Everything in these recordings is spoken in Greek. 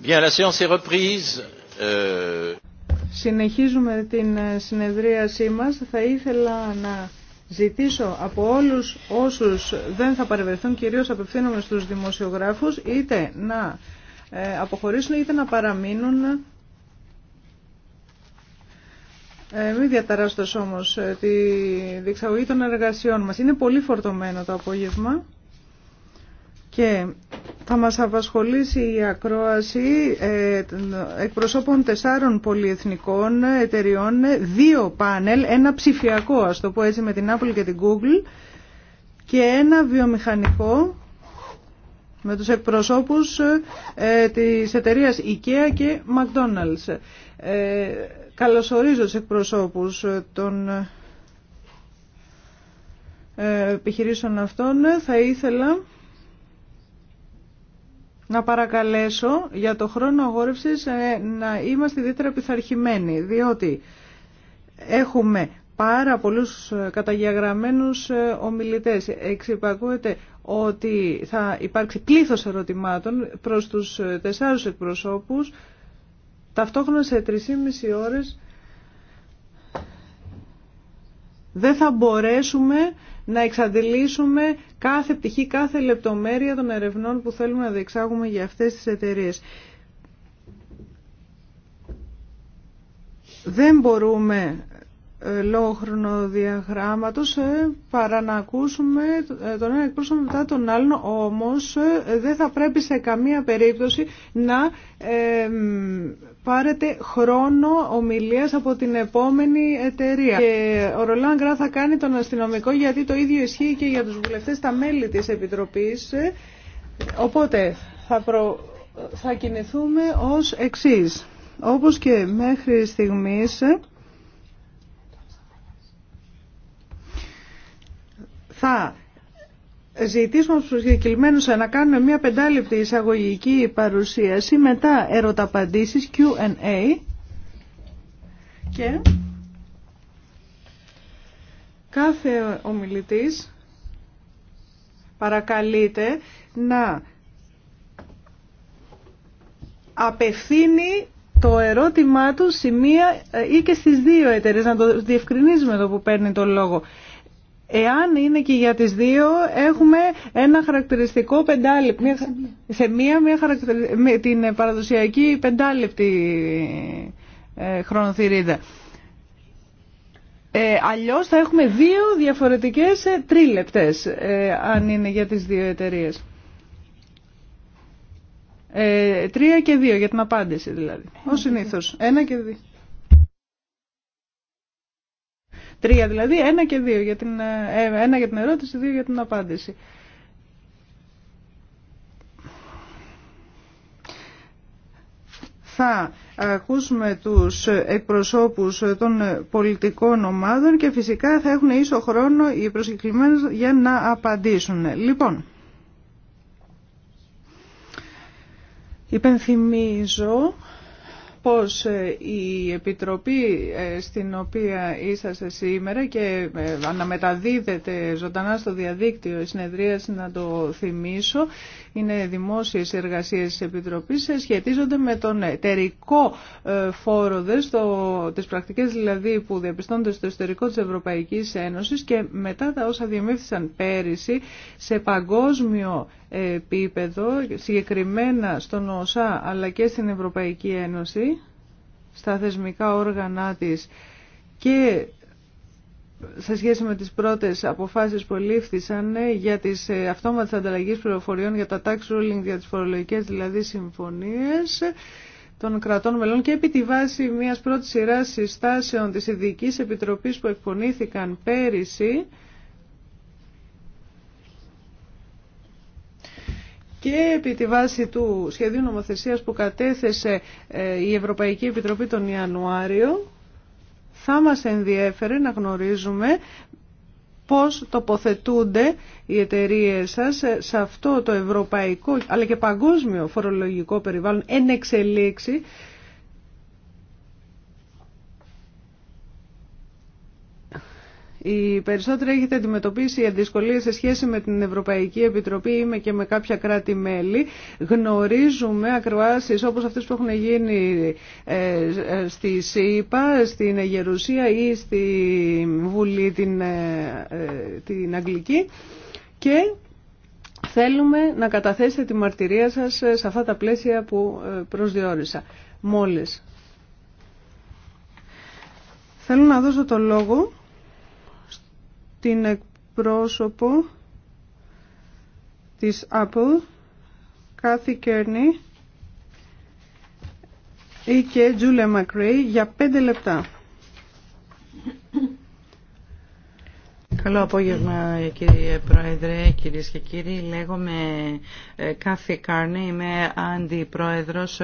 Bien, la séance euh, Συνεχίζουμε την ε, συνεδρίασή μας. Θα ήθελα να ζητήσω από όλους όσους δεν θα παρευρεθούν, κυρίως απευθύνομαι στους δημοσιογράφους, είτε να ε, αποχωρήσουν είτε να παραμείνουν. Ε, μην διαταράσσετε όμως τη διεξαγωγή των εργασιών μας. Είναι πολύ φορτωμένο το απόγευμα. Και θα μας απασχολήσει η ακρόαση ε, εκπροσώπων τεσσάρων πολυεθνικών εταιριών, δύο πάνελ, ένα ψηφιακό ας το πω έτσι με την Apple και την Google και ένα βιομηχανικό με τους εκπροσώπους ε, της εταιρείας IKEA και McDonald's. Ε, καλωσορίζω τους εκπροσώπους των επιχειρήσεων αυτών. Θα ήθελα να παρακαλέσω για το χρόνο αγόρευσης ε, να είμαστε ιδιαίτερα πειθαρχημένοι, διότι έχουμε πάρα πολλούς ε, καταγεγραμμένους ε, ομιλητές. Εξυπακούεται ότι θα υπάρξει πλήθος ερωτημάτων προς τους τεσσάρους εκπροσώπους, ταυτόχρονα σε 3,5 ώρες δεν θα μπορέσουμε να εξαντλήσουμε κάθε πτυχή, κάθε λεπτομέρεια των ερευνών που θέλουμε να διεξάγουμε για αυτές τις εταιρείες. Δεν μπορούμε ε, λόγω χρονοδιαγράμματος ε, παρά να ακούσουμε ε, τον ένα εκπρόσωπο μετά τον άλλον όμως δεν θα πρέπει σε καμία περίπτωση να πάρετε χρόνο ομιλίας από την επόμενη εταιρεία. Και ο Ρολάν Γκρά θα κάνει τον αστυνομικό γιατί το ίδιο ισχύει και για τους βουλευτές τα μέλη της Επιτροπής. Οπότε θα, προ... θα κινηθούμε ως εξής. Όπως και μέχρι στιγμής θα ζητήσουμε στους συγκεκριμένους να κάνουμε μια πεντάλεπτη εισαγωγική παρουσίαση, μετά ερωταπαντήσεις, Q&A και κάθε ομιλητής παρακαλείται να απευθύνει το ερώτημά του σε μία ή και στις δύο εταιρείες, να το διευκρινίζουμε εδώ που παίρνει το λόγο. Εάν είναι και για τις δύο, έχουμε ένα χαρακτηριστικό πεντάλεπτο. Μια, σε μία, μια με την παραδοσιακή πεντάλεπτη ε, χρονοθυρίδα. Ε, αλλιώς θα έχουμε δύο διαφορετικές ε, τρίλεπτες, ε, αν είναι για τις δύο εταιρείε. Ε, τρία και δύο για την απάντηση δηλαδή. Ως συνήθως. Ένα και δύο. Τρία δηλαδή, ένα και δύο. Για την, ε, ένα για την ερώτηση, δύο για την απάντηση. θα ακούσουμε τους εκπροσώπους των πολιτικών ομάδων και φυσικά θα έχουν ίσο χρόνο οι προσκεκλημένες για να απαντήσουν. Λοιπόν, υπενθυμίζω πως ε, η Επιτροπή ε, στην οποία είσαστε σήμερα και ε, αναμεταδίδεται ζωντανά στο διαδίκτυο η συνεδρίαση να το θυμίσω είναι δημόσιες εργασίες της Επιτροπής ε, σχετίζονται με τον εταιρικό ε, φόρο δε στο, τις πρακτικές δηλαδή που διαπιστώνται στο εσωτερικό της Ευρωπαϊκής Ένωσης και μετά τα όσα διαμήφθησαν πέρυσι σε παγκόσμιο επίπεδο συγκεκριμένα στον ΟΣΑ αλλά και στην Ευρωπαϊκή Ένωση στα θεσμικά όργανα της και σε σχέση με τις πρώτες αποφάσεις που λήφθησαν ε, για τις ε, αυτόματες ανταλλαγές πληροφοριών για τα tax ruling, για τις φορολογικές δηλαδή συμφωνίες των κρατών μελών και επί τη βάση μιας πρώτης σειράς συστάσεων της ειδική Επιτροπής που εκπονήθηκαν πέρυσι και επί τη βάση του σχεδίου νομοθεσίας που κατέθεσε ε, η Ευρωπαϊκή Επιτροπή τον Ιανουάριο θα μας ενδιέφερε να γνωρίζουμε πώς τοποθετούνται οι εταιρείες σας σε αυτό το ευρωπαϊκό αλλά και παγκόσμιο φορολογικό περιβάλλον εν εξελίξη Οι περισσότεροι έχετε αντιμετωπίσει δυσκολίε σε σχέση με την Ευρωπαϊκή Επιτροπή ή και με κάποια κράτη-μέλη. Γνωρίζουμε ακροάσεις όπως αυτές που έχουν γίνει ε, στη ΣΥΠΑ, στην Αιγερουσία ή στη Βουλή την, ε, ε, την Αγγλική και θέλουμε να καταθέσετε τη μαρτυρία σας σε αυτά τα πλαίσια που προσδιορίσα. Μόλις. Θέλω να δώσω το λόγο την εκπρόσωπο της Apple, Κάθη Κέρνη ή και Τζούλια Μακρέι για πέντε λεπτά. Καλό απόγευμα κύριε Πρόεδρε, κυρίες και κύριοι. Λέγομαι ε, Κάθη Κάρνη, είμαι αντιπρόεδρος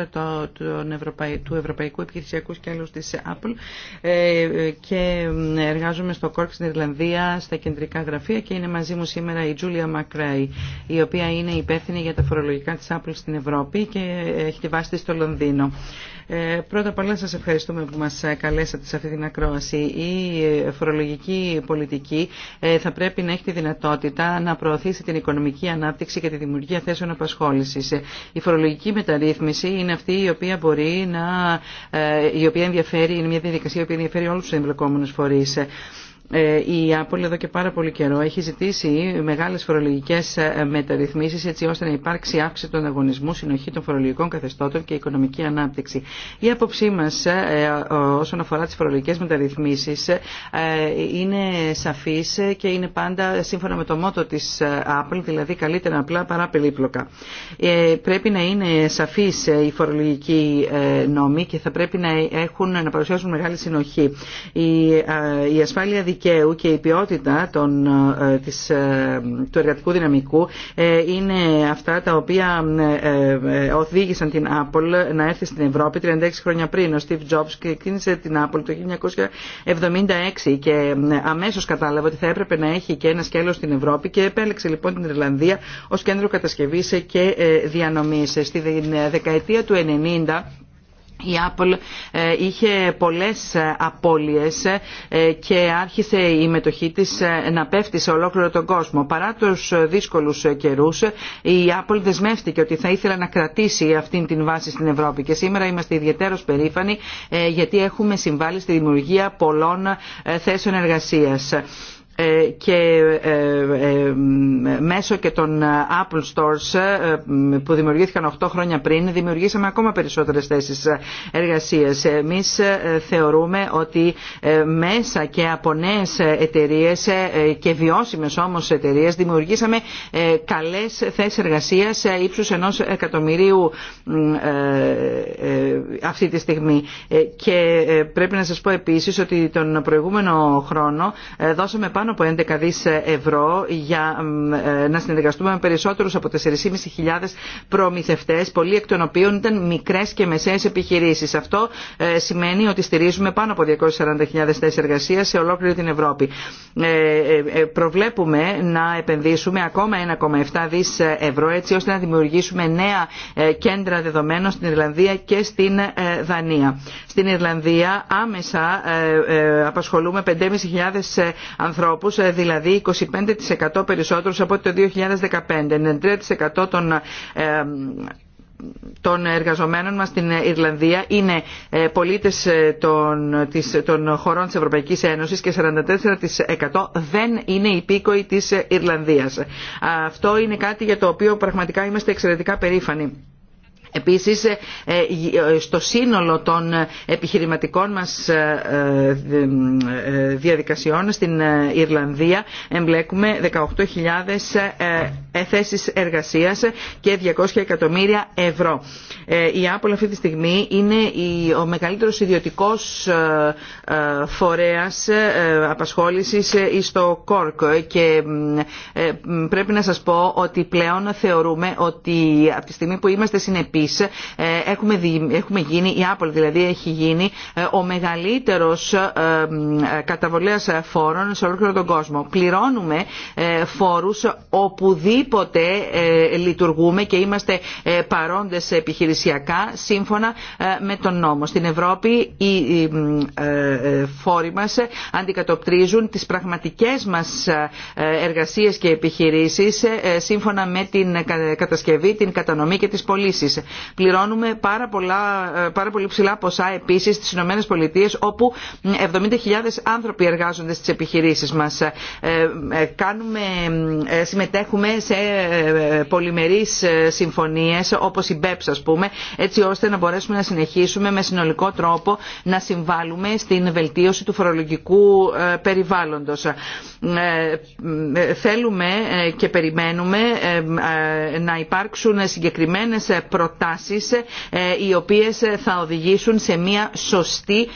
του Ευρωπαϊκού Επιχειρησιακού Σκέλους της Apple ε, και εργάζομαι στο Κόρκ στην Ιρλανδία, στα κεντρικά γραφεία και είναι μαζί μου σήμερα η Τζούλια Μακρέι η οποία είναι υπεύθυνη για τα φορολογικά της Apple στην Ευρώπη και ε, έχει τη βάση της στο Λονδίνο. Ε, πρώτα απ' όλα σας ευχαριστούμε που μας ε, καλέσατε σε αυτή την ακρόαση. Η ε, φορολογική πολιτική θα πρέπει να έχει τη δυνατότητα να προωθήσει την οικονομική ανάπτυξη και τη δημιουργία θέσεων απασχόλησης. Η φορολογική μεταρρύθμιση είναι αυτή η οποία μπορεί να... η οποία ενδιαφέρει, είναι μια διαδικασία η ενδιαφέρει όλους τους εμπλεκόμενους φορείς. Ε, η Apple εδώ και πάρα πολύ καιρό έχει ζητήσει μεγάλες φορολογικές ε, μεταρρυθμίσεις έτσι ώστε να υπάρξει αύξηση των αγωνισμού, συνοχή των φορολογικών καθεστώτων και οικονομική ανάπτυξη. Η άποψή μας ε, όσον αφορά τις φορολογικές μεταρρυθμίσεις είναι σαφής και είναι πάντα σύμφωνα με το μότο της Apple, δηλαδή καλύτερα απλά παρά περίπλοκα. Πρέπει να είναι σαφής η φορολογική νόμοι και θα πρέπει να, έχουν, να παρουσιάσουν μεγάλη συνοχή. Η, η ασφάλεια δικαίου και η ποιότητα των, ε, της, ε, του εργατικού δυναμικού ε, είναι αυτά τα οποία οδήγησαν την Apple να έρθει στην Ευρώπη 36 χρόνια πριν. Ο Steve Jobs ξεκίνησε την Apple το 1976 και αμέσως κατάλαβε ότι θα έπρεπε να έχει και ένα σκέλος στην Ευρώπη και επέλεξε λοιπόν την Ιρλανδία ως κέντρο κατασκευής και διανομής. Στη δεκαετία του 90 η Apple ε, είχε πολλές ε, απώλειες ε, και άρχισε η μετοχή της να πέφτει σε ολόκληρο τον κόσμο. Παρά τους δύσκολους καιρούς, η Apple δεσμεύτηκε ότι θα ήθελε να κρατήσει αυτήν την βάση στην Ευρώπη και σήμερα είμαστε ιδιαίτερος περήφανοι γιατί έχουμε συμβάλει στη δημιουργία πολλών θέσεων εργασίας. Ε, και ε, ε, μέσω και των Apple Stores που δημιουργήθηκαν 8 χρόνια πριν δημιουργήσαμε ακόμα περισσότερες θέσεις εργασίας. Εμείς θεωρούμε ότι μέσα και από νέες εταιρείες και βιώσιμες όμως εταιρείες δημιουργήσαμε καλές θέσεις εργασίας ύψους ενός εκατομμυρίου αυτή τη στιγμή. Και πρέπει να σας πω επίσης ότι τον προηγούμενο χρόνο δώσαμε πάνω πάνω από 11 δις ευρώ για ε, να συνεργαστούμε με περισσότερους από 4.500 προμηθευτές, πολλοί εκ των οποίων ήταν μικρές και μεσαίες επιχειρήσεις. Αυτό ε, σημαίνει ότι στηρίζουμε πάνω από 240.000 θέσεις εργασίας σε ολόκληρη την Ευρώπη. Ε, προβλέπουμε να επενδύσουμε ακόμα 1,7 δις ευρώ έτσι ώστε να δημιουργήσουμε νέα κέντρα δεδομένων στην Ιρλανδία και στην Δανία. Στην Ιρλανδία άμεσα απασχολούμε 5.500 ανθρώπους ανθρώπους, ε, δηλαδή 25% περισσότερους από το 2015. 93% των ε, των εργαζομένων μας στην Ιρλανδία είναι ε, πολίτες των, της, των χωρών της Ευρωπαϊκής Ένωσης και 44% δεν είναι υπήκοοι της Ιρλανδίας. Αυτό είναι κάτι για το οποίο πραγματικά είμαστε εξαιρετικά περήφανοι Επίσης, ε, ε, στο σύνολο των επιχειρηματικών μας ε, διαδικασιών στην Ιρλανδία εμπλέκουμε 18.000 ε, Θέσει εργασίας και 200 εκατομμύρια ευρώ. Ε, η Apple αυτή τη στιγμή είναι ο μεγαλύτερος ιδιωτικός ε, φορέας απασχόλησης στο Κόρκ και πρέπει να σας πω ότι πλέον θεωρούμε ότι από τη στιγμή που είμαστε συνεπείς έχουμε, έχουμε γίνει, η Apple δηλαδή έχει γίνει ο μεγαλύτερος καταβολέας φόρων σε όλο τον κόσμο. Πληρώνουμε φόρους όπου οπουδήποτε ε, λειτουργούμε και είμαστε ε, παρόντες επιχειρησιακά σύμφωνα ε, με τον νόμο. Στην Ευρώπη οι φόροι μας αντικατοπτρίζουν τις πραγματικές μας εργασίες και επιχειρήσεις σύμφωνα με την κατασκευή, την κατανομή και τις πωλήσει. Πληρώνουμε πάρα, πολλά, πάρα πολύ ψηλά ποσά επίσης στις ΗΠΑ Πολιτείες όπου 70.000 άνθρωποι εργάζονται στις επιχειρήσεις μας. Κάνουμε, συμμετέχουμε σε ε, πολυμερείς ε, συμφωνίες όπως η BEPS ας πούμε έτσι ώστε να μπορέσουμε να συνεχίσουμε με συνολικό τρόπο να συμβάλλουμε στην βελτίωση του φορολογικού ε, περιβάλλοντος. Θέλουμε και περιμένουμε να υπάρξουν συγκεκριμένες προτάσεις οι οποίες θα οδηγήσουν σε μια σωστή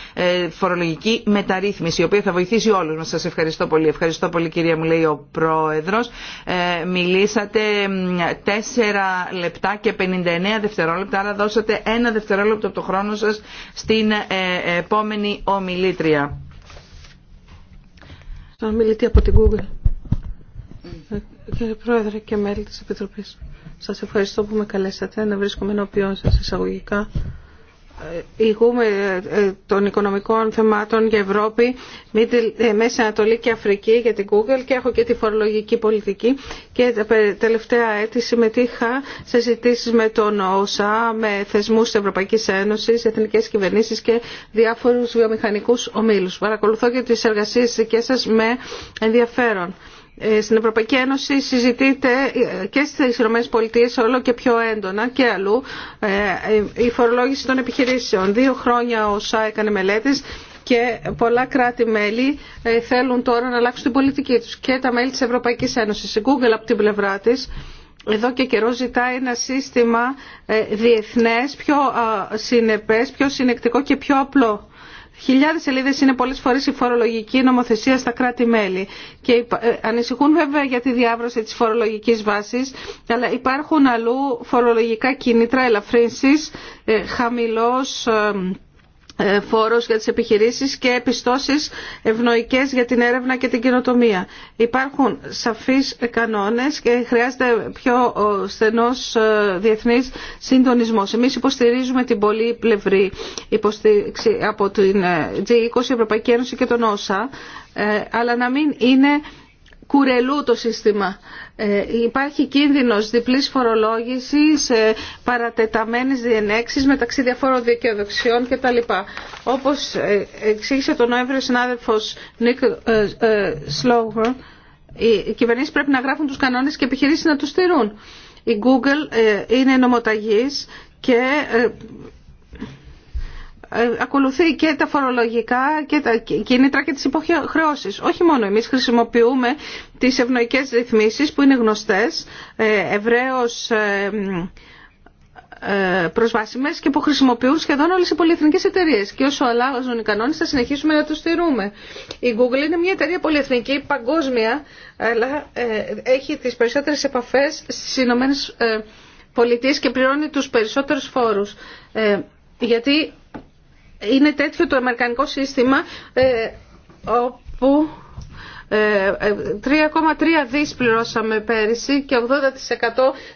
φορολογική μεταρρύθμιση η οποία θα βοηθήσει όλους μας. Σας ευχαριστώ πολύ. Ευχαριστώ πολύ κυρία μου λέει ο Πρόεδρος. Μιλή μιλήσατε 4 λεπτά και 59 δευτερόλεπτα, άρα δώσατε ένα δευτερόλεπτο από το χρόνο σας στην ε, ε, επόμενη ομιλήτρια. Στον ομιλητή από την Google. Ε, κύριε Πρόεδρε και μέλη της Επιτροπής, σας ευχαριστώ που με καλέσατε να βρίσκομαι ενώπιόν σας εισαγωγικά ηγούμε ε, των οικονομικών θεμάτων για Ευρώπη, ε, Μέση Ανατολή και Αφρική για την Google και έχω και τη φορολογική πολιτική και τα τελευταία έτη συμμετείχα σε συζητήσεις με τον ΟΣΑ, με θεσμούς της Ευρωπαϊκής Ένωσης, εθνικές κυβερνήσεις και διάφορους βιομηχανικούς ομίλους. Παρακολουθώ και τις εργασίες δικές σας με ενδιαφέρον. Ε, στην Ευρωπαϊκή Ένωση συζητείται ε, και στις πολιτείες όλο και πιο έντονα και αλλού ε, η φορολόγηση των επιχειρήσεων. Δύο χρόνια ο ΣΑ έκανε μελέτες και πολλά κράτη-μέλη θέλουν τώρα να αλλάξουν την πολιτική τους και τα μέλη της Ευρωπαϊκής Ένωσης. Η Google από την πλευρά της εδώ και καιρό ζητάει ένα σύστημα διεθνές, πιο συνεπές, πιο συνεκτικό και πιο απλό Χιλιάδε σελίδε είναι πολλές φορές η φορολογική νομοθεσία στα κράτη-μέλη και ε, ανησυχούν βέβαια για τη διάβρωση τη φορολογική βάση, αλλά υπάρχουν αλλού φορολογικά κίνητρα ελαφρύνσεις, ε, χαμηλός ε, ε, φόρος για τις επιχειρήσεις και επιστώσεις ευνοϊκές για την έρευνα και την κοινοτομία. Υπάρχουν σαφείς κανόνες και χρειάζεται πιο ε, στενός ε, διεθνής συντονισμός. Εμείς υποστηρίζουμε την πολύ πλευρή υποστήριξη από την G20, Ευρωπαϊκή Ένωση και τον ΩΣΑ, αλλά να μην είναι κουρελού το σύστημα. Ε, υπάρχει κίνδυνος διπλής φορολόγησης, ε, παρατεταμένης διενέξεις μεταξύ διαφόρων δικαιοδοξιών κτλ. Όπως ε, εξήγησε τον Νοέμβριο συνάδελφος Νίκ ε, ε οι κυβερνήσεις πρέπει να γράφουν τους κανόνες και επιχειρήσεις να τους στηρούν. Η Google είναι νομοταγής και ακολουθεί και τα φορολογικά και τα κίνητρα και τις υποχρεώσεις. Όχι μόνο εμείς χρησιμοποιούμε τις ευνοϊκές ρυθμίσεις που είναι γνωστές, ε, ευρέως ε, ε, προσβάσιμες και που χρησιμοποιούν σχεδόν όλες οι πολυεθνικές εταιρείες. Και όσο αλλάζουν οι κανόνες θα συνεχίσουμε να τους στηρούμε. Η Google είναι μια εταιρεία πολυεθνική, παγκόσμια, αλλά έχει τις περισσότερες επαφές στις Ηνωμένες Πολιτείες και πληρώνει τους περισσότερους φόρους. γιατί είναι τέτοιο το αμερικανικό σύστημα ε, όπου 3,3 ε, ε, δις πληρώσαμε πέρυσι και 80%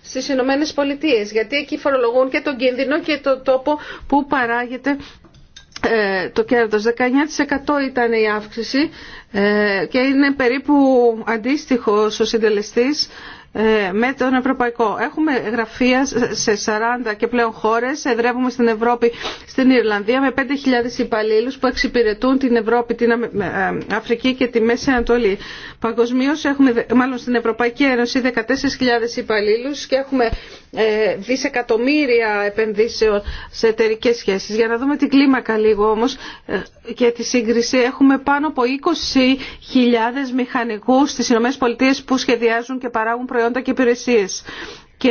στις Ηνωμένε Πολιτείε, γιατί εκεί φορολογούν και τον κίνδυνο και το τόπο που παράγεται το κέρδος. 19% ήταν η αύξηση και είναι περίπου αντίστοιχο ο συντελεστής ε, με τον Ευρωπαϊκό. Έχουμε γραφεία σε 40 και πλέον χώρες, εδρεύουμε στην Ευρώπη, στην Ιρλανδία με 5.000 υπαλλήλου που εξυπηρετούν την Ευρώπη, την ε, ε, Αφρική και τη Μέση Ανατολή. Παγκοσμίω έχουμε μάλλον στην Ευρωπαϊκή Ένωση 14.000 υπαλλήλου και έχουμε δισεκατομμύρια επενδύσεων σε εταιρικέ σχέσεις. Για να δούμε την κλίμακα λίγο όμως και τη σύγκριση έχουμε πάνω από 20.000 μηχανικού στι ΗΠΑ που σχεδιάζουν και παράγουν προϊόντα και υπηρεσίες. Και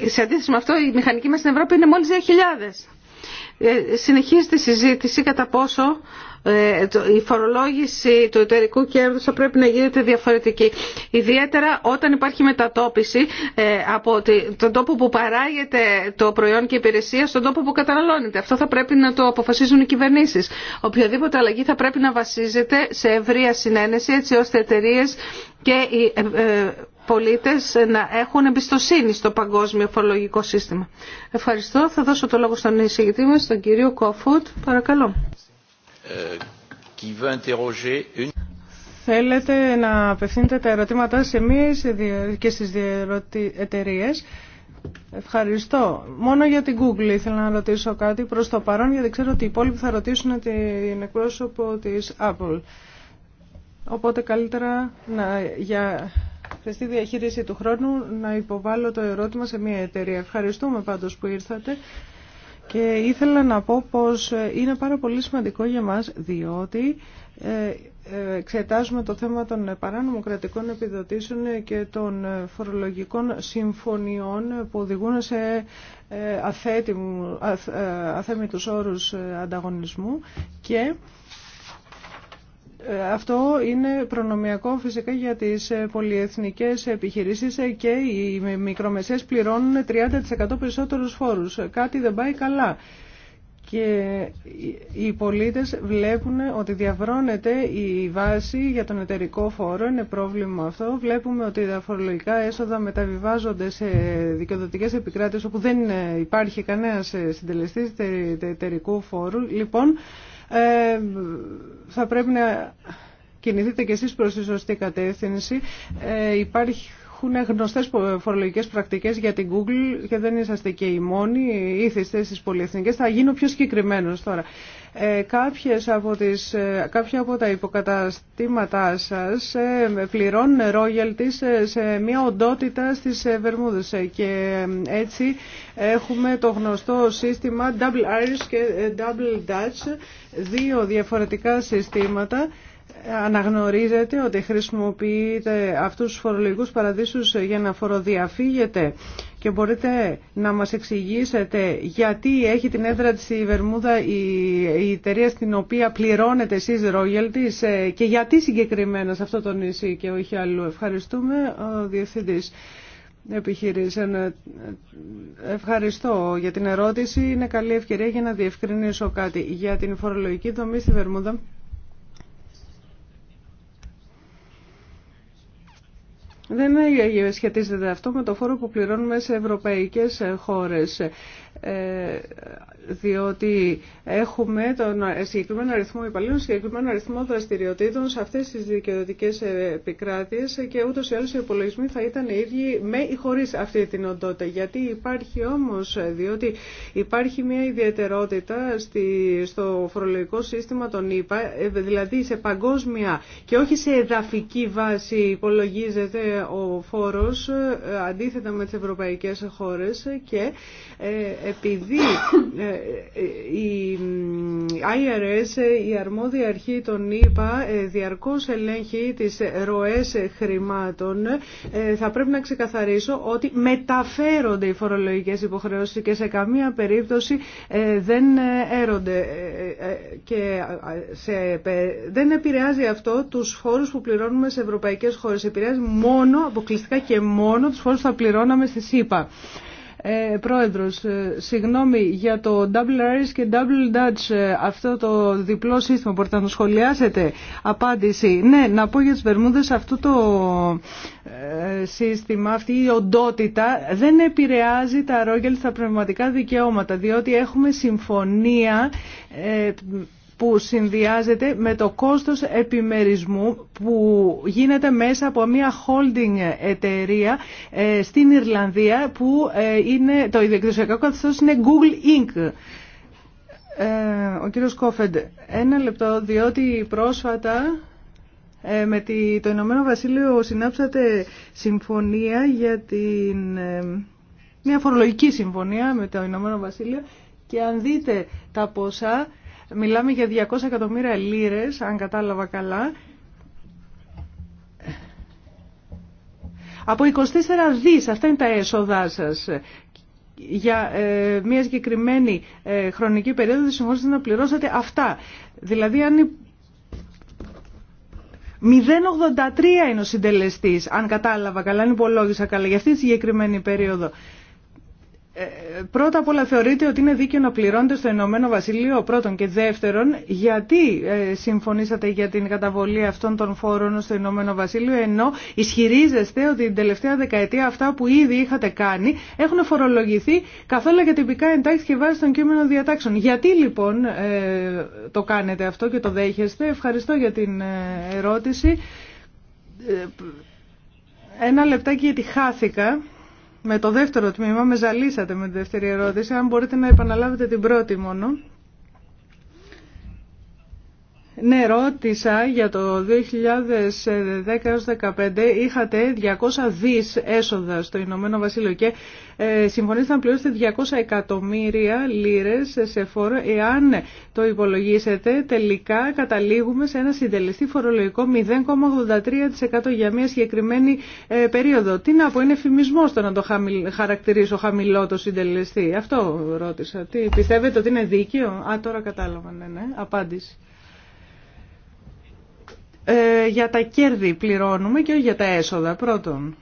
ε, σε αντίθεση με αυτό η μηχανική μα στην Ευρώπη είναι μόλι 2.000. Ε, συνεχίζεται η συζήτηση κατά πόσο ε, η φορολόγηση του εταιρικού κέρδους θα πρέπει να γίνεται διαφορετική. Ιδιαίτερα όταν υπάρχει μετατόπιση από τον τόπο που παράγεται το προϊόν και η υπηρεσία στον τόπο που καταναλώνεται. Αυτό θα πρέπει να το αποφασίζουν οι κυβερνήσεις. Οποιαδήποτε αλλαγή θα πρέπει να βασίζεται σε ευρεία συνένεση έτσι ώστε εταιρείε και οι πολίτες να έχουν εμπιστοσύνη στο παγκόσμιο φορολογικό σύστημα. Ευχαριστώ. Θα δώσω το λόγο στον εισηγητή μας, τον κύριο Κόφουτ. Παρακαλώ. Ε, Θέλετε να απευθύνετε τα ερωτήματά σε εμείς και στις εταιρείε. Ευχαριστώ. Μόνο για την Google ήθελα να ρωτήσω κάτι προς το παρόν, γιατί ξέρω ότι οι υπόλοιποι θα ρωτήσουν την εκπρόσωπο της Apple. Οπότε καλύτερα να, για, χρηστή διαχείριση του χρόνου να υποβάλω το ερώτημα σε μια εταιρεία. Ευχαριστούμε πάντως που ήρθατε. Και ήθελα να πω πως είναι πάρα πολύ σημαντικό για μας διότι ε, εξετάζουμε το θέμα των παράνομων κρατικών επιδοτήσεων και των φορολογικών συμφωνιών που οδηγούν σε ε, ε, αθέμητους όρους ανταγωνισμού και αυτό είναι προνομιακό φυσικά για τις πολυεθνικές επιχειρήσεις και οι μικρομεσαίες πληρώνουν 30% περισσότερους φόρους. Κάτι δεν πάει καλά. Και οι πολίτες βλέπουν ότι διαβρώνεται η βάση για τον εταιρικό φόρο, είναι πρόβλημα αυτό. Βλέπουμε ότι τα φορολογικά έσοδα μεταβιβάζονται σε δικαιοδοτικές επικράτειες όπου δεν υπάρχει κανένας συντελεστής εταιρικού φόρου. Λοιπόν, ε, θα πρέπει να κινηθείτε κι εσείς προς τη σωστή κατεύθυνση. Ε, υπάρχουν γνωστές φορολογικές πρακτικές για την Google και δεν είσαστε και οι μόνοι, ήθιστε στις πολυεθνικές. Θα γίνω πιο συγκεκριμένο τώρα. Ε, κάποιες από τις, ε, κάποια από τα υποκαταστήματά σας ε, πληρώνουν royalties ε, σε μια οντότητα στις ε, Βερμούδες και έτσι έχουμε το γνωστό σύστημα double Irish και double Dutch δύο διαφορετικά συστήματα Αναγνωρίζετε ότι χρησιμοποιείτε αυτούς τους φορολογικούς παραδείσους για να φοροδιαφύγετε και μπορείτε να μας εξηγήσετε γιατί έχει την έδρα της η Βερμούδα η, εταιρεία στην οποία πληρώνετε εσείς ρόγελτης και γιατί συγκεκριμένα σε αυτό το νησί και όχι αλλού. Ευχαριστούμε ο Διευθυντής. Ε, ε, ευχαριστώ για την ερώτηση. Είναι καλή ευκαιρία για να διευκρινίσω κάτι. Για την φορολογική δομή στη Βερμούδα, Δεν ε, σχετίζεται αυτό με το φόρο που πληρώνουμε σε ευρωπαϊκές χώρες. Ε, διότι έχουμε τον συγκεκριμένο αριθμό υπαλλήλων, συγκεκριμένο αριθμό δραστηριοτήτων σε αυτές τις δικαιωτικές επικράτειες και ούτως ή άλλως οι υπολογισμοί θα ήταν οι ίδιοι με ή χωρίς αυτή την οντότητα. Γιατί υπάρχει όμως, διότι υπάρχει μια ιδιαιτερότητα στο φορολογικό σύστημα των ΗΠΑ, ε, δηλαδή σε παγκόσμια και όχι σε εδαφική βάση υπολογίζεται ο φόρος ε, αντίθετα με τις ευρωπαϊκές χώρες και επειδή ε, ε, η ε, IRS, η αρμόδια αρχή των ΗΠΑ, διαρκώς ελέγχει τις ροές χρημάτων, θα πρέπει να ξεκαθαρίσω ότι μεταφέρονται οι φορολογικές υποχρεώσεις και σε καμία περίπτωση δεν έρονται και σε, δεν επηρεάζει αυτό τους φόρους που πληρώνουμε σε ευρωπαϊκές χώρες. Επηρεάζει μόνο, αποκλειστικά και μόνο τους φόρους που θα πληρώναμε στη ΗΠΑ. Ε, πρόεδρος, ε, συγγνώμη για το Double Irish και Double Dutch, ε, αυτό το διπλό σύστημα, μπορείτε να το σχολιάσετε. Απάντηση, ναι, να πω για τις Βερμούδες αυτό το ε, σύστημα, αυτή η οντότητα δεν επηρεάζει τα ρόγγελ στα πνευματικά δικαιώματα, διότι έχουμε συμφωνία που συνδυάζεται με το κόστος επιμερισμού που γίνεται μέσα από μια holding εταιρεία ε, στην Ιρλανδία που ε, είναι, το ιδιοκτησιακό καθεστώς είναι Google Inc. Ε, ο κύριος Κόφεντ, ένα λεπτό, διότι πρόσφατα με το Ηνωμένο Βασίλειο συνάψατε συμφωνία για την... μια φορολογική συμφωνία με το Ηνωμένο Βασίλειο και αν δείτε τα ποσά Μιλάμε για 200 εκατομμύρια λίρες, αν κατάλαβα καλά, από 24 δις, αυτά είναι τα έσοδά σας. Για ε, μια συγκεκριμένη ε, χρονική περίοδο συμφωνήσετε να πληρώσετε αυτά. Δηλαδή αν 0,83 είναι ο συντελεστής, αν κατάλαβα καλά, αν υπολόγισα καλά, για αυτή τη συγκεκριμένη περίοδο πρώτα απ' όλα θεωρείτε ότι είναι δίκαιο να πληρώνετε στο Ηνωμένο Βασίλειο πρώτον και δεύτερον γιατί ε, συμφωνήσατε για την καταβολή αυτών των φόρων στο Ηνωμένο Βασίλειο ενώ ισχυρίζεστε ότι την τελευταία δεκαετία αυτά που ήδη είχατε κάνει έχουν φορολογηθεί καθόλου για τυπικά εντάξει και βάσει των κείμενων διατάξεων. Γιατί λοιπόν ε, το κάνετε αυτό και το δέχεστε. Ευχαριστώ για την ε, ερώτηση. Ένα λεπτάκι γιατί χάθηκα με το δεύτερο τμήμα, με ζαλίσατε με τη δεύτερη ερώτηση, αν μπορείτε να επαναλάβετε την πρώτη μόνο. Ναι, ρώτησα για το 2010-2015 είχατε 200 δις έσοδα στο Ηνωμένο Βασίλειο και ε, συμφωνήσατε να πληρώσετε 200 εκατομμύρια λίρες σε φόρο. Εάν το υπολογίσετε τελικά καταλήγουμε σε ένα συντελεστή φορολογικό 0,83% για μια συγκεκριμένη ε, περίοδο. Τι να πω, είναι φημισμό το να το χαμηλ, χαρακτηρίσω χαμηλό το συντελεστή. Αυτό ρώτησα. Τι, πιστεύετε ότι είναι δίκαιο. Α, τώρα κατάλαβα, ναι, ναι. Απάντηση. Ε, για τα κέρδη πληρώνουμε και όχι για τα έσοδα πρώτον.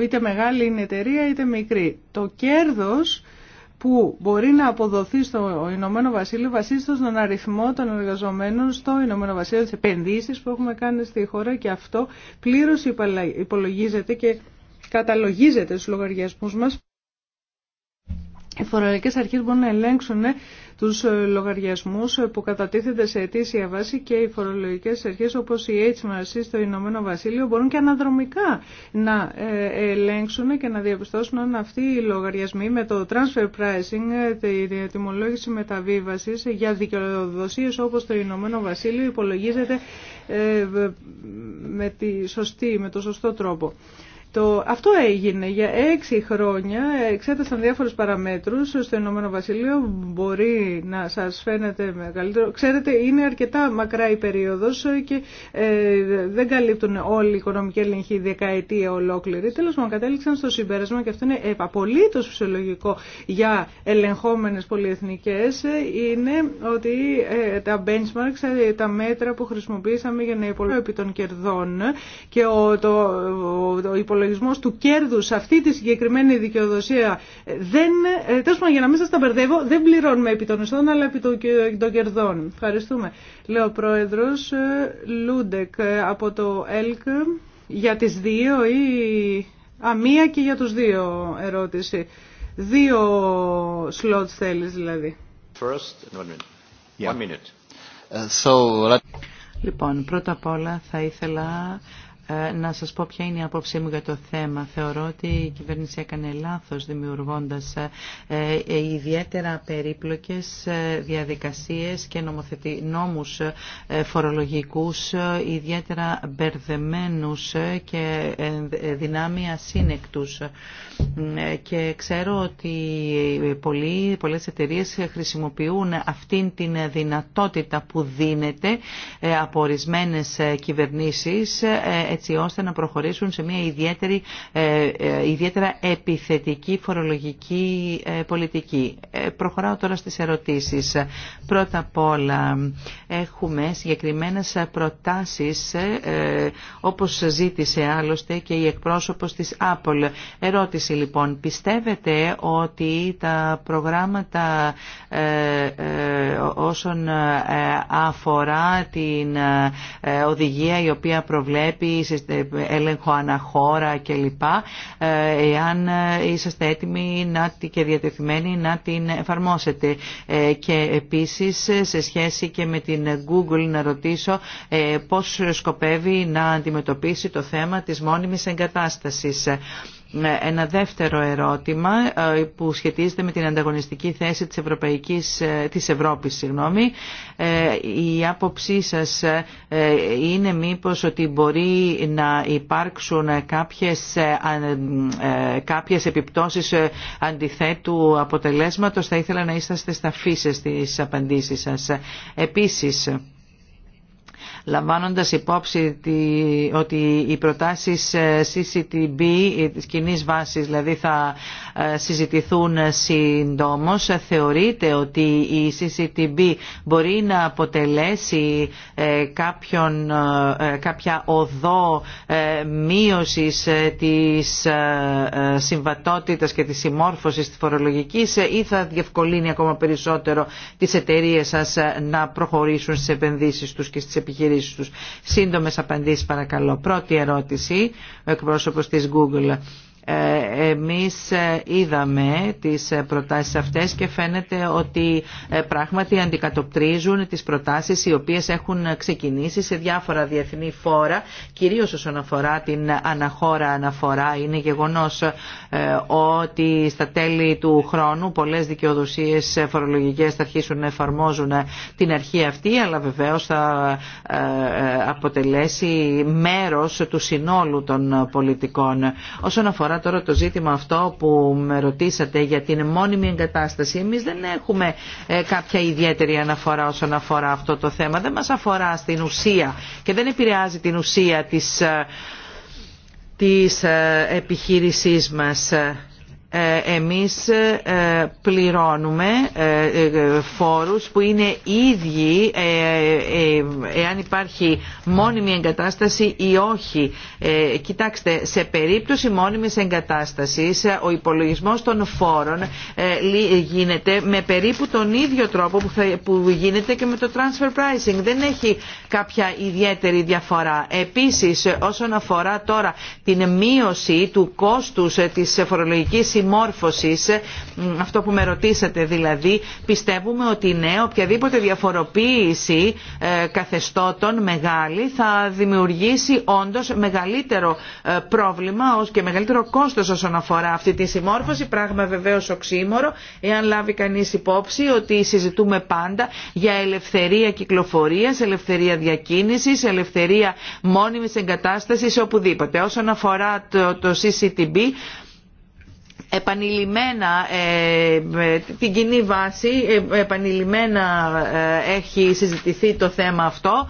Είτε μεγάλη είναι η εταιρεία είτε μικρή. Το κέρδος που μπορεί να αποδοθεί στο Ηνωμένο Βασίλειο βασίζεται στον αριθμό των εργαζομένων στο Ηνωμένο Βασίλειο, τι επενδύσει που έχουμε κάνει στη χώρα και αυτό πλήρω υπολογίζεται και καταλογίζεται στους λογαριασμού μα. Οι φορολογικέ αρχέ μπορούν να ελέγξουν ε, τους ε, λογαριασμούς ε, που κατατίθενται σε αιτήσια βάση και οι φορολογικές αρχές όπως η HMRC στο Ηνωμένο Βασίλειο μπορούν και αναδρομικά να ε, ελέγξουν και να διαπιστώσουν αν αυτοί οι λογαριασμοί με το transfer pricing, τη διατιμολόγηση μεταβίβασης για δικαιοδοσίες όπως το Ηνωμένο Βασίλειο υπολογίζεται με, τη σωστή, με το σωστό τρόπο. Το, αυτό έγινε για έξι χρόνια, εξέτασαν διάφορους παραμέτρους στο Ηνωμένο Βασίλειο, μπορεί να σας φαίνεται μεγαλύτερο. Ξέρετε, είναι αρκετά μακρά η περίοδος και ε, δεν καλύπτουν όλοι οι οικονομικοί έλεγχοι δεκαετία ολόκληρη. Τέλος μου, κατέληξαν στο συμπέρασμα και αυτό είναι απολύτως φυσιολογικό για ελεγχόμενες πολυεθνικές, ε, είναι ότι ε, τα benchmarks, ε, τα μέτρα που χρησιμοποίησαμε για να υπολογίσουμε επί των κερδών και ο, το, το υπολογισμός του κέρδους αυτή τη συγκεκριμένη δικαιοδοσία ε, δεν, ε, πάντων, για να μην σα τα μπερδεύω, δεν πληρώνουμε επί των εσόδων αλλά επί των κερδών. Ευχαριστούμε. Λέω Πρόεδρος ε, Λούντεκ από το ΕΛΚ για τις δύο ή... Α, μία και για τους δύο ερώτηση. Δύο slots θέλεις δηλαδή. First, one minute. Yeah. One minute. So... Λοιπόν, πρώτα απ' όλα θα ήθελα ε, να σας πω ποια είναι η άποψή μου για το θέμα. Θεωρώ ότι η κυβέρνηση έκανε λάθος δημιουργώντας ε, ε, ιδιαίτερα περίπλοκες διαδικασίες και νομοθετη... νόμους φορολογικούς, ιδιαίτερα μπερδεμένους και δυνάμια σύνεκτους. Ναι, και ξέρω ότι πολλοί, πολλές εταιρείες χρησιμοποιούν αυτήν την δυνατότητα που δίνεται ε, από ορισμένε ε, κυβερνήσεις ε, έτσι ώστε να προχωρήσουν σε μια ιδιαίτερη, ιδιαίτερα επιθετική φορολογική πολιτική. Προχωράω τώρα στις ερωτήσεις. Πρώτα απ' όλα έχουμε συγκεκριμένε προτάσεις όπως ζήτησε άλλωστε και η εκπρόσωπος της Apple. Ερώτηση ερώτηση λοιπόν. Πιστεύετε ότι τα προγράμματα ε, ε, όσον ε, αφορά την οδηγία η οποία προβλέπει έλεγχο αναχώρα κλπ. Εάν είσαστε έτοιμοι να, και διατεθειμένοι να την εφαρμόσετε. Και επίσης σε σχέση και με την Google να ρωτήσω πώς σκοπεύει να αντιμετωπίσει το θέμα της μόνιμης εγκατάστασης. Ναι, ένα δεύτερο ερώτημα ε, που σχετίζεται με την ανταγωνιστική θέση της, Ευρωπαϊκής, ε, της Ευρώπης. Συγγνώμη. Ε, η άποψή σας είναι μήπως ότι μπορεί να υπάρξουν κάποιες, κάποιες επιπτώσεις αντιθέτου αποτελέσματος. Θα ήθελα να είσαστε σταφίσες στις απαντήσεις σας. Επίσης, λαμβάνοντας υπόψη ότι οι προτάσεις ε, CCTB της κοινή βάσης δηλαδή θα ε, συζητηθούν συντόμως, θεωρείτε ότι η CCTB μπορεί να αποτελέσει ε, κάποιον, κάποια οδό μείωσης της συμβατότητας και της συμμόρφωσης της φορολογικής ή θα διευκολύνει ακόμα περισσότερο τις εταιρείες σας να προχωρήσουν στις επενδύσεις τους και στις επιχειρήσεις παρατηρήσεις του. απαντήσεις παρακαλώ. Πρώτη ερώτηση, ο εκπρόσωπος της Google. Ε, εμείς ε, είδαμε τις ε, προτάσεις αυτές και φαίνεται ότι πράγματι αντικατοπτρίζουν τις προτάσεις οι οποίες έχουν ξεκινήσει σε διάφορα διεθνή φόρα, κυρίως όσον αφορά την αναχώρα αναφορά. Είναι γεγονός ότι στα τέλη του χρόνου πολλές δικαιοδοσίες φορολογικές θα αρχίσουν να εφαρμόζουν την αρχή αυτή, αλλά βεβαίως θα αποτελέσει μέρος του συνόλου των πολιτικών. Όσον αφορά αφορά τώρα το ζήτημα αυτό που με ρωτήσατε για την μόνιμη εγκατάσταση, εμείς δεν έχουμε ε, κάποια ιδιαίτερη αναφορά όσον αφορά αυτό το θέμα. Δεν μας αφορά στην ουσία και δεν επηρεάζει την ουσία της, ε, της ε, επιχείρησής μας. Ε, εμείς ε, πληρώνουμε ε, φόρους που είναι ίδιοι εάν υπάρχει μόνιμη εγκατάσταση ή όχι. Κοιτάξτε, σε περίπτωση μόνιμης εγκατάστασης ο υπολογισμός των φόρων γίνεται με περίπου τον ίδιο τρόπο που, γίνεται και με το transfer pricing. Δεν έχει κάποια ιδιαίτερη διαφορά. Επίσης, όσον αφορά τώρα την μείωση του κόστους της φορολογικής συμμόρφωσης, αυτό που με ρωτήσατε δηλαδή, πιστεύουμε ότι ναι, οποιαδήποτε διαφοροποίηση ε, καθεστώτων μεγάλη θα δημιουργήσει όντως μεγαλύτερο ε, πρόβλημα ως και μεγαλύτερο κόστος όσον αφορά αυτή τη συμμόρφωση, πράγμα βεβαίως οξύμορο, εάν λάβει κανείς υπόψη ότι συζητούμε πάντα για ελευθερία κυκλοφορίας, ελευθερία διακίνησης, ελευθερία μόνιμης εγκατάστασης οπουδήποτε. Όσον αφορά το, το επανειλημμένα ε, την κοινή βάση, ε, επανειλημμένα ε, έχει συζητηθεί το θέμα αυτό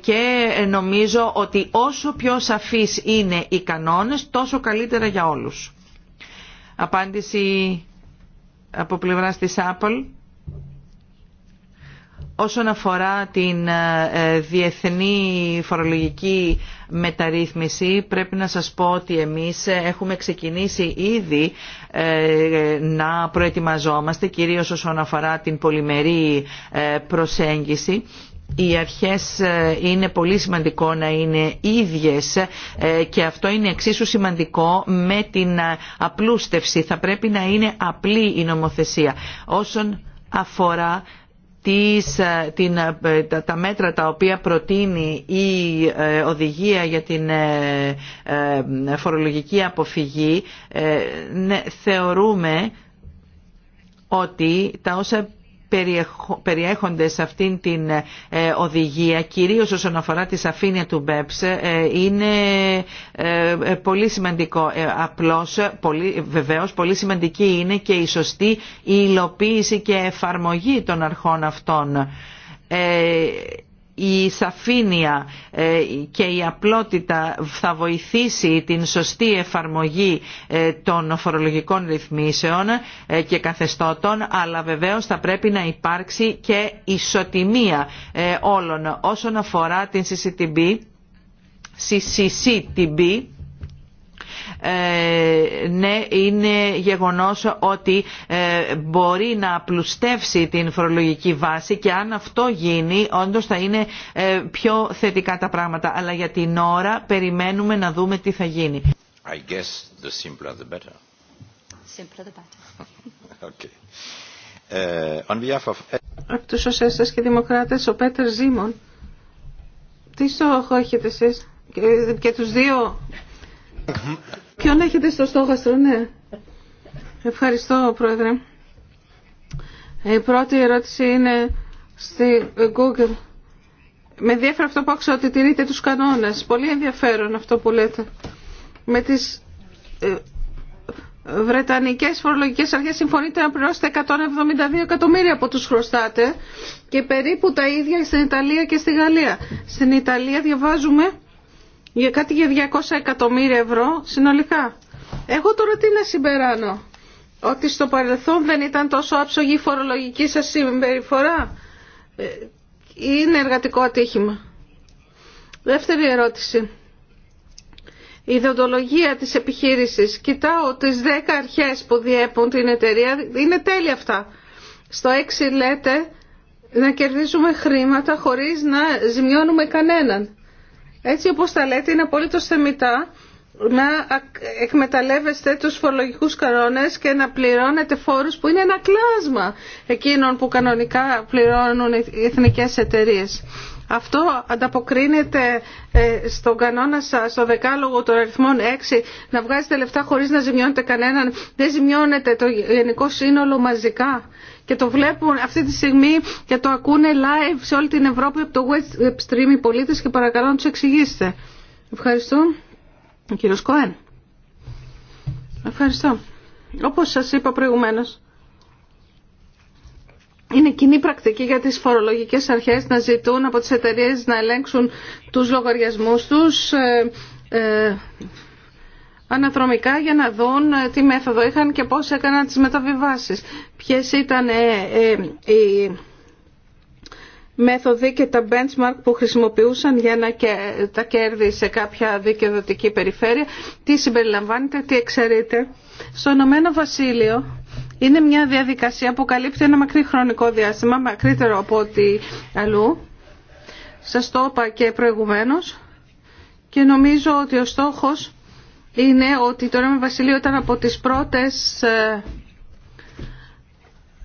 και νομίζω ότι όσο πιο σαφείς είναι οι κανόνες τόσο καλύτερα για όλους. Απάντηση από πλευράς της Apple. Όσον αφορά την ε, ε, διεθνή φορολογική μεταρρύθμιση πρέπει να σας πω ότι εμείς έχουμε ξεκινήσει ήδη ε, να προετοιμαζόμαστε κυρίως όσον αφορά την πολυμερή προσέγγιση οι αρχές είναι πολύ σημαντικό να είναι ίδιες και αυτό είναι εξίσου σημαντικό με την απλούστευση. Θα πρέπει να είναι απλή η νομοθεσία. Όσον αφορά τις, ε, την, ε, τα μέτρα τα οποία προτείνει η ε, οδηγία για την φορολογική αποφυγή, ναι, θεωρούμε ότι τα όσα περιέχονται σε αυτήν την ε, οδηγία, κυρίως όσον αφορά τη σαφήνεια του BEPS, ε, είναι ε, πολύ σημαντικό. Απλώς, πολύ, βεβαίως, πολύ σημαντική είναι και η σωστή υλοποίηση και εφαρμογή των αρχών αυτών η σαφήνεια ε, και η απλότητα θα βοηθήσει την σωστή εφαρμογή ε, των φορολογικών ρυθμίσεων ε, και καθεστώτων αλλά βεβαίως θα πρέπει να υπάρξει και ισοτιμία όλων όσον αφορά την CCTB, CCCTB ε, ναι είναι γεγονός ότι ε, μπορεί να απλουστεύσει την φορολογική βάση και αν αυτό γίνει όντως θα είναι ε, πιο θετικά τα πράγματα. Αλλά για την ώρα περιμένουμε να δούμε τι θα γίνει. I guess the simpler the better. Simpler the better. okay. Uh, on behalf of... Από τους σοσιαστές και δημοκράτες, ο Πέτερ Ζήμων. Τι στόχο έχετε εσείς και, και τους δύο. Ποιον έχετε στο στόχαστρο, ναι. Ευχαριστώ, Πρόεδρε. Η πρώτη ερώτηση είναι στη Google. Με διέφερα αυτό που άκουσα ότι τηρείτε τους κανόνες. Πολύ ενδιαφέρον αυτό που λέτε. Με τις ε, Βρετανικές φορολογικές αρχές συμφωνείτε να πληρώσετε 172 εκατομμύρια από τους χρωστάτε και περίπου τα ίδια στην Ιταλία και στη Γαλλία. Στην Ιταλία διαβάζουμε για κάτι για 200 εκατομμύρια ευρώ συνολικά. Εγώ τώρα τι να συμπεράνω, ότι στο παρελθόν δεν ήταν τόσο άψογη η φορολογική σας συμπεριφορά. Ε, είναι εργατικό ατύχημα. Δεύτερη ερώτηση. Η δοντολογία της επιχείρησης. Κοιτάω τις 10 αρχές που διέπουν την εταιρεία. Είναι τέλεια αυτά. Στο 6 λέτε να κερδίζουμε χρήματα χωρίς να ζημιώνουμε κανέναν. Έτσι όπως τα λέτε είναι απόλυτο θεμητά να εκμεταλλεύεστε τους φορολογικούς κανόνες και να πληρώνετε φόρους που είναι ένα κλάσμα εκείνων που κανονικά πληρώνουν οι εθνικές εταιρείες. Αυτό ανταποκρίνεται ε, στον κανόνα σα, στο δεκάλογο των αριθμών 6, να βγάζετε λεφτά χωρί να ζημιώνετε κανέναν. Δεν ζημιώνεται το γενικό σύνολο μαζικά. Και το βλέπουν αυτή τη στιγμή και το ακούνε live σε όλη την Ευρώπη από το web stream οι πολίτες και παρακαλώ να τους εξηγήσετε. Ευχαριστώ. Ο Κοέν. Ευχαριστώ. Όπως σας είπα προηγουμένω, είναι κοινή πρακτική για τις φορολογικές αρχές να ζητούν από τις εταιρείες να ελέγξουν τους λογαριασμούς τους ε, ε, αναδρομικά για να δουν ε, τι μέθοδο είχαν και πώς έκαναν τις μεταβιβάσεις. Ποιες ήταν οι μέθοδοι και τα benchmark που χρησιμοποιούσαν για να και τα κέρδη σε κάποια δικαιοδοτική περιφέρεια. Τι συμπεριλαμβάνεται, τι εξαιρείται. Στο Ηνωμένο Βασίλειο είναι μια διαδικασία που καλύπτει ένα μακρύ χρονικό διάστημα, μακρύτερο από ό,τι αλλού. Σας το είπα και προηγουμένως. Και νομίζω ότι ο στόχος είναι ότι το Ρέμι Βασιλείο ήταν από τις πρώτες ε,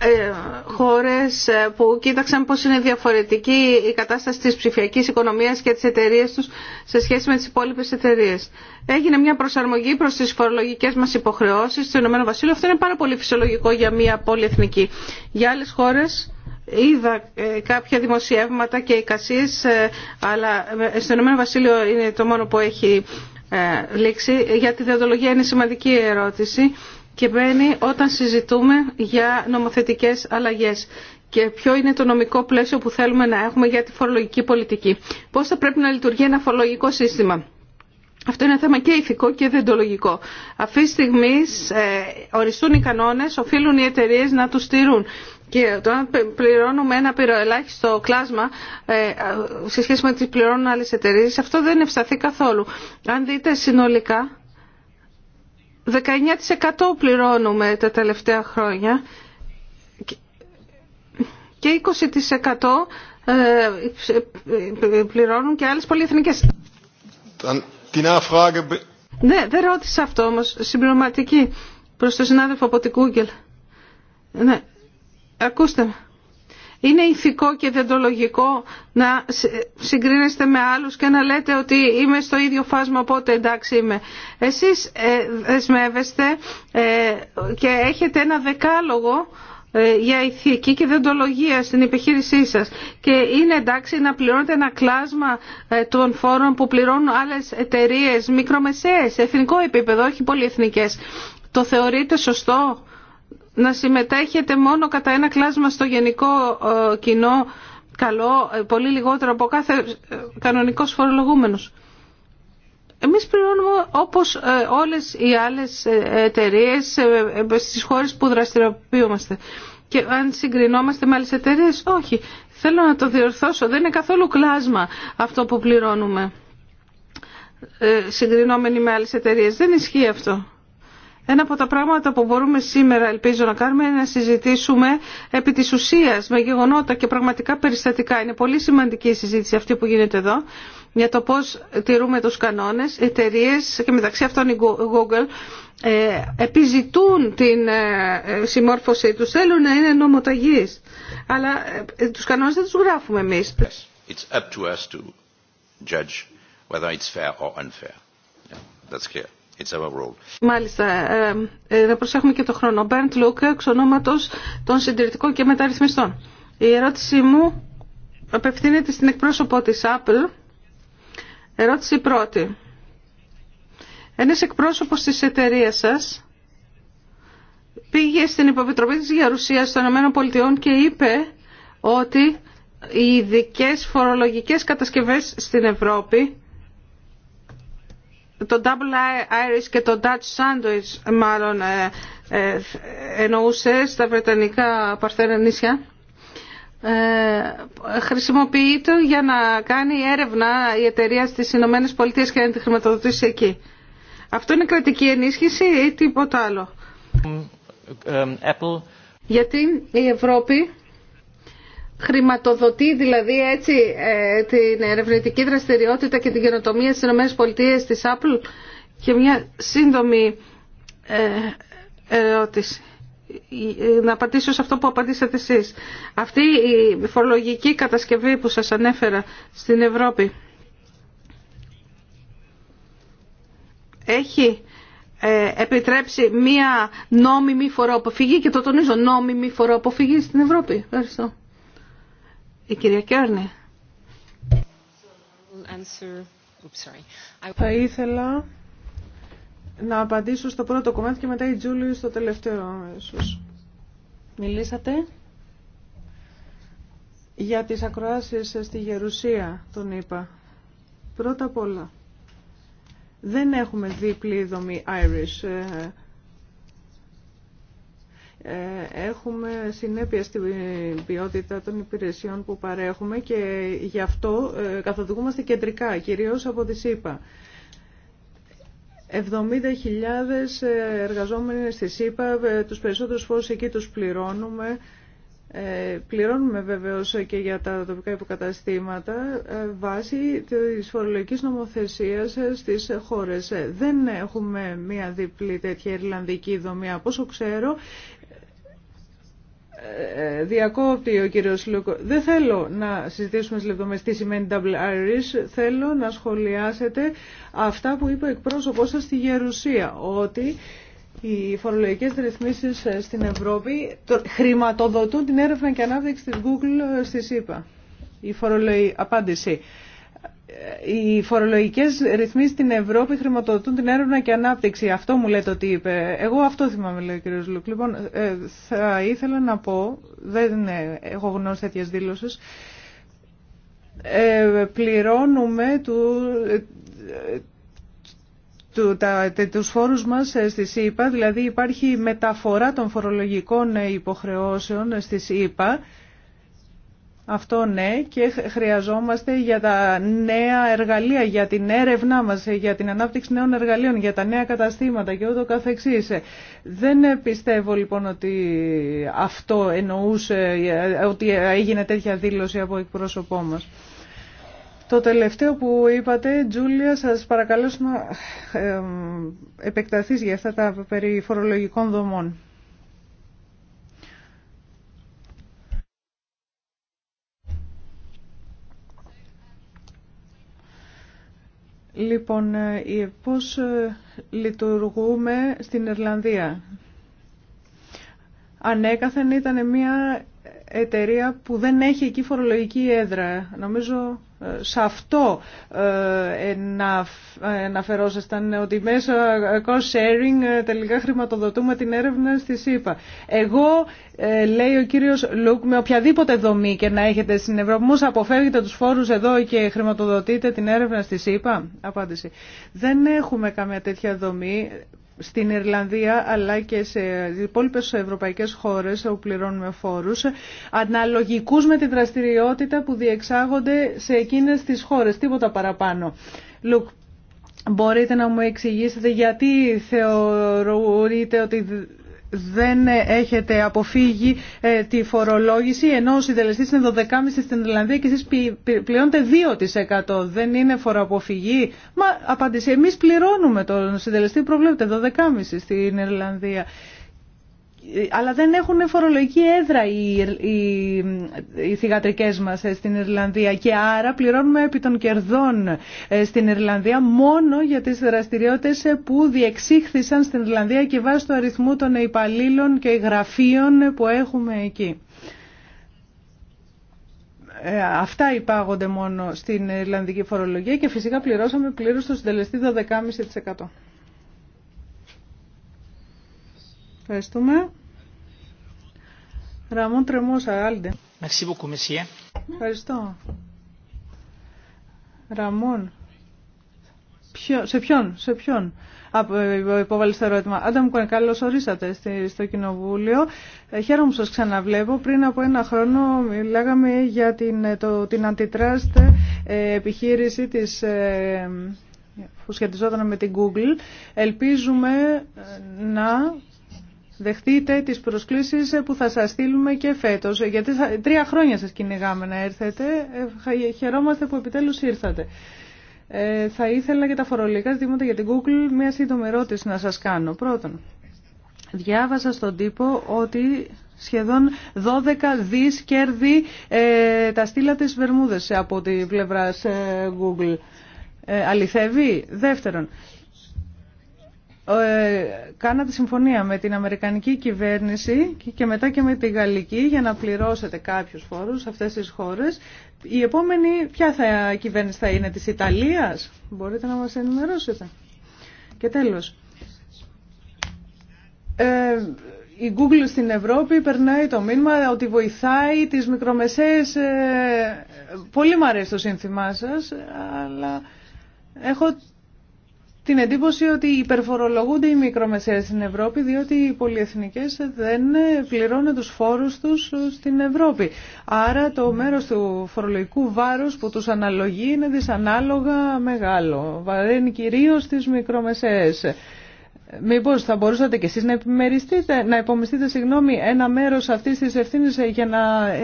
ε, χώρες ε, που κοίταξαν πώς είναι διαφορετική η κατάσταση της ψηφιακής οικονομίας και της εταιρεία τους σε σχέση με τις υπόλοιπες εταιρείε. Έγινε μια προσαρμογή προς τις φορολογικές μας υποχρεώσεις στο Ηνωμένο Βασίλειο. Αυτό είναι πάρα πολύ φυσιολογικό για μια πολυεθνική. Για άλλες χώρες είδα ε, κάποια δημοσιεύματα και εικασίες, αλλά στο Ηνωμένο Βασίλειο είναι το μόνο που έχει λήξει. Για τη διοντολογία είναι σημαντική ερώτηση και μπαίνει όταν συζητούμε για νομοθετικές αλλαγές και ποιο είναι το νομικό πλαίσιο που θέλουμε να έχουμε για τη φορολογική πολιτική. Πώς θα πρέπει να λειτουργεί ένα φορολογικό σύστημα. Αυτό είναι θέμα και ηθικό και δεντολογικό. Αυτή τη στιγμή ε, οριστούν οι κανόνες, οφείλουν οι εταιρείε να τους στηρούν. Και όταν πληρώνουμε ένα πυροελάχιστο κλάσμα ε, σε σχέση με τι πληρώνουν άλλε εταιρείε, αυτό δεν ευσταθεί καθόλου. Αν δείτε συνολικά, 19% πληρώνουμε τα τελευταία χρόνια και 20% ε, ε, πληρώνουν και άλλες πολυεθνικές. Ναι, δεν ρώτησα αυτό όμως, συμπληρωματική προς τον συνάδελφο από την Google. Ναι, ακούστε με. Είναι ηθικό και δεντολογικό να συγκρίνεστε με άλλους και να λέτε ότι είμαι στο ίδιο φάσμα οπότε εντάξει είμαι. Εσείς ε, δεσμεύεστε ε, και έχετε ένα δεκάλογο ε, για ηθική και δεντολογία στην επιχείρησή σας και είναι εντάξει να πληρώνετε ένα κλάσμα των φόρων που πληρώνουν άλλες εταιρείες μικρομεσαίες, εθνικό επίπεδο, όχι πολυεθνικές. Το θεωρείτε σωστό να συμμετέχετε μόνο κατά ένα κλάσμα στο γενικό ε, κοινό καλό, ε, πολύ λιγότερο από κάθε ε, κανονικός φορολογούμενος. Εμείς πληρώνουμε όπως όλες οι άλλες εταιρείε στις χώρες που δραστηριοποιούμαστε. Και αν συγκρινόμαστε με άλλες εταιρείε, όχι. Θέλω να το διορθώσω. Δεν είναι καθόλου κλάσμα αυτό που πληρώνουμε. συγκρινόμενοι με άλλες εταιρείε. Δεν ισχύει αυτό. Ένα από τα πράγματα που μπορούμε σήμερα, ελπίζω να κάνουμε, είναι να συζητήσουμε επί της ουσίας, με γεγονότα και πραγματικά περιστατικά. Είναι πολύ σημαντική η συζήτηση αυτή που γίνεται εδώ για το πώς τηρούμε τους κανόνες. Εταιρείε και μεταξύ αυτών η Google ε, επιζητούν την ε, συμμόρφωσή τους, θέλουν να είναι νομοταγείς. Αλλά ε, τους κανόνες δεν τους γράφουμε εμείς. It's whether it's fair or unfair. that's clear. Μάλιστα, ε, να ε, προσέχουμε και το χρόνο. Μπέρντ Λούκε, εξ ονόματος των συντηρητικών και μεταρρυθμιστών. Η ερώτησή μου απευθύνεται στην εκπρόσωπό της Apple. Ερώτηση πρώτη. Ένας εκπρόσωπος της εταιρείας σας πήγε στην υποβιτροπή της Γερουσίας των ΗΠΑ και είπε ότι οι ειδικέ φορολογικές κατασκευές στην Ευρώπη το Double Irish και το Dutch Sandwich μάλλον ε, ε, εννοούσε στα Βρετανικά παρθένα νησιά ε, χρησιμοποιείται για να κάνει έρευνα η εταιρεία στις Ηνωμένε Πολιτείε και να τη χρηματοδοτήσει εκεί. Αυτό είναι κρατική ενίσχυση ή τίποτα άλλο. Apple. Γιατί η Ευρώπη χρηματοδοτεί δηλαδή έτσι ε, την ερευνητική δραστηριότητα και την καινοτομία στις ΗΠΑ της Apple. Και μια σύντομη ε, ερώτηση να απαντήσω σε αυτό που απαντήσατε εσείς. Αυτή η φορολογική κατασκευή που σας ανέφερα στην Ευρώπη έχει ε, επιτρέψει μία νόμιμη φοροαποφυγή και το τονίζω νόμιμη φοροαποφυγή στην Ευρώπη. Ευχαριστώ. Η κυρία Θα ήθελα να απαντήσω στο πρώτο κομμάτι και μετά η Τζούλη στο τελευταίο Μιλήσατε για τις ακροάσεις στη Γερουσία, τον είπα. Πρώτα απ' όλα, δεν έχουμε διπλή δομή Irish ε, ε, έχουμε συνέπεια στην ποιότητα των υπηρεσιών που παρέχουμε και γι' αυτό ε, καθοδηγούμαστε κεντρικά, κυρίως από τη ΣΥΠΑ. 70.000 ε, εργαζόμενοι στη ΣΥΠΑ, τους περισσότερους φόρους εκεί τους πληρώνουμε. πληρώνουμε βεβαίως και για τα τοπικά υποκαταστήματα βάσει της φορολογικής νομοθεσίας στις χώρες. Δεν έχουμε μία διπλή τέτοια Ιρλανδική δομή. Από όσο ξέρω ε, ε, διακόπτει ο κύριος Λούκο. Δεν θέλω να συζητήσουμε στις λεπτομέρειες τι σημαίνει Double Θέλω να σχολιάσετε αυτά που είπε ο εκπρόσωπός σα στη Γερουσία. Ότι οι φορολογικές ρυθμίσει ε, στην Ευρώπη χρηματοδοτούν την έρευνα και ανάπτυξη της Google στη ΣΥΠΑ. Η φορολογική απάντηση. Ε, οι φορολογικές ρυθμίσεις στην Ευρώπη χρηματοδοτούν την έρευνα και ανάπτυξη. Αυτό μου λέτε ότι είπε. Εγώ αυτό θυμάμαι, λέει ο κ. Λουκ. Λοιπόν, ε, θα ήθελα να πω, δεν είναι, έχω γνώση τέτοιες δήλωσες, ε, πληρώνουμε του, του, τα, τους φόρους μας στη ΣΥΠΑ, δηλαδή υπάρχει μεταφορά των φορολογικών υποχρεώσεων στη ΣΥΠΑ, αυτό ναι και χρειαζόμαστε για τα νέα εργαλεία, για την έρευνά μας, για την ανάπτυξη νέων εργαλείων, για τα νέα καταστήματα και ούτω καθεξής. Δεν πιστεύω λοιπόν ότι αυτό εννοούσε, ότι έγινε τέτοια δήλωση από εκπρόσωπό μας. Το τελευταίο που είπατε, Τζούλια, σας παρακαλώ να ε, επεκταθείς για αυτά τα περί φορολογικών δομών. Λοιπόν, ε, πώς ε, λειτουργούμε στην Ιρλανδία. Ανέκαθεν ήταν μια εταιρεία που δεν έχει εκεί φορολογική έδρα. Νομίζω ε, σε αυτό ε, να αναφερόσασταν ότι μέσω ε, cost sharing ε, τελικά χρηματοδοτούμε την έρευνα στη ΣΥΠΑ. Εγώ, ε, λέει ο κύριος Λουκ, με οποιαδήποτε δομή και να έχετε στην Ευρώπη, Όμω αποφεύγετε τους φόρους εδώ και χρηματοδοτείτε την έρευνα στη ΣΥΠΑ. Απάντηση. Δεν έχουμε καμία τέτοια δομή στην Ιρλανδία αλλά και σε υπόλοιπε ευρωπαϊκές χώρες όπου πληρώνουμε φόρους αναλογικούς με τη δραστηριότητα που διεξάγονται σε εκείνες τις χώρες, τίποτα παραπάνω. Λουκ, μπορείτε να μου εξηγήσετε γιατί θεωρείτε ότι δεν έχετε αποφύγει ε, τη φορολόγηση ενώ ο συντελεστής είναι 12,5 στην Ιρλανδία και εσείς πληρώνετε 2%. Δεν είναι φοροαποφυγή. Μα απάντηση, εμείς πληρώνουμε τον συντελεστή που προβλέπετε 12,5 στην Ιρλανδία αλλά δεν έχουν φορολογική έδρα οι, οι, οι θηγατρικές μας ε, στην Ιρλανδία και άρα πληρώνουμε επί των κερδών ε, στην Ιρλανδία μόνο για τις δραστηριότητες ε, που διεξήχθησαν στην Ιρλανδία και βάσει του αριθμού των υπαλλήλων και γραφείων που έχουμε εκεί. αυτά υπάγονται μόνο στην Ιρλανδική φορολογία και φυσικά πληρώσαμε πλήρως το συντελεστή 12,5%. Ευχαριστούμε. Ραμόν Τρεμόσα, Άλντε. Ευχαριστώ. Ραμόν. σε ποιον, σε ποιον υπόβαλε το ερώτημα. Άντα μου κάνει καλώ ορίσατε στο Κοινοβούλιο. Ε, χαίρομαι που σα ξαναβλέπω. Πριν από ένα χρόνο μιλάγαμε για την, το, την αντιτράστ ε, επιχείρηση της ε, που σχετιζόταν με την Google. Ελπίζουμε να δεχτείτε τις προσκλήσεις που θα σας στείλουμε και φέτος, γιατί τρία χρόνια σας κυνηγάμε να έρθετε, ε, χαιρόμαστε που επιτέλους ήρθατε. Ε, θα ήθελα για τα φορολογικά ζητήματα για την Google μια σύντομη ερώτηση να σας κάνω. Πρώτον, διάβασα στον τύπο ότι σχεδόν 12 δις κέρδη ε, τα στείλατε της Βερμούδες από τη πλευρά ε, Google. Ε, αληθεύει. Δεύτερον, ε, κάνατε συμφωνία με την Αμερικανική κυβέρνηση και μετά και με τη Γαλλική για να πληρώσετε κάποιους φόρους σε αυτές τις χώρες. Η επόμενη ποια θα, κυβέρνηση θα είναι της Ιταλίας. Μπορείτε να μας ενημερώσετε. Και τέλος. Ε, η Google στην Ευρώπη περνάει το μήνυμα ότι βοηθάει τις μικρομεσαίες. Ε, πολύ μου αρέσει το σύνθημά σας, αλλά έχω την εντύπωση ότι υπερφορολογούνται οι μικρομεσαίες στην Ευρώπη διότι οι πολυεθνικές δεν πληρώνουν τους φόρους τους στην Ευρώπη. Άρα το μέρος του φορολογικού βάρους που τους αναλογεί είναι δυσανάλογα μεγάλο. Βαραίνει κυρίως τις μικρομεσαίες. Μηπω, θα μπορούσατε κι εσείς να επιμεριστείτε, να υπομειστείτε συγγνώμη, ένα μέρος αυτής της ευθύνη για να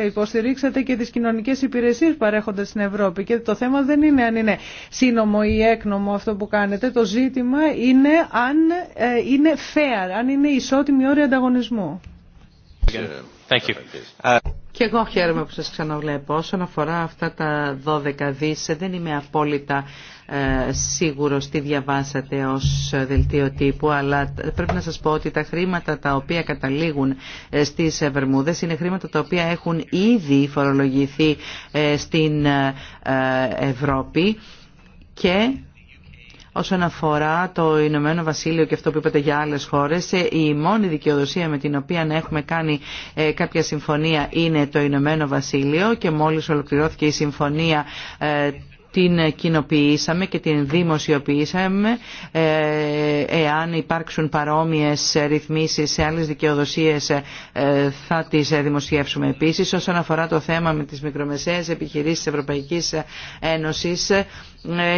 υποστηρίξετε και τις κοινωνικές υπηρεσίες παρέχοντα στην Ευρώπη. Και το θέμα δεν είναι αν είναι σύνομο ή έκνομο αυτό που κάνετε. Το ζήτημα είναι αν ε, είναι fair, αν είναι ισότιμη όρια ανταγωνισμού. Ε, και εγώ χαίρομαι που σας ξαναβλέπω. Όσον αφορά αυτά τα 12 δις, δεν είμαι απόλυτα ε, σίγουρος τι διαβάσατε ως δελτίο τύπου, αλλά πρέπει να σας πω ότι τα χρήματα τα οποία καταλήγουν ε, στις ε, Βερμούδες είναι χρήματα τα οποία έχουν ήδη φορολογηθεί ε, στην Ευρώπη και Όσον αφορά το Ηνωμένο Βασίλειο και αυτό που είπατε για άλλες χώρες, η μόνη δικαιοδοσία με την οποία έχουμε κάνει ε, κάποια συμφωνία είναι το Ηνωμένο Βασίλειο και μόλις ολοκληρώθηκε η συμφωνία ε, την κοινοποιήσαμε και την δημοσιοποιήσαμε. Ε, εάν υπάρξουν παρόμοιες ρυθμίσεις σε άλλες δικαιοδοσίες ε, θα τις δημοσιεύσουμε επίσης. Όσον αφορά το θέμα με τις μικρομεσαίες επιχειρήσεις της Ευρωπαϊκής Ένωσης, ε,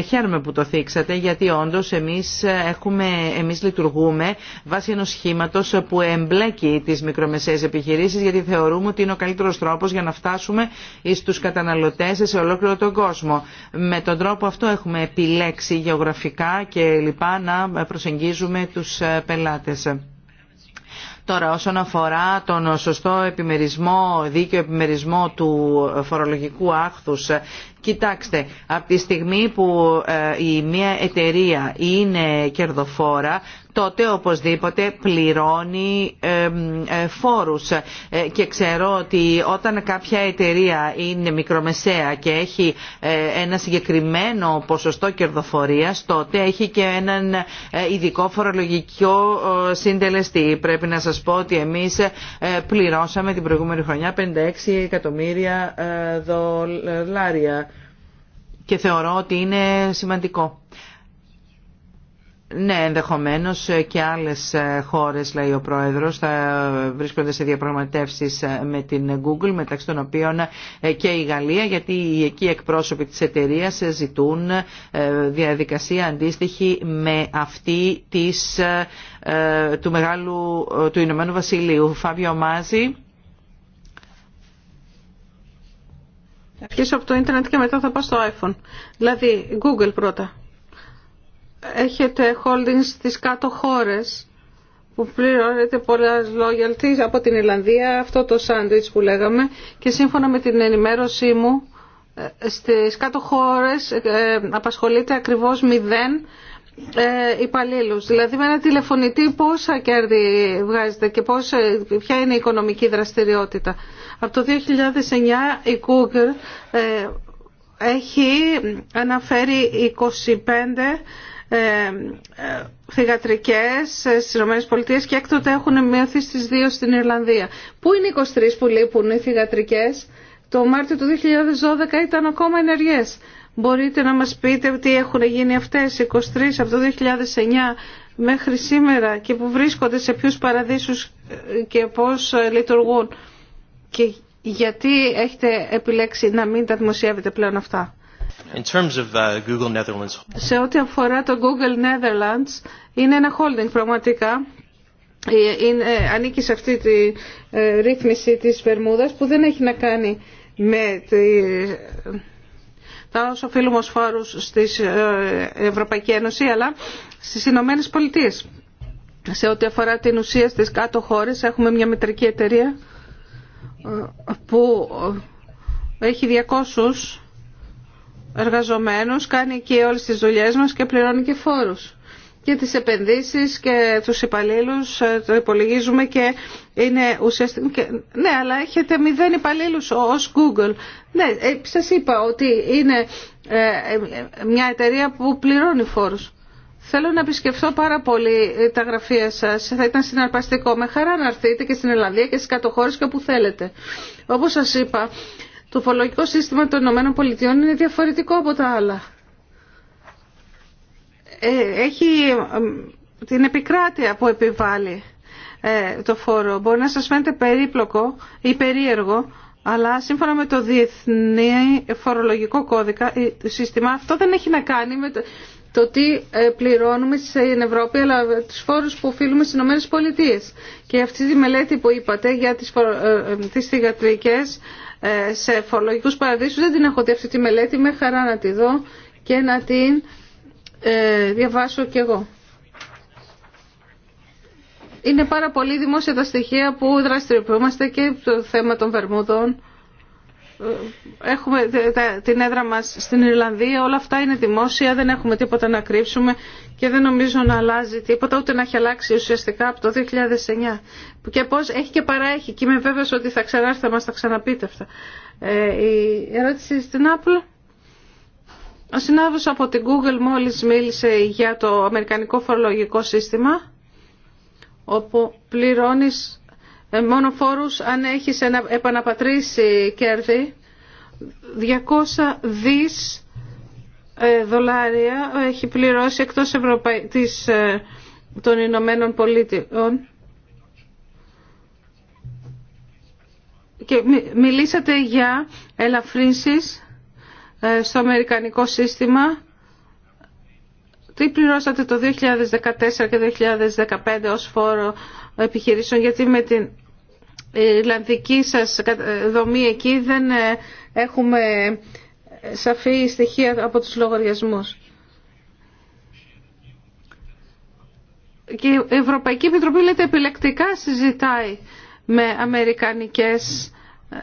χαίρομαι που το θίξατε γιατί όντως εμείς, έχουμε, εμείς λειτουργούμε βάσει ενός σχήματος που εμπλέκει τις μικρομεσαίες επιχειρήσεις γιατί θεωρούμε ότι είναι ο καλύτερος τρόπος για να φτάσουμε στους καταναλωτές σε ολόκληρο τον κόσμο με τον τρόπο αυτό έχουμε επιλέξει γεωγραφικά και λοιπά να προσεγγίζουμε τους ε, πελάτες. Τώρα όσον αφορά τον σωστό επιμερισμό, δίκαιο επιμερισμό του φορολογικού άχθους ε, Κοιτάξτε, από τη στιγμή που ε, η μία εταιρεία είναι κερδοφόρα, τότε οπωσδήποτε πληρώνει ε, φόρους. Ε, και ξέρω ότι όταν κάποια εταιρεία είναι μικρομεσαία και έχει ε, ένα συγκεκριμένο ποσοστό κερδοφορίας, τότε έχει και έναν ειδικό φορολογικό συντελεστή. Πρέπει να σας πω ότι εμείς πληρώσαμε την προηγούμενη χρονιά 56 εκατομμύρια δολάρια και θεωρώ ότι είναι σημαντικό. Ναι, ενδεχομένως και άλλες ε, χώρες, λέει ο Πρόεδρος, θα βρίσκονται σε διαπραγματεύσεις ε, με την Google, μεταξύ των οποίων ε, και η Γαλλία, γιατί οι εκεί εκπρόσωποι τη εταιρεία ζητούν διαδικασία αντίστοιχη με αυτή της, του, μεγάλου, του Ηνωμένου Βασιλείου. Φάβιο Μάζη. Αρχίσω από το ίντερνετ και μετά θα πάω στο iPhone. Δηλαδή, Google πρώτα έχετε holdings στις κάτω χώρες που πληρώνετε πολλά λόγια από την Ιλανδία αυτό το sandwich που λέγαμε και σύμφωνα με την ενημέρωσή μου ε, στις κάτω χώρες ε, ε, απασχολείται ακριβώς μηδέν ε, υπαλλήλους. Δηλαδή με ένα τηλεφωνητή πόσα κέρδη βγάζετε και πόσα, ποια είναι η οικονομική δραστηριότητα. Από το 2009 η Google ε, έχει αναφέρει 25 ε, ε, θηγατρικές ε, στις ΗΠΑ και έκτοτε έχουν μειωθεί στις δύο στην Ιρλανδία. Πού είναι οι 23 που λείπουν οι θηγατρικές. Το Μάρτιο του 2012 ήταν ακόμα ενεργές. Μπορείτε να μας πείτε τι έχουν γίνει αυτές οι 23 από το 2009 μέχρι σήμερα και που βρίσκονται σε ποιους παραδείσους και πώς λειτουργούν. Και γιατί έχετε επιλέξει να μην τα δημοσιεύετε πλέον αυτά. Uh, σε ό,τι αφορά το Google Netherlands, είναι ένα holding πραγματικά. Ε, ε, ανήκει σε αυτή τη ε, ρύθμιση της Βερμούδας που δεν έχει να κάνει με τα όσα οφείλουμε ως φόρους στην Ευρωπαϊκή Ένωση αλλά στις Ηνωμένε Πολιτείες. Σε ό,τι αφορά την ουσία στις κάτω χώρες έχουμε μια μετρική εταιρεία που έχει 200 εργαζομένους, κάνει και όλες τις δουλειές μας και πληρώνει και φόρους. Και τις επενδύσεις και τους υπαλλήλους ε, το υπολογίζουμε και είναι ουσιαστικά... Ναι, αλλά έχετε μηδέν υπαλλήλους ως Google. Ναι, ε, σας είπα ότι είναι ε, μια εταιρεία που πληρώνει φόρους. Θέλω να επισκεφθώ πάρα πολύ τα γραφεία σας. Θα ήταν συναρπαστικό. Με χαρά να έρθετε και στην Ελλάδα και στις κατοχώρες και όπου θέλετε. Όπως σας είπα, το φορολογικό σύστημα των πολιτείων είναι διαφορετικό από τα άλλα. Ε, έχει την επικράτεια που επιβάλλει ε, το φόρο. Μπορεί να σας φαίνεται περίπλοκο ή περίεργο, αλλά σύμφωνα με το Διεθνή Φορολογικό Κώδικα, το σύστημα αυτό δεν έχει να κάνει με το τι ε, πληρώνουμε στην Ευρώπη, αλλά τους φόρους που οφείλουμε στις Ηνωμένες Και αυτή τη μελέτη που είπατε για τις θηγατρικές ε, σε φορολογικούς παραδείσους. Δεν την έχω δει αυτή τη μελέτη, με χαρά να τη δω και να την ε, διαβάσω κι εγώ. Είναι πάρα πολύ δημόσια τα στοιχεία που δραστηριοποιούμαστε και το θέμα των Βερμούδων έχουμε την έδρα μας στην Ιρλανδία, όλα αυτά είναι δημόσια, δεν έχουμε τίποτα να κρύψουμε και δεν νομίζω να αλλάζει τίποτα, ούτε να έχει αλλάξει ουσιαστικά από το 2009. Και πώς έχει και παραέχει και είμαι βέβαιος ότι θα ξανάρθει, θα μας τα ξαναπείτε αυτά. Ε, η ερώτηση στην Apple. Ο συνάδελφος από την Google μόλις μίλησε για το αμερικανικό φορολογικό σύστημα, όπου πληρώνεις μόνο φόρους αν έχεις επαναπατρίσει κέρδη 200 δις ε, δολάρια έχει πληρώσει εκτός της, ε, των Ηνωμένων Πολίτων και μιλήσατε για ελαφρύνσεις ε, στο Αμερικανικό σύστημα τι πληρώσατε το 2014 και 2015 ως φόρο επιχειρήσεων γιατί με την η Ιρλανδική σας δομή εκεί δεν ε, έχουμε ε, σαφή στοιχεία από τους λογαριασμούς. Και η Ευρωπαϊκή Επιτροπή λέτε επιλεκτικά συζητάει με αμερικανικές ε,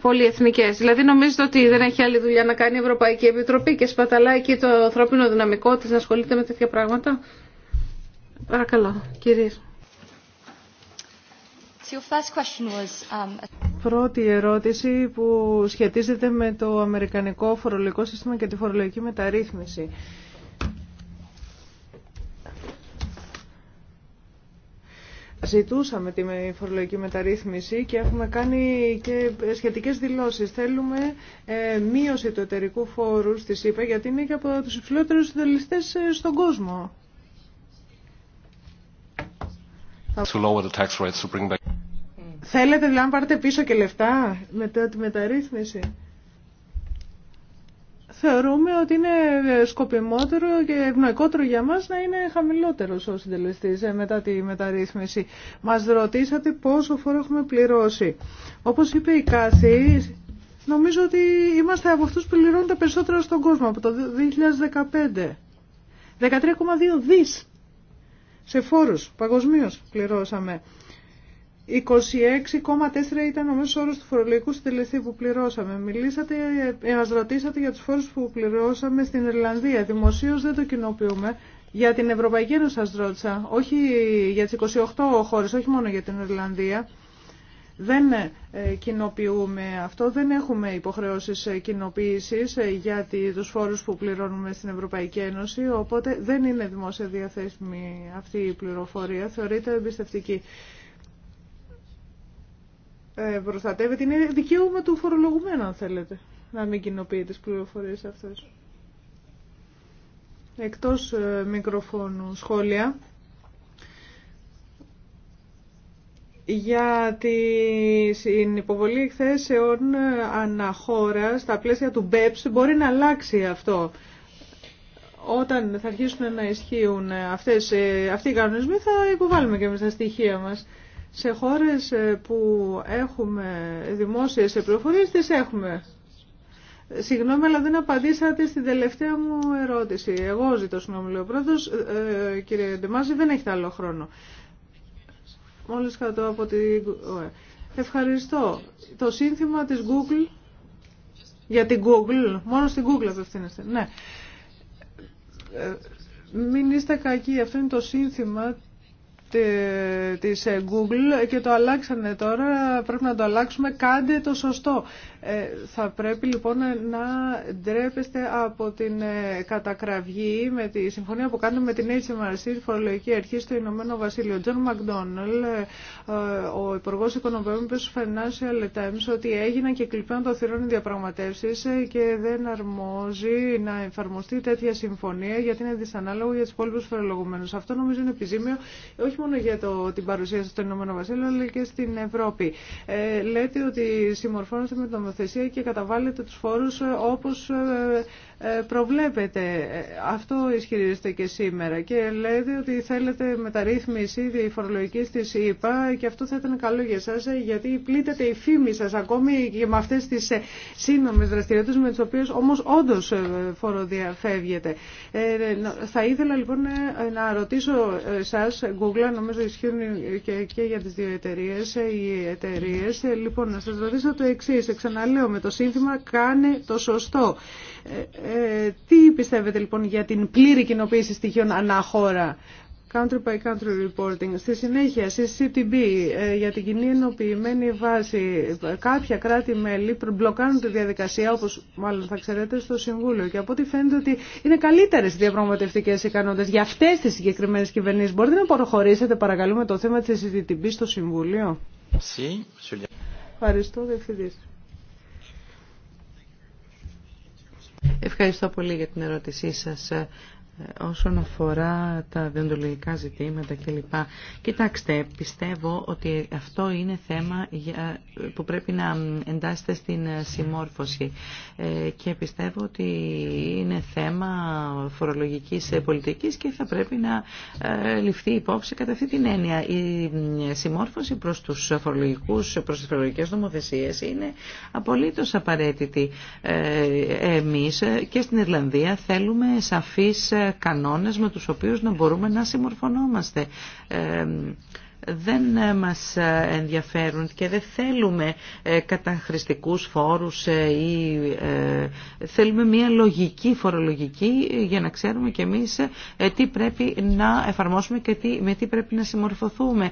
πολυεθνικές. Δηλαδή νομίζετε ότι δεν έχει άλλη δουλειά να κάνει η Ευρωπαϊκή Επιτροπή και σπαταλάει εκεί το ανθρώπινο δυναμικό της να ασχολείται με τέτοια πράγματα. Παρακαλώ, κυρίες. Um, Πρώτη ερώτηση που σχετίζεται με το αμερικανικό φορολογικό σύστημα και τη φορολογική μεταρρύθμιση. Ζητούσαμε τη φορολογική μεταρρύθμιση και έχουμε κάνει και σχετικές δηλώσεις. Θέλουμε ε, μείωση του εταιρικού φόρου στη ΣΥΠΑ γιατί είναι και από τους υψηλότερους συντελεστές ε, στον κόσμο. Θέλετε δηλαδή να πάρετε πίσω και λεφτά μετά τη μεταρρύθμιση. Θεωρούμε ότι είναι σκοπιμότερο και ευνοϊκότερο για μας να είναι χαμηλότερος ο συντελεστής ε, μετά τη μεταρρύθμιση. Μας ρωτήσατε πόσο φόρο έχουμε πληρώσει. Όπως είπε η Κάση, νομίζω ότι είμαστε από αυτούς που πληρώνουν τα περισσότερα στον κόσμο από το 2015. 13,2 δις σε φόρους παγκοσμίω πληρώσαμε. 26,4 ήταν ο μέσο όρος του φορολογικού συντελεστή που πληρώσαμε. Μιλήσατε, ε, μας ρωτήσατε για του φόρου που πληρώσαμε στην Ιρλανδία. Δημοσίω δεν το κοινοποιούμε. Για την Ευρωπαϊκή Ένωση σα ρώτησα, όχι για τι 28 χώρε, όχι μόνο για την Ιρλανδία. Δεν ε, κοινοποιούμε αυτό, δεν έχουμε υποχρεώσεις ε, κοινοποίησης για τους φόρους που πληρώνουμε στην Ευρωπαϊκή Ένωση, οπότε δεν είναι δημόσια διαθέσιμη αυτή η πληροφορία, θεωρείται εμπιστευτική. Ε, προστατεύεται. Είναι δικαίωμα του φορολογουμένου, αν θέλετε, να μην κοινοποιεί τις πληροφορίες αυτές. Εκτός ε, μικροφώνου σχόλια. για την υποβολή εκθέσεων ε, αναχώρα στα πλαίσια του BEPS μπορεί να αλλάξει αυτό. Όταν θα αρχίσουν να ισχύουν αυτές, αυτοί οι κανονισμοί θα υποβάλουμε και εμείς τα στοιχεία μας. Σε χώρες ε, που έχουμε δημόσιες πληροφορίες, τις έχουμε. Συγγνώμη, αλλά δεν απαντήσατε στην τελευταία μου ερώτηση. Εγώ ζητώ συγγνώμη, λέει πρόεδρος. Ε, ε, κύριε Ντεμάζη, δεν έχετε άλλο χρόνο. Μόλις κάτω από τη Ευχαριστώ. Το σύνθημα της Google... Για την Google. Μόνο στην Google απευθύνεστε. Ναι. Ε, μην είστε κακοί. Αυτό είναι το σύνθημα της ε, Google και το αλλάξανε τώρα, πρέπει να το αλλάξουμε, κάντε το σωστό. Ε, θα πρέπει λοιπόν να ντρέπεστε από την ε, κατακραυγή με τη συμφωνία που κάνετε με την HMRC, η φορολογική αρχή στο Ηνωμένο Βασίλειο. Τζον Μακδόναλ, ε, ο Υπουργό Οικονομικών, είπε στο Financial Times ότι έγιναν και κλειπέων το θηρόνι οι διαπραγματεύσει και δεν αρμόζει να εφαρμοστεί τέτοια συμφωνία γιατί είναι δυσανάλογο για του υπόλοιπου φορολογουμένου. Αυτό νομίζω είναι επιζήμιο όχι μόνο για το, την παρουσία σα στο Ηνωμένο Βασίλειο αλλά και στην Ευρώπη. Ε, λέτε ότι συμμορφώνεστε με το νομοθεσία και καταβάλλεται τους φόρους ε, όπως ε, ε, προβλέπετε. Ε, αυτό ισχυρίζεται και σήμερα και λέτε ότι θέλετε μεταρρύθμιση φορολογική τη ΕΠΑ και αυτό θα ήταν καλό για εσά γιατί πλήττεται η φήμη σα ακόμη και με αυτέ τι ε, σύνομε δραστηριότητε με τι οποίε όμω όντω φοροδιαφεύγεται. Θα ήθελα λοιπόν να ρωτήσω εσά, Google, νομίζω ισχύουν και για τι δύο εταιρείε, οι εταιρείε. Λοιπόν, να σα ρωτήσω το εξή. Ξαναλέω με το σύνθημα κάνε το σωστό. Ε, ε, τι πιστεύετε λοιπόν για την πλήρη κοινοποίηση στοιχείων αναχώρα country by country reporting. Στη συνέχεια, ε, για την κοινή ενοποιημένη βάση. Κάποια κράτη-μέλη μπλοκάνουν τη διαδικασία, όπως μάλλον θα ξέρετε, στο Συμβούλιο. Και από ό,τι φαίνεται ότι είναι καλύτερες οι διαπραγματευτικές ικανότητες για αυτές τις συγκεκριμένες κυβερνήσεις. Μπορείτε να προχωρήσετε, παρακαλούμε, το θέμα της CTB στο Συμβούλιο. Ευχαριστώ, Διευθυντής. Ευχαριστώ πολύ για την ερώτησή σας όσον αφορά τα διοντολογικά ζητήματα κλπ. Κοιτάξτε, πιστεύω ότι αυτό είναι θέμα που πρέπει να εντάσσεται στην συμμόρφωση ε, και πιστεύω ότι είναι θέμα φορολογικής πολιτικής και θα πρέπει να ε, ληφθεί υπόψη κατά αυτή την έννοια. Η ε, συμμόρφωση προς, τους φορολογικούς, προς τις φορολογικές νομοθεσίες είναι απολύτως απαραίτητη. Εμείς και στην Ιρλανδία θέλουμε σαφείς κανόνες με τους οποίους να μπορούμε να συμμορφωνόμαστε ε, δεν μας ενδιαφέρουν και δεν θέλουμε ε, καταχρηστικούς φόρους ε, ή θέλουμε μια λογική φορολογική για να ξέρουμε και εμείς τι πρέπει να εφαρμόσουμε και τι, με τι πρέπει να συμμορφωθούμε.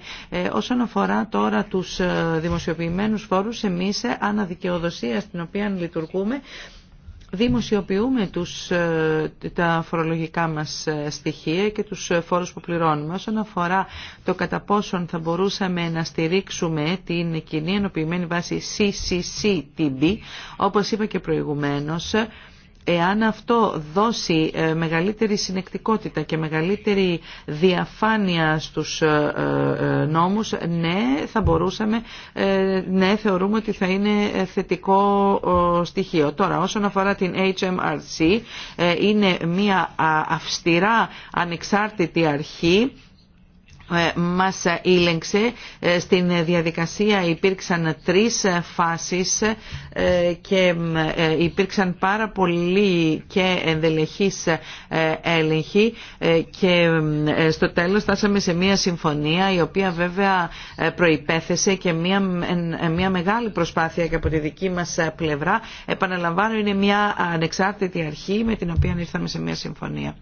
Όσον αφορά τώρα τους δημοσιοποιημένους φόρους, εμείς αναδικαιοδοσία στην οποία λειτουργούμε δημοσιοποιούμε τους, ε, τα φορολογικά μας ε, στοιχεία και τους ε, φόρους που πληρώνουμε. Όσον αφορά το κατά πόσον θα μπορούσαμε να στηρίξουμε την κοινή ενοποιημένη βάση CCCTB, όπως είπα και προηγουμένως, Εάν αυτό δώσει ε, μεγαλύτερη συνεκτικότητα και μεγαλύτερη διαφάνεια στους ε, ε, νόμους, ναι, θα μπορούσαμε, ναι, θεωρούμε ότι θα είναι θετικό στοιχείο. Τώρα, όσον αφορά την HMRC, είναι μια αυστηρά ανεξάρτητη αρχή ε, μας ήλεγξε. Ε, στην διαδικασία υπήρξαν τρεις φάσεις ε, και υπήρξαν πάρα πολλοί και ενδελεχείς έλεγχοι και στο τέλος στάσαμε σε μια συμφωνία η οποία βέβαια προϋπέθεσε και μια, μια μεγάλη προσπάθεια και από τη δική μας πλευρά. Επαναλαμβάνω είναι μια ανεξάρτητη αρχή με την οποία ήρθαμε σε μια συμφωνία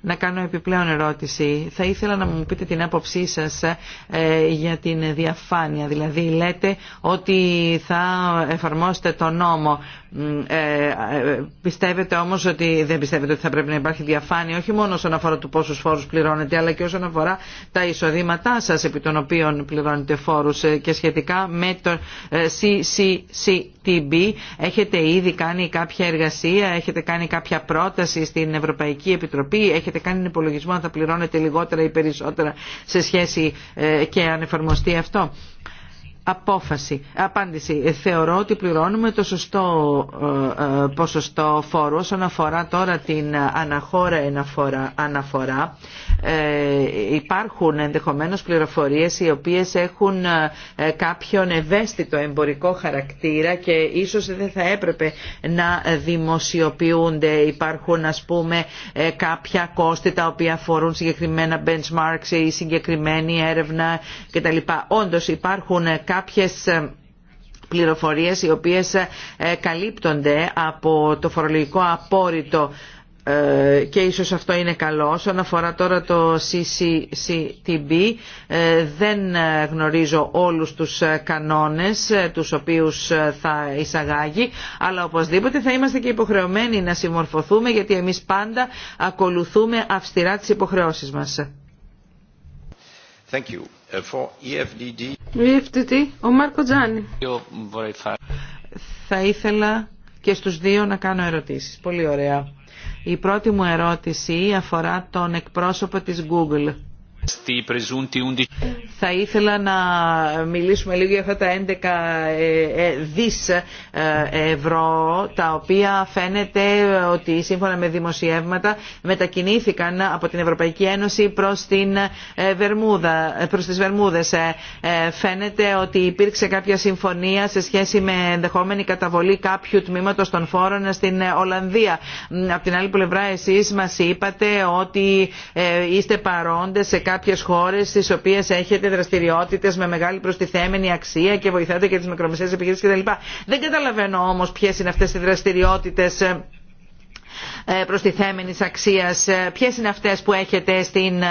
να κάνω επιπλέον ερώτηση. Θα ήθελα να μου πείτε την άποψή σας ε, για την διαφάνεια. Δηλαδή λέτε ότι θα εφαρμόσετε το νόμο. Ε, ε, πιστεύετε όμως ότι δεν πιστεύετε ότι θα πρέπει να υπάρχει διαφάνεια όχι μόνο όσον αφορά του πόσους φόρου πληρώνετε αλλά και όσον αφορά τα εισοδήματά σας επί των οποίων πληρώνετε φόρους ε, και σχετικά με το CCCTB έχετε ήδη κάνει κάποια εργασία, έχετε κάνει κάποια πρόταση στην Ευρωπαϊκή Επιτροπή έχετε κάνει υπολογισμό αν θα πληρώνετε λιγότερα ή περισσότερα σε σχέση και αν εφαρμοστεί αυτό. Απόφαση. Απάντηση. Θεωρώ ότι πληρώνουμε το σωστό ε, ε, ποσοστό φόρου όσον αφορά τώρα την αναχώρα αναφορά. Ε, υπάρχουν ενδεχομένως πληροφορίες οι οποίες έχουν κάποιον ευαίσθητο εμπορικό χαρακτήρα και ίσως δεν θα έπρεπε να δημοσιοποιούνται. Υπάρχουν ας πούμε κάποια κόστη τα οποία αφορούν συγκεκριμένα benchmarks ή συγκεκριμένη έρευνα κτλ. Όντως υπάρχουν κάποιες ε, πληροφορίες οι οποίες ε, καλύπτονται από το φορολογικό απόρριτο ε, και ίσως αυτό είναι καλό. Όσον αφορά τώρα το CCTB. δεν γνωρίζω όλους τους κανόνες τους οποίους θα εισαγάγει αλλά οπωσδήποτε θα είμαστε και υποχρεωμένοι να συμμορφωθούμε γιατί εμείς πάντα ακολουθούμε αυστηρά τις υποχρεώσεις μας. Thank E ο Μάρκο Τζάνι. Θα ήθελα και στους δύο να κάνω ερωτήσεις. Πολύ ωραία. Η πρώτη μου ερώτηση αφορά τον εκπρόσωπο της Google. Θα ήθελα να μιλήσουμε λίγο για αυτά τα 11 ε, ε, δις ε, ευρώ τα οποία φαίνεται ότι σύμφωνα με δημοσιεύματα μετακινήθηκαν από την Ευρωπαϊκή Ένωση προς, την Βερμούδα, προς τις Βερμούδες. Φαίνεται ότι υπήρξε κάποια συμφωνία σε σχέση με ενδεχόμενη καταβολή κάποιου τμήματος των φόρων στην Ολλανδία. Από την άλλη πλευρά εσείς μας είπατε ότι είστε παρόντες σε κάποια Κάποιε χώρε στις οποίες έχετε δραστηριότητες με μεγάλη προστιθέμενη αξία και βοηθάτε και τις μικρομεσαίες επιχειρήσεις κτλ. Δεν καταλαβαίνω όμως ποιε είναι αυτές οι δραστηριότητες ε, ε, προστιθέμενης αξίας ε, ποιε είναι αυτές που έχετε στην,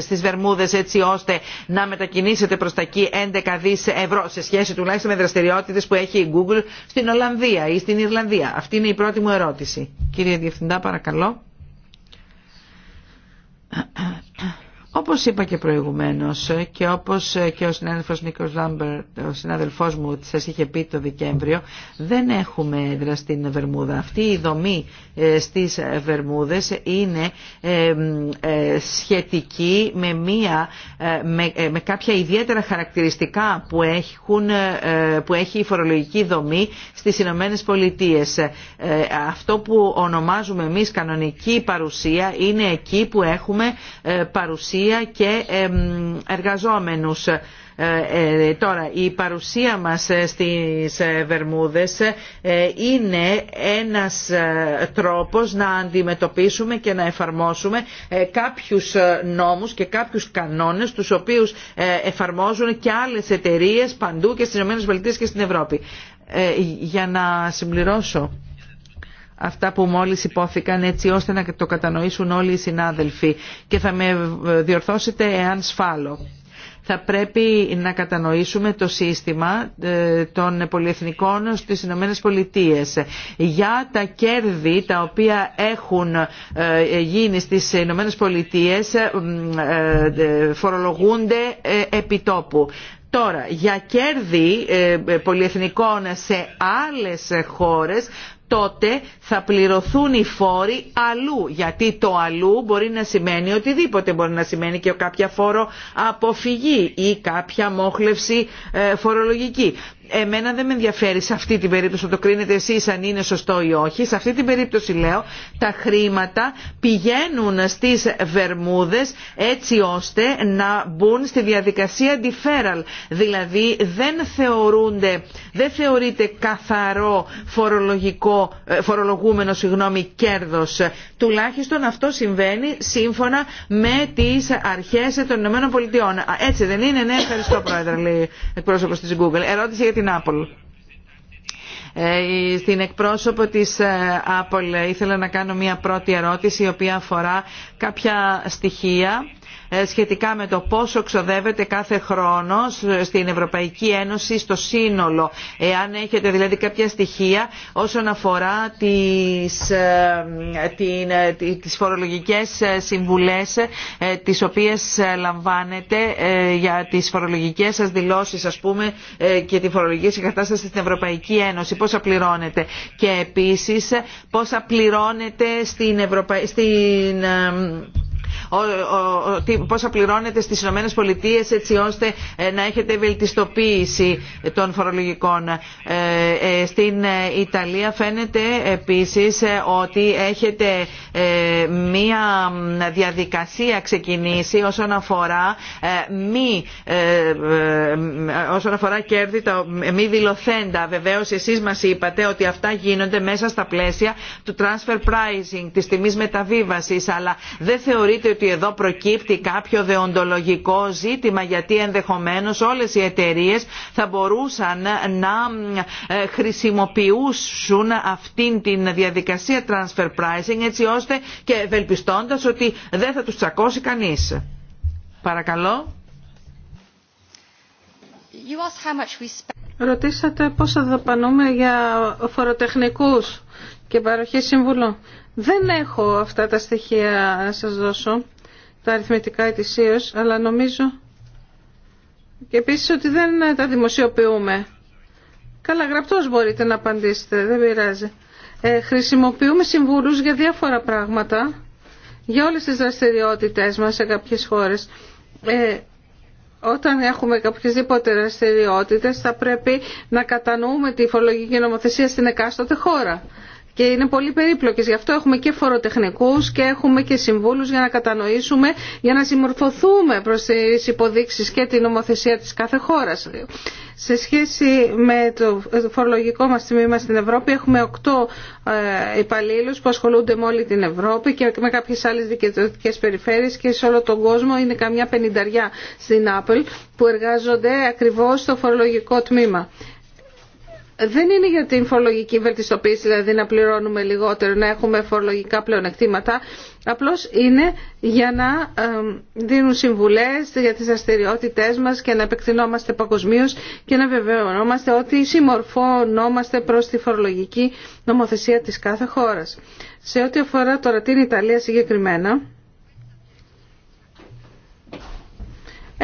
στις βερμούδες έτσι ώστε να μετακινήσετε προς τα εκεί 11 δις ευρώ σε σχέση τουλάχιστον με δραστηριότητες που έχει η Google στην Ολλανδία ή στην Ιρλανδία. Αυτή είναι η πρώτη μου ερώτηση. Κύριε Διευθυντά παρακαλώ. Όπως είπα και προηγουμένως και όπως και ο συνάδελφος Νίκος Λάμπερ, ο συνάδελφός μου σας είχε πει το Δεκέμβριο, δεν έχουμε έδρα στην Βερμούδα. Αυτή η δομή ε, στις Βερμούδες είναι ε, ε, σχετική με, μία, με, κάποια ιδιαίτερα χαρακτηριστικά που, έχουν, που έχει η φορολογική δομή στις Ηνωμένε Πολιτείες. Αυτό που ονομάζουμε εμείς κανονική παρουσία είναι εκεί που έχουμε παρουσία και εργαζόμενους. Ε, ε, τώρα η παρουσία μας ε, στις Βερμούδες είναι ένας τρόπος να αντιμετωπίσουμε και να εφαρμόσουμε κάποιους νόμους και κάποιους κανόνες τους οποίους εφαρμόζουν και άλλες εταιρείες παντού και στις ΗΠΑ και στην Ευρώπη. για να συμπληρώσω αυτά που μόλις υπόθηκαν έτσι ώστε να το κατανοήσουν όλοι οι συνάδελφοι και θα με διορθώσετε εάν σφάλω. Θα πρέπει να κατανοήσουμε το σύστημα ε, των πολυεθνικών στις Ηνωμένες Πολιτείες. Για τα κέρδη τα οποία έχουν ε, γίνει στις Ηνωμένες Πολιτείες ε, φορολογούνται επιτόπου. Τώρα, για κέρδη πολυεθνικών σε άλλες χώρες τότε θα πληρωθούν οι φόροι αλλού γιατί το αλλού μπορεί να σημαίνει οτιδήποτε μπορεί να σημαίνει και κάποια φόρο αποφυγή ή κάποια μόχλευση ε, φορολογική. Εμένα δεν με ενδιαφέρει σε αυτή την περίπτωση, το κρίνετε εσείς αν είναι σωστό ή όχι. Σε αυτή την περίπτωση λέω τα χρήματα πηγαίνουν στις Βερμούδες έτσι ώστε να μπουν στη διαδικασία deferral. Δηλαδή δεν θεωρούνται, δεν θεωρείται καθαρό φορολογικό, ε, προηγούμενο συγγνώμη κέρδος. Τουλάχιστον αυτό συμβαίνει σύμφωνα με τις αρχές των Ηνωμένων Πολιτειών. Έτσι δεν είναι, ναι, ευχαριστώ πρόεδρε, λέει εκπρόσωπος της Google. Ερώτηση για την Apple. Ε, στην εκπρόσωπο της ε, Apple ε, ήθελα να κάνω μια πρώτη ερώτηση η οποία αφορά κάποια στοιχεία ε, σχετικά με το πόσο ξοδεύεται κάθε χρόνο ε, στην Ευρωπαϊκή Ένωση στο σύνολο. Εάν έχετε δηλαδή κάποια στοιχεία όσον αφορά τις, ε, την, τις φορολογικές συμβουλές τις οποίες λαμβάνετε για τις φορολογικές σας δηλώσεις ας πούμε και τη φορολογική συγκατάσταση στην Ευρωπαϊκή Ένωση. Πόσα πληρώνετε και επίσης πόσα πληρώνετε στην, Ευρωπαϊκή στην πόσα πληρώνετε στις Ηνωμένες Πολιτείες έτσι ώστε ε, να έχετε βελτιστοποίηση των φορολογικών. Ε, ε, στην Ιταλία φαίνεται επίσης ότι έχετε μία διαδικασία ξεκινήσει όσον αφορά μη όσον αφορά κέρδη μη δηλωθέντα. Βεβαίως εσείς μας είπατε ότι αυτά γίνονται μέσα στα πλαίσια του transfer pricing, της τιμής μεταβίβασης, αλλά δεν θεωρείτε ότι ότι εδώ προκύπτει κάποιο δεοντολογικό ζήτημα γιατί ενδεχομένως όλες οι εταιρείε θα μπορούσαν να ε, χρησιμοποιούσουν αυτήν την διαδικασία transfer pricing έτσι ώστε και ευελπιστώντας ότι δεν θα τους τσακώσει κανείς. Παρακαλώ. Ρωτήσατε πόσα δαπανούμε για φοροτεχνικούς και παροχή συμβουλών. Δεν έχω αυτά τα στοιχεία να σας δώσω, τα αριθμητικά ετησίως, αλλά νομίζω και επίσης ότι δεν τα δημοσιοποιούμε. Καλά, γραπτός μπορείτε να απαντήσετε, δεν πειράζει. Ε, χρησιμοποιούμε συμβούλους για διάφορα πράγματα, για όλες τις δραστηριότητες μας σε κάποιες χώρες. Ε, όταν έχουμε διποτε δραστηριότητε, θα πρέπει να κατανοούμε τη φορολογική νομοθεσία στην εκάστοτε χώρα και είναι πολύ περίπλοκες. Γι' αυτό έχουμε και φοροτεχνικούς και έχουμε και συμβούλους για να κατανοήσουμε, για να συμμορφωθούμε προς τις υποδείξεις και την νομοθεσία της κάθε χώρας. Σε σχέση με το φορολογικό μας τμήμα στην Ευρώπη έχουμε οκτώ ε, υπαλλήλους που ασχολούνται με όλη την Ευρώπη και με κάποιες άλλες δικαιωτικές περιφέρειες και σε όλο τον κόσμο είναι καμιά πενινταριά στην Apple που εργάζονται ακριβώς στο φορολογικό τμήμα δεν είναι για την φορολογική βελτιστοποίηση, δηλαδή να πληρώνουμε λιγότερο, να έχουμε φορολογικά πλεονεκτήματα. Απλώς είναι για να δίνουν συμβουλές για τις αστεριότητές μας και να επεκτηνόμαστε παγκοσμίω και να βεβαιωνόμαστε ότι συμμορφωνόμαστε προς τη φορολογική νομοθεσία της κάθε χώρας. Σε ό,τι αφορά τώρα την Ιταλία συγκεκριμένα,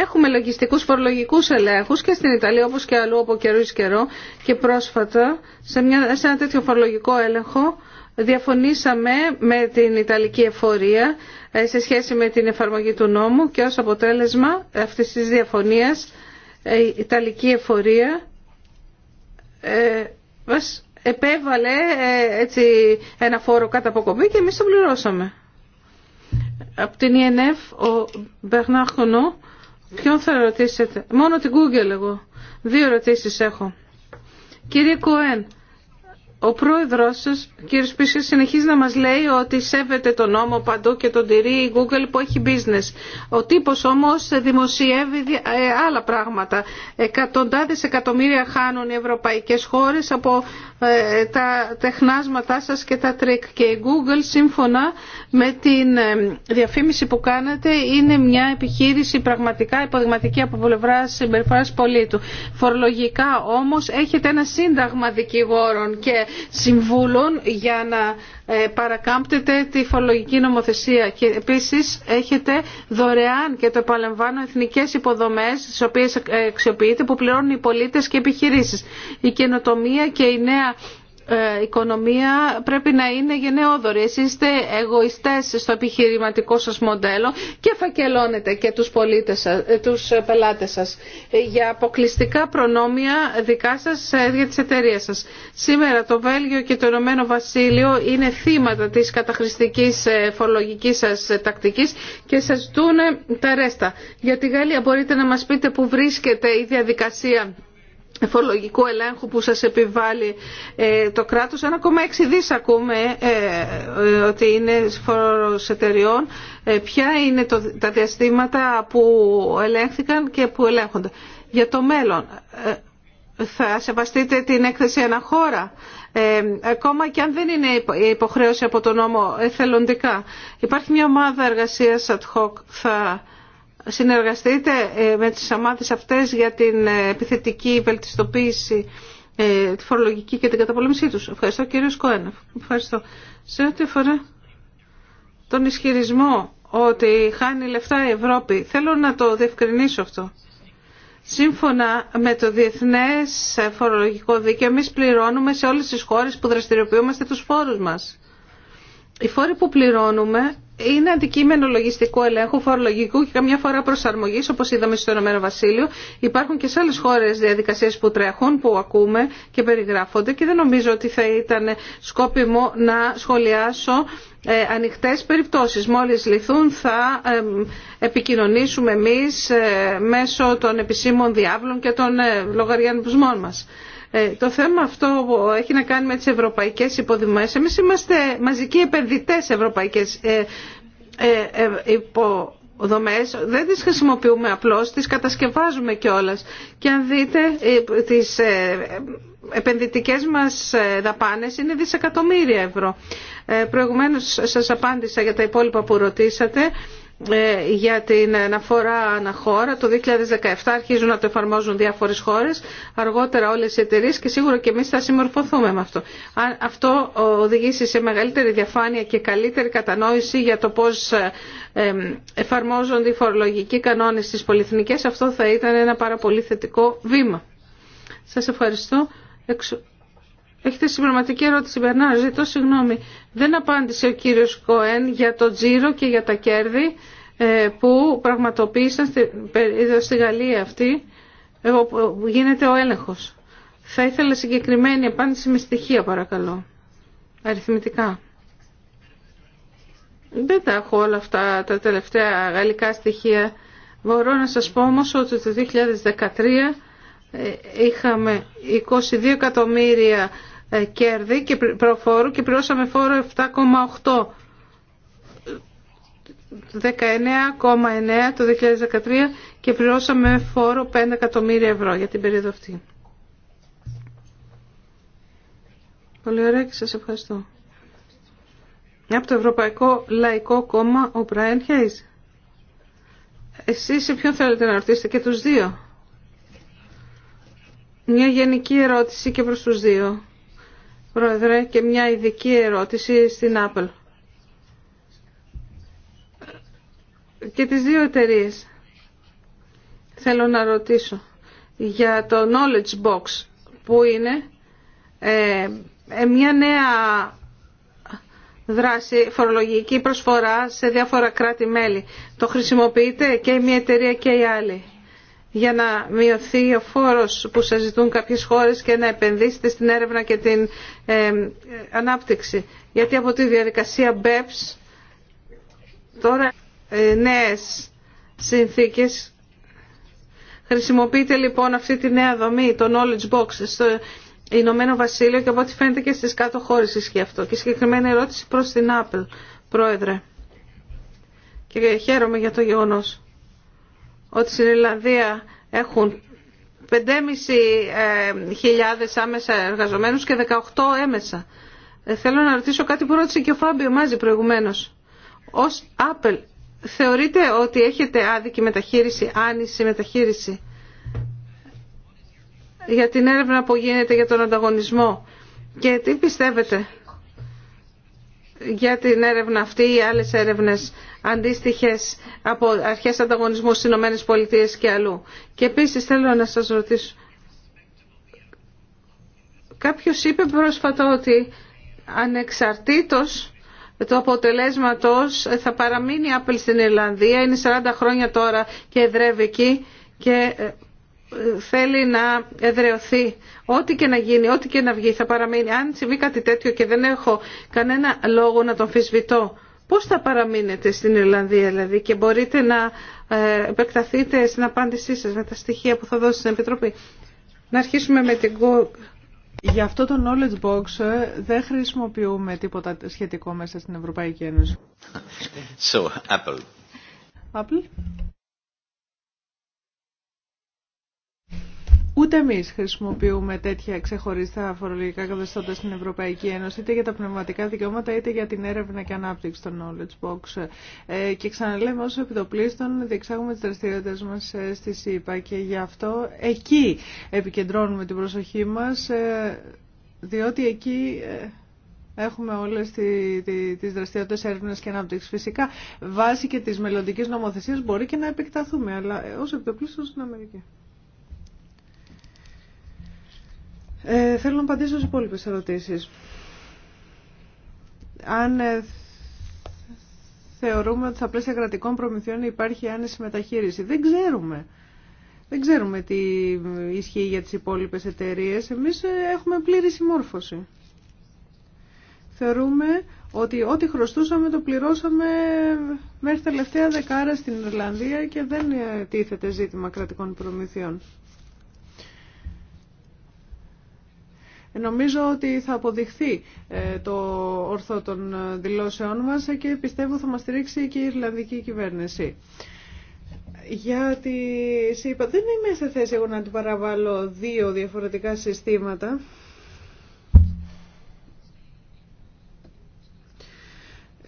Έχουμε λογιστικούς φορολογικούς ελέγχους και στην Ιταλία όπως και αλλού από καιρού εις καιρό και πρόσφατα σε, μια, σε ένα τέτοιο φορολογικό έλεγχο διαφωνήσαμε με την Ιταλική εφορία ε, σε σχέση με την εφαρμογή του νόμου και ως αποτέλεσμα αυτής της διαφωνίας ε, η Ιταλική εφορία ε, επέβαλε ε, έτσι, ένα φόρο κατά αποκοπή και εμείς το πληρώσαμε. Από την ΙΕΝΕΦ e ο χονό. Ποιον θα ρωτήσετε. Μόνο την Google εγώ. Δύο ερωτήσεις έχω. Κύριε Κοέν, ο πρόεδρο σα, κύριο συνεχίζει να μα λέει ότι σέβεται τον νόμο παντού και τον τηρεί η Google που έχει business. Ο τύπο όμω δημοσιεύει ε, άλλα πράγματα. Εκατοντάδες εκατομμύρια χάνουν οι ευρωπαϊκέ χώρες από ε, τα τεχνάσματά σα και τα τρίκ. Και η Google σύμφωνα με την ε, διαφήμιση που κάνετε είναι μια επιχείρηση πραγματικά υποδειγματική από πλευρά συμπεριφορά πολίτου. Φορολογικά όμω, έχετε ένα σύνταγμα δικηγόρων και συμβούλων για να ε, παρακάμπτετε τη φορολογική νομοθεσία. Και επίσης έχετε δωρεάν και το επαλαμβάνω εθνικές υποδομές στις οποίες ε, αξιοποιείτε που πληρώνουν οι πολίτες και επιχειρήσεις. Η καινοτομία και η νέα ε, οικονομία πρέπει να είναι γενναιόδορη. Εσείς είστε εγωιστές στο επιχειρηματικό σας μοντέλο και φακελώνετε και τους, πολίτες, ε, τους πελάτες σας ε, για αποκλειστικά προνόμια δικά σας για τις εταιρείες σας. Σήμερα το Βέλγιο και το Ηνωμένο Βασίλειο είναι θύματα της καταχρηστικής φορολογικής σας τακτικής και σας δούνε τα ρέστα. Για τη Γαλλία μπορείτε να μας πείτε που βρίσκεται η διαδικασία φορολογικού ελέγχου που σας επιβάλλει ε, το κράτος. 1,6 δις ακούμε ε, ε, ότι είναι φοροσετεριών εταιριών. ποια είναι τα διαστήματα που ελέγχθηκαν και που ελέγχονται. Για το μέλλον, θα σεβαστείτε την έκθεση αναχώρα. Ε, ακόμα και αν δεν είναι υποχρέωση από τον νόμο εθελοντικά. Υπάρχει μια ομάδα εργασίας ad hoc θα συνεργαστείτε ε, με τις ομάδες αυτές για την ε, επιθετική βελτιστοποίηση ε, τη φορολογική και την καταπολέμησή τους. Ευχαριστώ κύριο Σκόεν. Ευχαριστώ. Σε ό,τι αφορά τον ισχυρισμό ότι χάνει λεφτά η Ευρώπη, θέλω να το διευκρινίσω αυτό. Σύμφωνα με το Διεθνές Φορολογικό Δίκαιο, εμείς πληρώνουμε σε όλες τις χώρες που δραστηριοποιούμαστε τους φόρους μας. Οι φόροι που πληρώνουμε είναι αντικείμενο λογιστικού ελέγχου, φορολογικού και καμιά φορά προσαρμογή, όπω είδαμε στο Ηνωμένο Βασίλειο. Υπάρχουν και σε άλλε χώρε διαδικασίε που τρέχουν, που ακούμε και περιγράφονται και δεν νομίζω ότι θα ήταν σκόπιμο να σχολιάσω ε, ανοιχτέ περιπτώσεις. Μόλις λυθούν θα επικοινωνήσουμε εμείς ε, μέσω των επισήμων διάβλων και των ε, λογαριασμών μα. Ε, το θέμα αυτό έχει να κάνει με τις ευρωπαϊκές υποδομές. εμείς είμαστε μαζικοί επενδυτές ευρωπαϊκές ε, ε, ε, υποδομές, δεν τις χρησιμοποιούμε απλώς, τις κατασκευάζουμε κιόλας. Και αν δείτε τις επενδυτικές μας δαπάνες είναι δισεκατομμύρια ευρώ. προηγουμένως σας απάντησα για τα υπόλοιπα που ρωτήσατε. Ε, για την αναφορά αναχώρα. Το 2017 αρχίζουν να το εφαρμόζουν διάφορες χώρες, αργότερα όλες οι εταιρείε και σίγουρα και εμείς θα συμμορφωθούμε με αυτό. Αυτό οδηγήσει σε μεγαλύτερη διαφάνεια και καλύτερη κατανόηση για το πώς ε, εφαρμόζονται οι φορολογικοί κανόνες στις πολυεθνικές. Αυτό θα ήταν ένα πάρα πολύ θετικό βήμα. Σας ευχαριστώ. Έχετε συμπληρωματική ερώτηση, Μπερνάρ. Ζητώ συγγνώμη. Δεν απάντησε ο κύριο Κοέν για το τζίρο και για τα κέρδη ε, που πραγματοποίησαν στη Γαλλία αυτή ε, που γίνεται ο έλεγχο. Θα ήθελα συγκεκριμένη απάντηση με στοιχεία, παρακαλώ. Αριθμητικά. Δεν τα έχω όλα αυτά τα τελευταία γαλλικά στοιχεία. Μπορώ να σας πω όμως ότι το 2013 ε, είχαμε 22 εκατομμύρια ε, κέρδη και προφόρου και πληρώσαμε φόρο 7,8 19,9 το 2013 και πληρώσαμε φόρο 5 εκατομμύρια ευρώ για την περίοδο αυτή. Πολύ ωραία και σας ευχαριστώ. Από το Ευρωπαϊκό Λαϊκό Κόμμα, ο Μπράιν Hayes. Εσείς σε ποιον θέλετε να ρωτήσετε και τους δύο. Μια γενική ερώτηση και προς τους δύο. Πρόεδρε, και μια ειδική ερώτηση στην Apple. Και τις δύο εταιρείε. θέλω να ρωτήσω για το Knowledge Box που είναι ε, ε, μια νέα δράση, φορολογική προσφορά σε διάφορα κράτη-μέλη. Το χρησιμοποιείτε και η μια εταιρεία και η άλλη για να μειωθεί ο φόρος που σας ζητούν κάποιες χώρες και να επενδύσετε στην έρευνα και την ε, ανάπτυξη. Γιατί από τη διαδικασία BEPS τώρα ε, νέες συνθήκες χρησιμοποιείτε λοιπόν αυτή τη νέα δομή, το knowledge box στο Ηνωμένο Βασίλειο και από ό,τι φαίνεται και στις κάτω χώρες ισχύει αυτό. Και συγκεκριμένη ερώτηση προς την Apple, Πρόεδρε. Και χαίρομαι για το γεγονός ότι στην Ιρλανδία έχουν 5.500 ε, άμεσα εργαζομένους και 18 έμεσα. Ε, θέλω να ρωτήσω κάτι που ρώτησε και ο Φάμπιο μαζί προηγουμένως. Ως Apple θεωρείτε ότι έχετε άδικη μεταχείριση, άνηση μεταχείριση για την έρευνα που γίνεται για τον ανταγωνισμό και τι πιστεύετε για την έρευνα αυτή ή άλλες έρευνες αντίστοιχες από αρχές ανταγωνισμού στις Ηνωμένες και αλλού. Και επίσης θέλω να σας ρωτήσω, κάποιος είπε πρόσφατα ότι ανεξαρτήτως το αποτελέσματος θα παραμείνει Apple στην Ιρλανδία, είναι 40 χρόνια τώρα και εδρεύει εκεί και ε, θέλει να εδρεωθεί. Ό,τι και να γίνει, ό,τι και να βγει θα παραμείνει. Αν συμβεί κάτι τέτοιο και δεν έχω κανένα λόγο να τον φυσβητώ, πώς θα παραμείνετε στην Ιρλανδία δηλαδή και μπορείτε να ε, επεκταθείτε στην απάντησή σας με τα στοιχεία που θα δώσει στην Επιτροπή. Να αρχίσουμε με την για αυτό το knowledge box ε, δεν χρησιμοποιούμε τίποτα σχετικό μέσα στην Ευρωπαϊκή Ένωση. So, Apple. Apple. Ούτε εμεί χρησιμοποιούμε τέτοια ξεχωριστά φορολογικά καθεστώτα στην Ευρωπαϊκή Ένωση, είτε για τα πνευματικά δικαιώματα, είτε για την έρευνα και ανάπτυξη των Knowledge Box. Ε, και ξαναλέμε, όσο επιτοπλίστων, διεξάγουμε τι δραστηριότητε μα ε, στη ΣΥΠΑ και γι' αυτό εκεί επικεντρώνουμε την προσοχή μα, ε, διότι εκεί έχουμε όλες τι δραστηριότητε έρευνα και ανάπτυξη. Φυσικά, βάσει και τη μελλοντική νομοθεσία μπορεί και να επεκταθούμε, αλλά ω επιτοπλίστων στην Αμερική. Ε, θέλω να απαντήσω στις υπόλοιπες ερωτήσεις. Αν ε, θεωρούμε ότι στα πλαίσια κρατικών προμηθειών υπάρχει άνεση μεταχείριση. Δεν ξέρουμε. Δεν ξέρουμε τι ισχύει για τις υπόλοιπες εταιρείες. Εμείς ε, έχουμε πλήρη συμμόρφωση. Θεωρούμε ότι ό,τι χρωστούσαμε το πληρώσαμε μέχρι τελευταία δεκάρα στην Ιρλανδία και δεν ε, τίθεται ζήτημα κρατικών προμηθειών. Νομίζω ότι θα αποδειχθεί ε, το ορθό των ε, δηλώσεών μας και πιστεύω θα μας στηρίξει και η Ιρλανδική κυβέρνηση. Γιατί είπα, δεν είμαι σε θέση εγώ να παραβάλω δύο διαφορετικά συστήματα.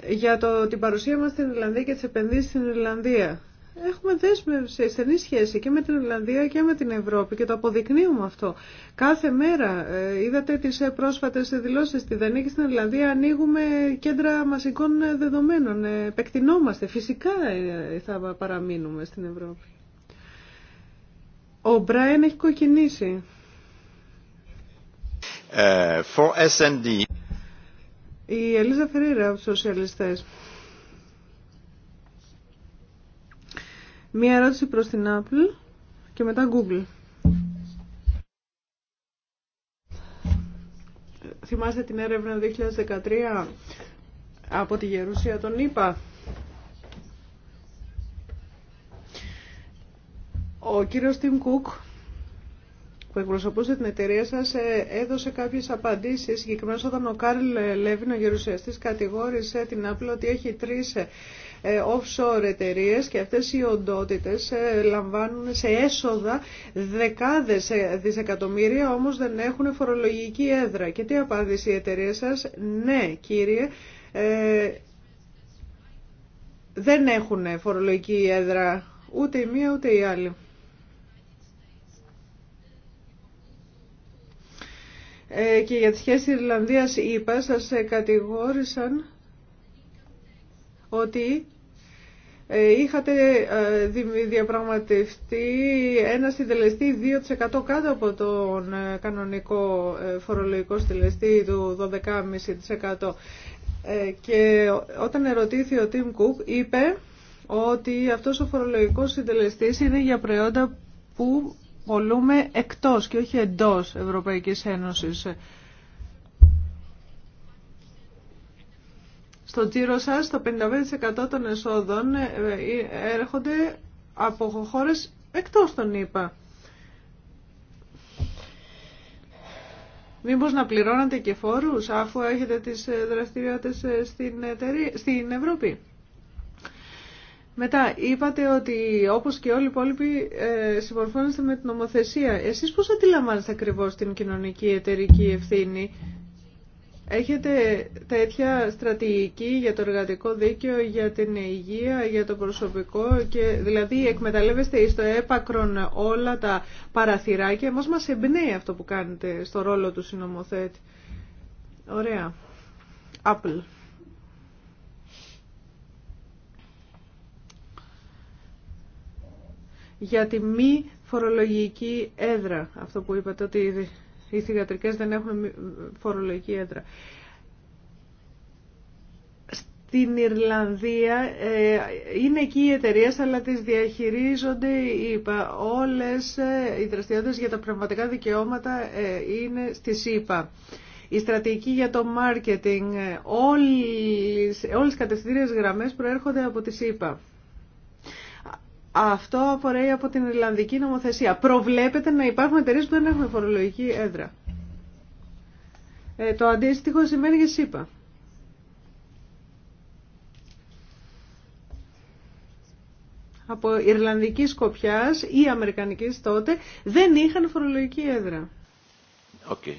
Για το, την παρουσία μας στην Ιρλανδία και τις επενδύσεις στην Ιρλανδία έχουμε δέσμευση, στενή σχέση και με την Ιρλανδία και με την Ευρώπη και το αποδεικνύουμε αυτό. Κάθε μέρα, ε, είδατε τις ε, πρόσφατες δηλώσεις στη Δανία και στην Ιρλανδία, ανοίγουμε κέντρα μασικών ε, δεδομένων, επεκτηνόμαστε. Φυσικά θα παραμείνουμε στην Ευρώπη. Ο Μπράιν έχει κοκκινήσει. for Η Ελίζα Φερίρα από τους σοσιαλιστές. Μία ερώτηση προς την Apple και μετά Google. Θυμάστε την έρευνα 2013 από τη Γερουσία τον είπα. Ο κύριος Τιμ Κουκ που εκπροσωπούσε την εταιρεία σας ε, έδωσε κάποιες απαντήσεις συγκεκριμένως όταν ο Κάρλ Λέβιν, ο γερουσιαστής, κατηγόρησε την Apple ότι έχει τρεις ε, offshore εταιρείε και αυτές οι οντότητες ε, λαμβάνουν σε έσοδα δεκάδες ε, δισεκατομμύρια όμως δεν έχουν φορολογική έδρα. Και τι απάντησε η εταιρεία σας, ναι κύριε, δεν έχουν φορολογική έδρα ούτε η μία ούτε η άλλη. και για τη σχέση είπα σας κατηγόρησαν ότι ε, είχατε ε, διαπραγματευτεί ένα συντελεστή 2% κάτω από τον ε, κανονικό φορολογικό συντελεστή του 12,5%. Και όταν ερωτήθη ο Τιμ Κουκ είπε ότι αυτός ο φορολογικός συντελεστής είναι για προϊόντα που πολλούμε εκτός και όχι εντός Ευρωπαϊκής Ένωσης. στο τζίρο σας το 55% των εσόδων ε, ε, έρχονται από χώρες εκτός των ΗΠΑ. Μήπως να πληρώνατε και φόρους αφού έχετε τις ε, δραστηριότητες στην, στην Ευρώπη. Μετά, είπατε ότι όπως και όλοι οι υπόλοιποι ε, με την νομοθεσία. Εσείς πώς αντιλαμβάνεστε ακριβώς την κοινωνική εταιρική ευθύνη Έχετε τέτοια στρατηγική για το εργατικό δίκαιο, για την υγεία, για το προσωπικό και δηλαδή εκμεταλλεύεστε το έπακρον όλα τα παραθυράκια. Όμως μας εμπνέει αυτό που κάνετε στο ρόλο του συνομοθέτη. Ωραία. Apple. Για τη μη φορολογική έδρα, αυτό που είπατε ότι οι θηγατρικές δεν έχουν φορολογική έντρα. Στην Ιρλανδία ε, είναι εκεί οι εταιρείε, αλλά τις διαχειρίζονται η όλες Όλες οι δραστηριότητες για τα πραγματικά δικαιώματα ε, είναι στη ΣΥΠΑ. Η στρατηγική για το μάρκετινγκ, όλες, οι ε, κατευθυντήριες γραμμές προέρχονται από τη ΣΥΠΑ. Αυτό απορρέει από την Ιρλανδική νομοθεσία. Προβλέπεται να υπάρχουν εταιρείε που δεν έχουν φορολογική έδρα. Ε, το αντίστοιχο σημαίνει και ΣΥΠΑ. Από Ιρλανδική σκοπιά ή Αμερικανική τότε δεν είχαν φορολογική έδρα. Okay.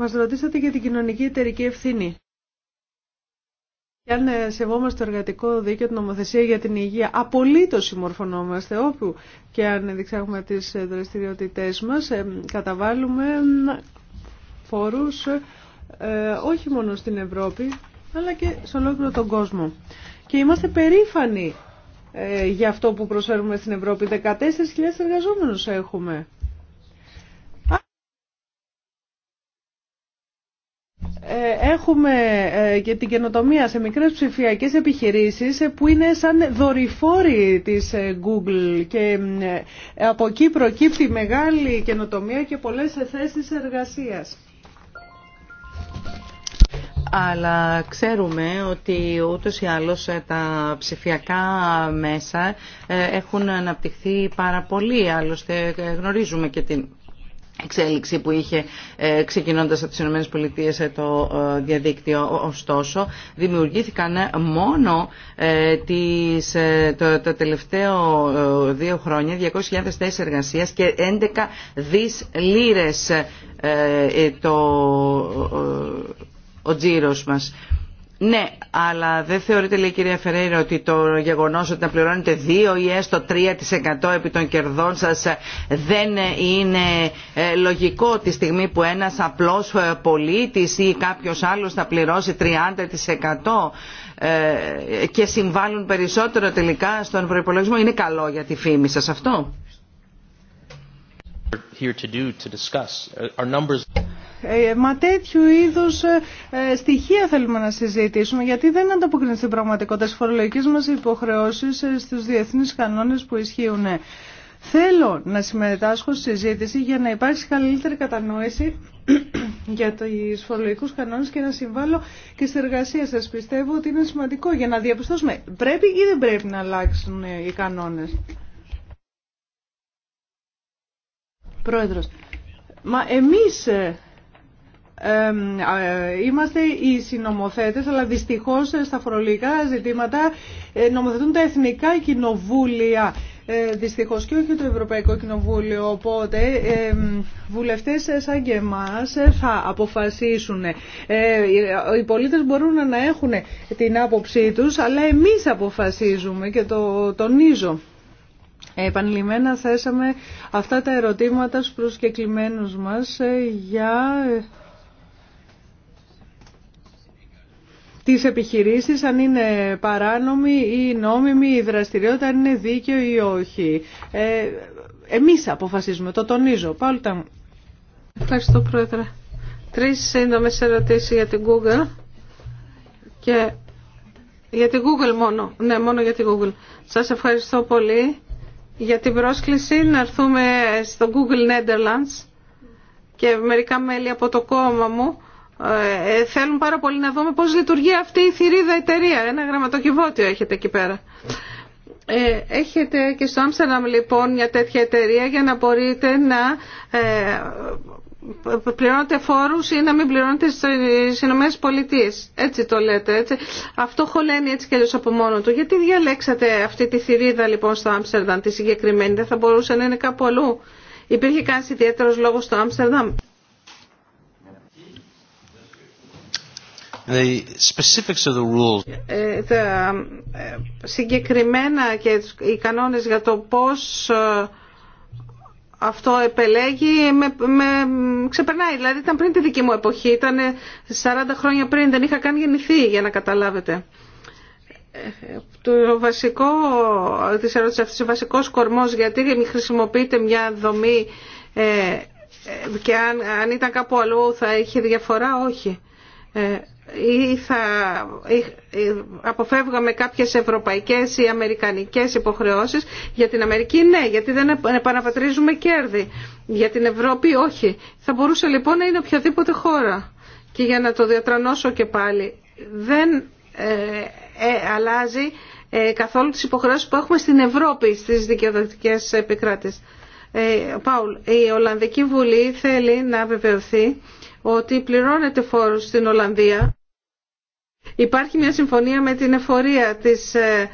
Μας ρωτήσατε για την κοινωνική εταιρική ευθύνη. Και αν ε, σεβόμαστε το εργατικό δίκαιο, την νομοθεσία για την υγεία, απολύτως συμμορφωνόμαστε όπου και αν διεξάγουμε τις ε, δραστηριότητές μας, ε, καταβάλουμε φόρους όχι μόνο στην Ευρώπη, αλλά και σε ολόκληρο τον κόσμο. Και είμαστε περήφανοι για αυτό που προσφέρουμε στην Ευρώπη. 14.000 εργαζόμενους έχουμε. Ε, έχουμε ε, και την καινοτομία σε μικρές ψηφιακές επιχειρήσεις ε, που είναι σαν δορυφόροι της Google και από εκεί προκύπτει μεγάλη καινοτομία και πολλές θέσεις εργασίας. Αλλά ξέρουμε ότι ούτως ή άλλως τα ψηφιακά μέσα έχουν αναπτυχθεί πάρα πολύ. Άλλωστε γνωρίζουμε και την εξέλιξη που είχε ε, ξεκινώντας από τις ΗΠΑ ε, το ε, διαδίκτυο. Ωστόσο, δημιουργήθηκαν μόνο τις, τα τελευταία δύο χρόνια 200.000 θέσεις εργασίας και 11 δις λίρες το, ο τζίρος μας. Ναι, αλλά δεν θεωρείτε λέει κυρία Φεραίρα ότι το γεγονός ότι να πληρώνετε 2 ή έστω 3% επί των κερδών σας δεν είναι ε, λογικό τη στιγμή που ένας απλό ε, πολίτης ή κάποιος άλλος θα πληρώσει 30% ε, και συμβάλλουν περισσότερο τελικά στον προϋπολογισμό. Είναι καλό για τη φήμη σας αυτό. Ε, μα τέτοιου είδους ε, ε, στοιχεία θέλουμε να συζητήσουμε γιατί δεν ανταποκρίνεται στην πραγματικότητα φορολογικέ μα μας υποχρεώσεις στου διεθνεί κανόνε που ισχύουν. Θέλω να συμμετάσχω στη συζήτηση για να υπάρξει καλύτερη κατανόηση για τους φορολογικούς κανόνες και να συμβάλλω και στη εργασία σας. Πιστεύω ότι είναι σημαντικό για να διαπιστώσουμε πρέπει ή δεν πρέπει να αλλάξουν οι κανόνες. Πρόεδρος, μα εμείς είμαστε οι συνομοθέτες, αλλά δυστυχώς στα φορολογικά ζητήματα ε, νομοθετούν τα εθνικά κοινοβούλια. Ε, δυστυχώς και όχι το Ευρωπαϊκό Κοινοβούλιο, οπότε βουλευτές σαν και εμάς θα αποφασίσουν. Ε, οι πολίτες μπορούν να έχουν την άποψή τους, αλλά εμείς αποφασίζουμε και το τονίζω. Επανειλημμένα θέσαμε αυτά τα ερωτήματα στους προσκεκλημένους μας για τις επιχειρήσεις αν είναι παράνομη ή νόμιμη η δραστηριότητα, αν είναι δίκαιο ή όχι. Ε, εμείς αποφασίζουμε, το τονίζω. Πάλι τα... Ευχαριστώ Πρόεδρε. Τρεις σύντομε ερωτήσει για την Google και για την Google μόνο. Ναι, μόνο για την Google. Σας ευχαριστώ πολύ για την πρόσκληση να έρθουμε στο Google Netherlands και μερικά μέλη από το κόμμα μου ε, ε, θέλουν πάρα πολύ να δούμε πώς λειτουργεί αυτή η θηρίδα εταιρεία. Ένα γραμματοκιβώτιο έχετε εκεί πέρα. Ε, έχετε και στο Άμστερνταμ λοιπόν μια τέτοια εταιρεία για να μπορείτε να ε, πληρώνετε φόρους ή να μην πληρώνετε στις Ηνωμένες Πολιτείες. Έτσι το λέτε. Έτσι. Αυτό χωλένει έτσι και αλλιώς από μόνο του. Γιατί διαλέξατε αυτή τη θηρίδα λοιπόν στο Άμστερνταμ τη συγκεκριμένη. Δεν θα μπορούσε να είναι κάπου αλλού. Υπήρχε κανένας ιδιαίτερος λόγος στο Άμστερνταμ. The specifics of the ε, ε, συγκεκριμένα και οι κανόνες για το πώς ε, αυτό επελέγει με, με ξεπερνάει. Δηλαδή ήταν πριν τη δική μου εποχή, ήταν 40 χρόνια πριν, δεν είχα καν γεννηθεί για να καταλάβετε. Το βασικό, της ερώτησης αυτής, ο βασικός κορμός γιατί χρησιμοποιείται μια δομή και αν, αν ήταν κάπου αλλού θα είχε διαφορά, όχι. Ε, ή θα αποφεύγαμε κάποιες ευρωπαϊκές ή αμερικανικές υποχρεώσεις για την Αμερική ναι γιατί δεν επαναπατρίζουμε κέρδη για την Ευρώπη όχι θα μπορούσε λοιπόν να είναι οποιαδήποτε χώρα και για να το διατρανώσω και πάλι δεν ε, ε, αλλάζει καθόλου τις υποχρεώσεις που έχουμε στην Ευρώπη στις δικαιοδοτικές επικράτες Πάουλ, η Ολλανδική Βουλή θέλει να βεβαιωθεί ότι πληρώνεται φόρους στην Ολλανδία. Υπάρχει μια συμφωνία με την εφορία της ε,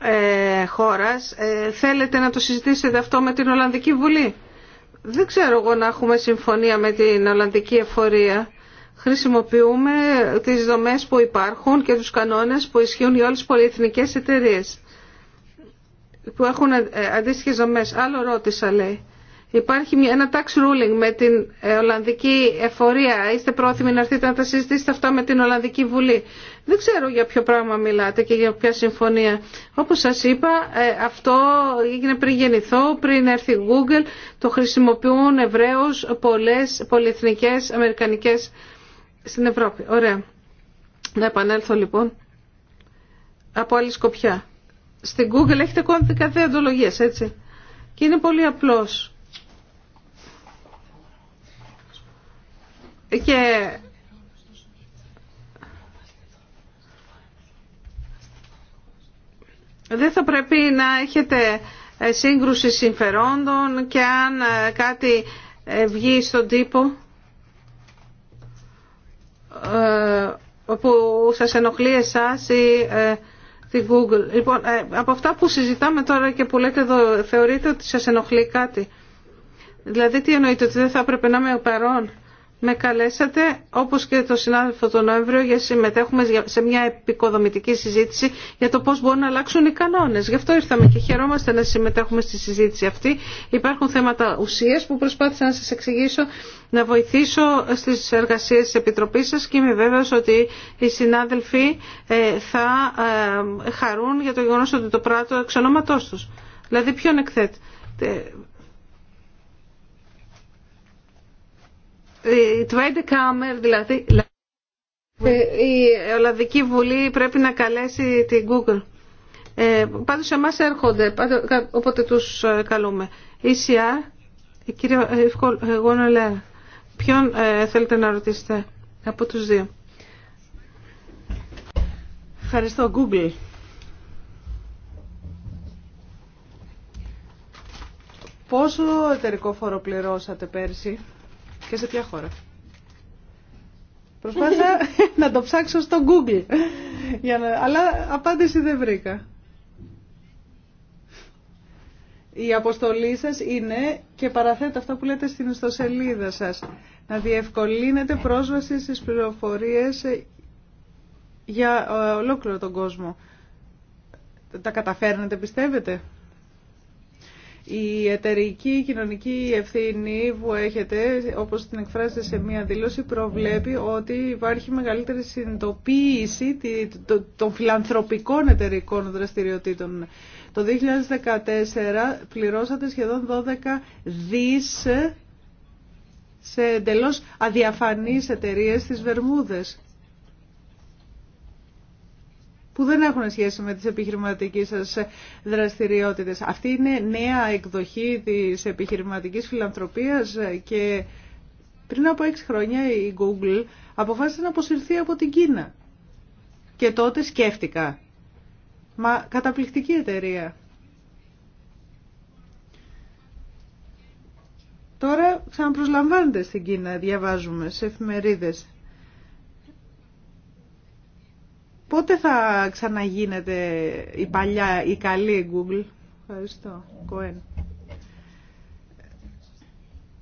ε χώρας. Ε, θέλετε να το συζητήσετε αυτό με την Ολλανδική Βουλή. Δεν ξέρω εγώ να έχουμε συμφωνία με την Ολλανδική Εφορία. Χρησιμοποιούμε τις δομές που υπάρχουν και τους κανόνες που ισχύουν για όλες τις πολυεθνικές εταιρείες που έχουν ε, αντίστοιχε δομέ. Άλλο ρώτησα λέει. Υπάρχει ένα tax ruling με την ε, Ολλανδική εφορία. Είστε πρόθυμοι να έρθετε να τα συζητήσετε αυτά με την Ολλανδική Βουλή. Δεν ξέρω για ποιο πράγμα μιλάτε και για ποια συμφωνία. Όπως σας είπα, ε, αυτό έγινε πριν γεννηθώ, πριν έρθει η Google. Το χρησιμοποιούν ευρέως πολλές πολυεθνικές αμερικανικές στην Ευρώπη. Ωραία. Να επανέλθω λοιπόν από άλλη σκοπιά. Στην Google έχετε κώδικα δεοντολογίας, έτσι. Και είναι πολύ απλός και δεν θα πρέπει να έχετε ε, σύγκρουση συμφερόντων και αν ε, κάτι ε, βγει στον τύπο που σας ενοχλεί εσάς ή την Google. Λοιπόν, από αυτά που συζητάμε τώρα και που λέτε εδώ, θεωρείτε ότι σας ενοχλεί κάτι. Δηλαδή, τι εννοείτε, ότι δεν θα έπρεπε να είμαι παρόν. Με καλέσατε, όπως και το συνάδελφο τον Νοέμβριο, για συμμετέχουμε σε μια επικοδομητική συζήτηση για το πώς μπορούν να αλλάξουν οι κανόνες. Γι' αυτό ήρθαμε και χαιρόμαστε να συμμετέχουμε στη συζήτηση αυτή. Υπάρχουν θέματα ουσίας που προσπάθησα να σας εξηγήσω, να βοηθήσω στις εργασίες της Επιτροπής σας και είμαι βέβαιος ότι οι συνάδελφοι ε, θα ε, χαρούν για το γεγονός ότι το πράττω εξ ονόματός τους. Δηλαδή ποιον εκθέτει ε, κάμερ δηλαδή ε, η Ολλανδική Βουλή πρέπει να καλέσει την Google. Ε, πάντως έρχονται, οπότε τους ε, καλούμε. ECR, η κυρία ε, Γόνολε, ποιον θέλετε να ρωτήσετε από τους δύο. Ευχαριστώ, Google. Πόσο εταιρικό φόρο πληρώσατε πέρσι? Και σε ποια χώρα. Προσπάθησα να το ψάξω στο Google, αλλά απάντηση δεν βρήκα. Η αποστολή σας είναι, και παραθέτω αυτά που λέτε στην ιστοσελίδα σας, να διευκολύνετε πρόσβαση στις πληροφορίες για ε, ολόκληρο τον κόσμο. Τα καταφέρνετε, πιστεύετε. Η εταιρική κοινωνική ευθύνη που έχετε, όπως την εκφράζετε σε μία δήλωση, προβλέπει ότι υπάρχει μεγαλύτερη συνειδητοποίηση των φιλανθρωπικών εταιρικών δραστηριοτήτων. Το 2014 πληρώσατε σχεδόν 12 δις σε εντελώς αδιαφανείς εταιρείες στις Βερμούδες που δεν έχουν σχέση με τις επιχειρηματικές σας δραστηριότητες. Αυτή είναι νέα εκδοχή της επιχειρηματικής φιλανθρωπίας και πριν από έξι χρόνια η Google αποφάσισε να αποσυρθεί από την Κίνα. Και τότε σκέφτηκα. Μα καταπληκτική εταιρεία. Τώρα ξαναπροσλαμβάνεται στην Κίνα, διαβάζουμε σε εφημερίδες. Πότε θα ξαναγίνεται η παλιά, η καλή Google. Ευχαριστώ. Κοέν.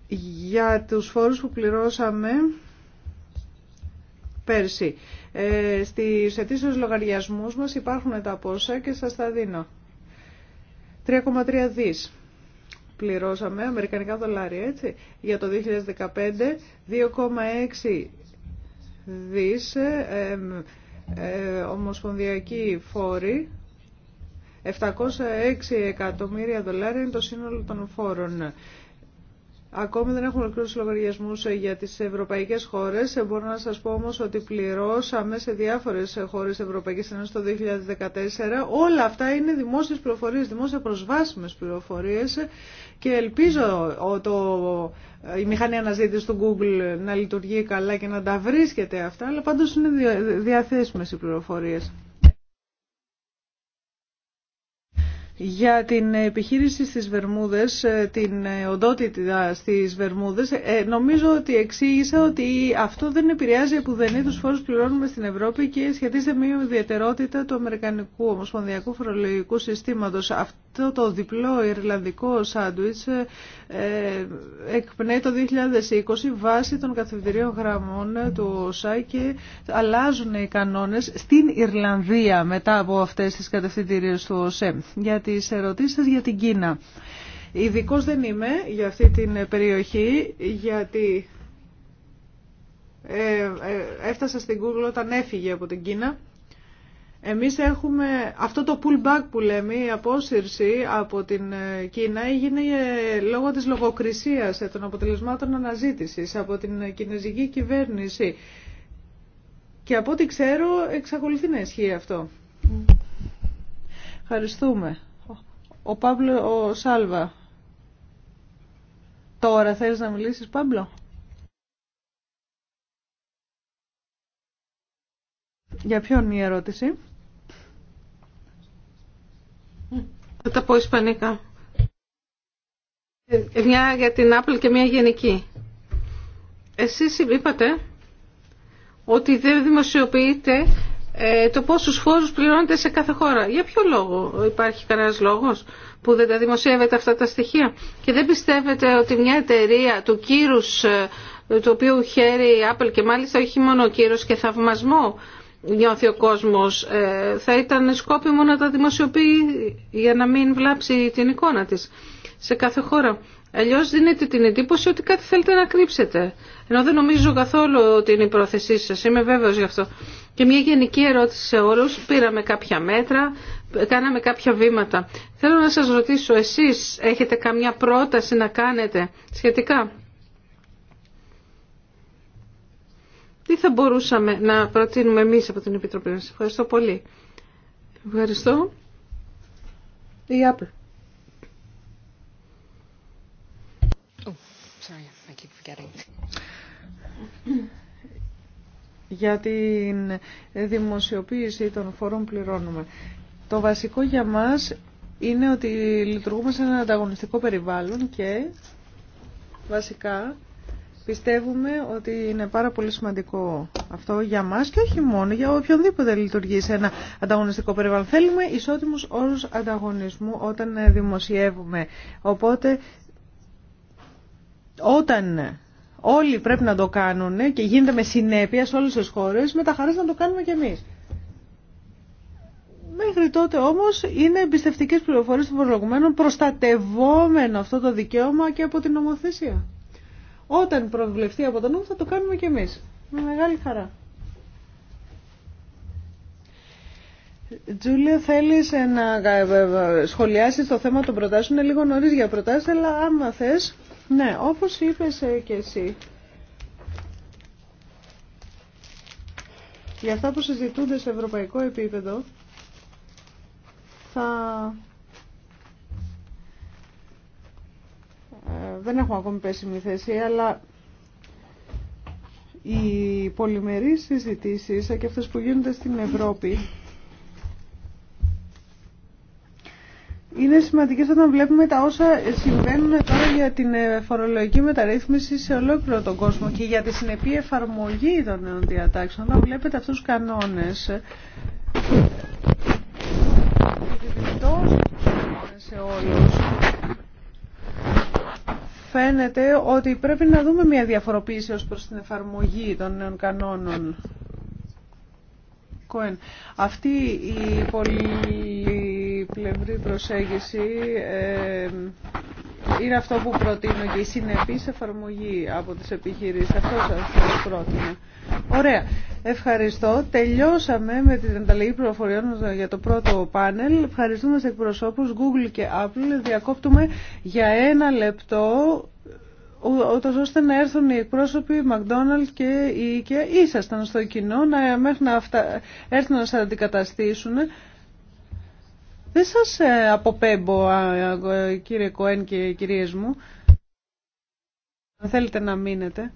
Για τους φόρους που πληρώσαμε πέρσι. Ε, στις αιτήσεις λογαριασμούς μας υπάρχουν τα πόσα και σας τα δίνω. 3,3 δις πληρώσαμε, αμερικανικά δολάρια, έτσι, για το 2015, 2,6 δις, ε, ε, ε, ομοσπονδιακοί φόροι. 706 εκατομμύρια δολάρια είναι το σύνολο των φόρων. Ακόμη δεν έχουμε ολοκληρώσει λογαριασμού ε, για τι ευρωπαϊκέ χώρε. Ε, μπορώ να σα πω όμω ότι πληρώσαμε σε διάφορε ε, χώρε Ευρωπαϊκή Ένωση το 2014. Όλα αυτά είναι δημόσιε πληροφορίε, δημόσια προσβάσιμε πληροφορίε και ελπίζω το, η μηχανή αναζήτηση του Google να λειτουργεί καλά και να τα βρίσκεται αυτά, αλλά πάντω είναι διαθέσιμε οι πληροφορίε. για την επιχείρηση στις Βερμούδες, ε, την οντότητα στις Βερμούδες, ε, νομίζω ότι εξήγησα ότι αυτό δεν επηρεάζει είναι τους φόρους που πληρώνουμε στην Ευρώπη και σχετίζεται με ιδιαιτερότητα του Αμερικανικού Ομοσπονδιακού Φορολογικού Συστήματος αυτό το διπλό Ιρλανδικό σάντουιτς ε, ε, εκπνέει το 2020 βάσει των κατευθυντηρίων γραμμών του ΩΣΑ και αλλάζουν οι κανόνες στην Ιρλανδία μετά από αυτές τις κατευθυντήριες του ΟΣΕ. Για τις ερωτήσεις για την Κίνα. Ειδικό δεν είμαι για αυτή την περιοχή γιατί ε, έφτασα στην Google όταν έφυγε από την Κίνα. Εμείς έχουμε αυτό το pullback που λέμε, η απόσυρση από την ε, Κίνα έγινε ε, λόγω της λογοκρισίας ε, των αποτελεσμάτων αναζήτησης από την κινέζικη κυβέρνηση. Και από ό,τι ξέρω εξακολουθεί να ισχύει αυτό. Ευχαριστούμε. Ο Παύλο ο Σάλβα. Τώρα θέλεις να μιλήσεις Παύλο. Για ποιον η ερώτηση. Θα τα πω ισπανικά. Ε, μια για την Apple και μια γενική. Εσείς είπατε ότι δεν δημοσιοποιείται ε, το πόσους φόρους πληρώνετε σε κάθε χώρα. Για ποιο λόγο υπάρχει κανένας λόγος που δεν τα δημοσιεύετε αυτά τα στοιχεία και δεν πιστεύετε ότι μια εταιρεία του κύρους ε, το οποίο χαίρει η Apple και μάλιστα όχι μόνο ο κύρος και θαυμασμό νιώθει ο κόσμος. Ε, θα ήταν σκόπιμο να τα δημοσιοποιεί για να μην βλάψει την εικόνα της σε κάθε χώρα. Αλλιώ δίνετε την εντύπωση ότι κάτι θέλετε να κρύψετε. Ενώ δεν νομίζω καθόλου ότι είναι η πρόθεσή σα. Είμαι βέβαιο γι' αυτό. Και μια γενική ερώτηση σε όλου. Πήραμε κάποια μέτρα, κάναμε κάποια βήματα. Θέλω να σα ρωτήσω, εσεί έχετε καμιά πρόταση να κάνετε σχετικά τι θα μπορούσαμε να προτείνουμε εμείς από την Επιτροπή Ευχαριστώ πολύ. Ευχαριστώ. Η Apple. Oh, για την δημοσιοποίηση των φορών πληρώνουμε. Το βασικό για μας είναι ότι λειτουργούμε σε ένα ανταγωνιστικό περιβάλλον και βασικά Πιστεύουμε ότι είναι πάρα πολύ σημαντικό αυτό για μας και όχι μόνο για οποιονδήποτε λειτουργεί σε ένα ανταγωνιστικό περιβάλλον. Θέλουμε ισότιμους όρους ανταγωνισμού όταν ε, δημοσιεύουμε. Οπότε όταν όλοι πρέπει να το κάνουν και γίνεται με συνέπεια σε όλες τις χώρες, με τα χαρά να το κάνουμε κι εμείς. Μέχρι τότε όμω είναι εμπιστευτικέ πληροφορίε των προλογουμένων προστατευόμενο αυτό το δικαίωμα και από την νομοθεσία. Όταν προβλεφθεί από τον νόμο θα το κάνουμε και εμείς. Με μεγάλη χαρά. Τζούλια, θέλεις να ε, ε, ε, σχολιάσεις το θέμα των προτάσεων. Είναι λίγο νωρίς για προτάσεις, αλλά άμα θες... Ναι, όπως είπες και εσύ, για αυτά που συζητούνται σε ευρωπαϊκό επίπεδο, θα Ε, δεν έχουμε ακόμη μη θέση, αλλά οι πολυμερείς συζητήσεις και αυτές που γίνονται στην Ευρώπη είναι σημαντικές όταν βλέπουμε τα όσα συμβαίνουν τώρα για την ε, φορολογική μεταρρύθμιση σε ολόκληρο τον κόσμο και για τη συνεπή εφαρμογή των νέων διατάξεων. Όταν βλέπετε αυτούς τους κανόνες, ε, σε όλους, φαίνεται ότι πρέπει να δούμε μια διαφοροποίηση ως προς την εφαρμογή των νέων κανόνων. Αυτή η πολυπλευρή προσέγγιση ε, είναι αυτό που προτείνω και η συνεπή εφαρμογή από τις επιχειρήσεις. Αυτό σας πρότεινα. Ωραία. Ευχαριστώ. Τελειώσαμε με την ανταλλαγή πληροφοριών για το πρώτο πάνελ. Ευχαριστούμε σε εκπροσώπους Google και Apple. Διακόπτουμε για ένα λεπτό ώστε να έρθουν οι εκπρόσωποι McDonald's και η και Ήσασταν στο κοινό να, μέχρι να έρθουν να σας αντικαταστήσουν. Δεν σας ε, αποπέμπω κύριε Κοέν και κυρίες μου. Αν θέλετε να μείνετε.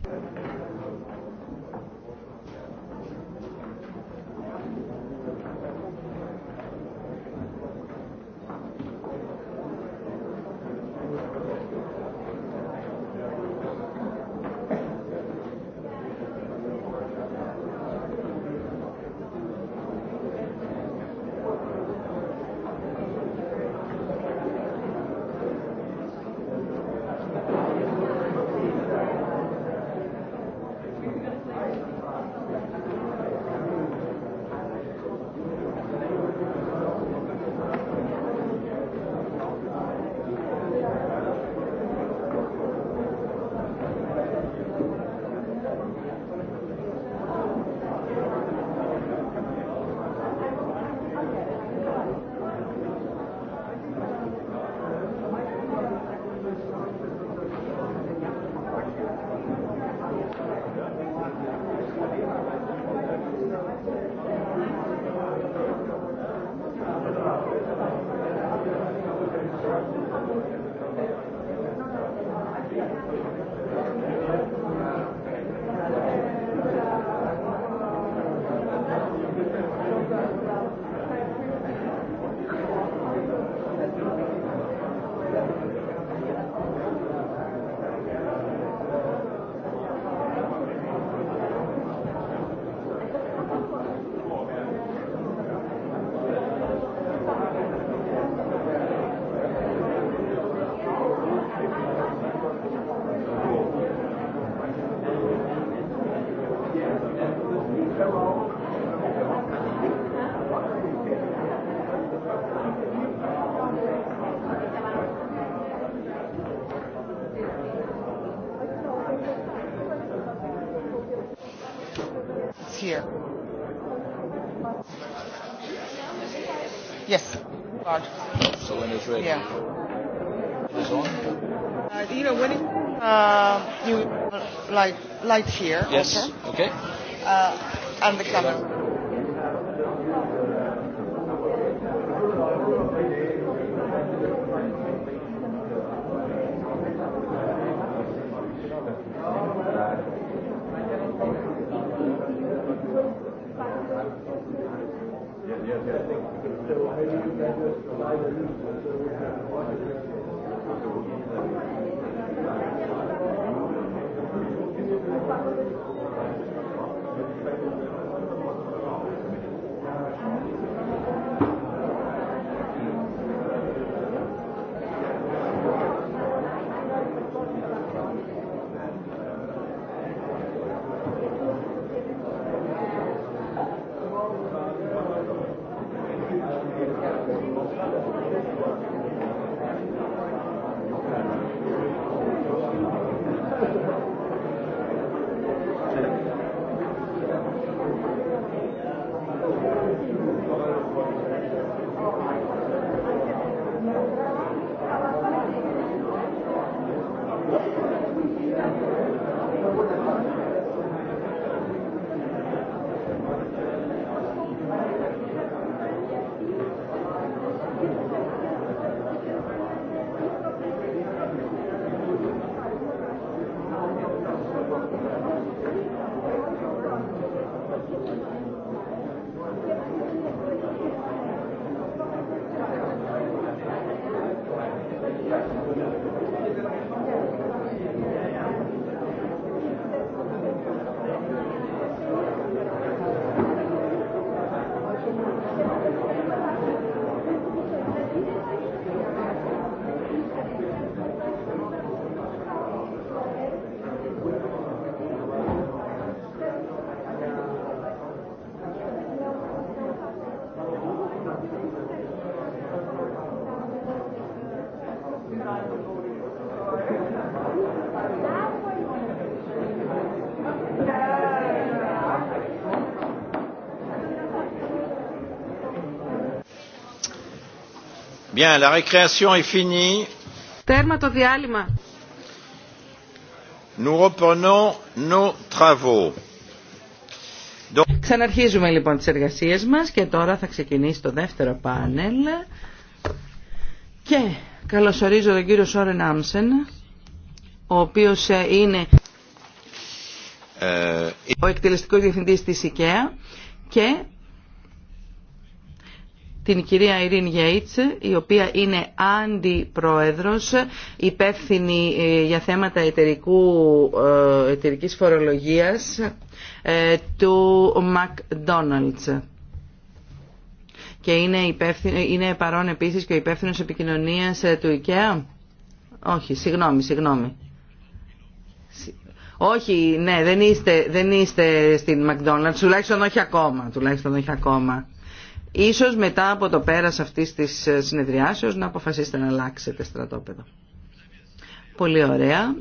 Light here. Yes. Also. Okay. Uh, and the camera. Thank you. Bien, Τέρμα το διάλειμμα. Nous reprenons Ξαναρχίζουμε λοιπόν τις εργασίες μας και τώρα θα ξεκινήσει το δεύτερο πάνελ. Και καλωσορίζω τον κύριο Σόρεν Άμσεν, ο οποίος ε, είναι ε, ο εκτελεστικός διευθυντής της IKEA και την κυρία Ειρήν Γέιτς, η οποία είναι αντιπρόεδρος, υπεύθυνη ε, για θέματα εταιρικού, ε, εταιρικής φορολογίας ε, του McDonald's. Και είναι, είναι παρόν επίσης και ο υπεύθυνο επικοινωνίας του IKEA. Όχι, συγγνώμη, συγγνώμη. Όχι, ναι, δεν είστε, δεν είστε στην McDonald's, τουλάχιστον όχι ακόμα, τουλάχιστον όχι ακόμα. Ίσως μετά από το πέρας αυτής της ε, συνεδριάσεως να αποφασίσετε να αλλάξετε στρατόπεδο. Πολύ ωραία.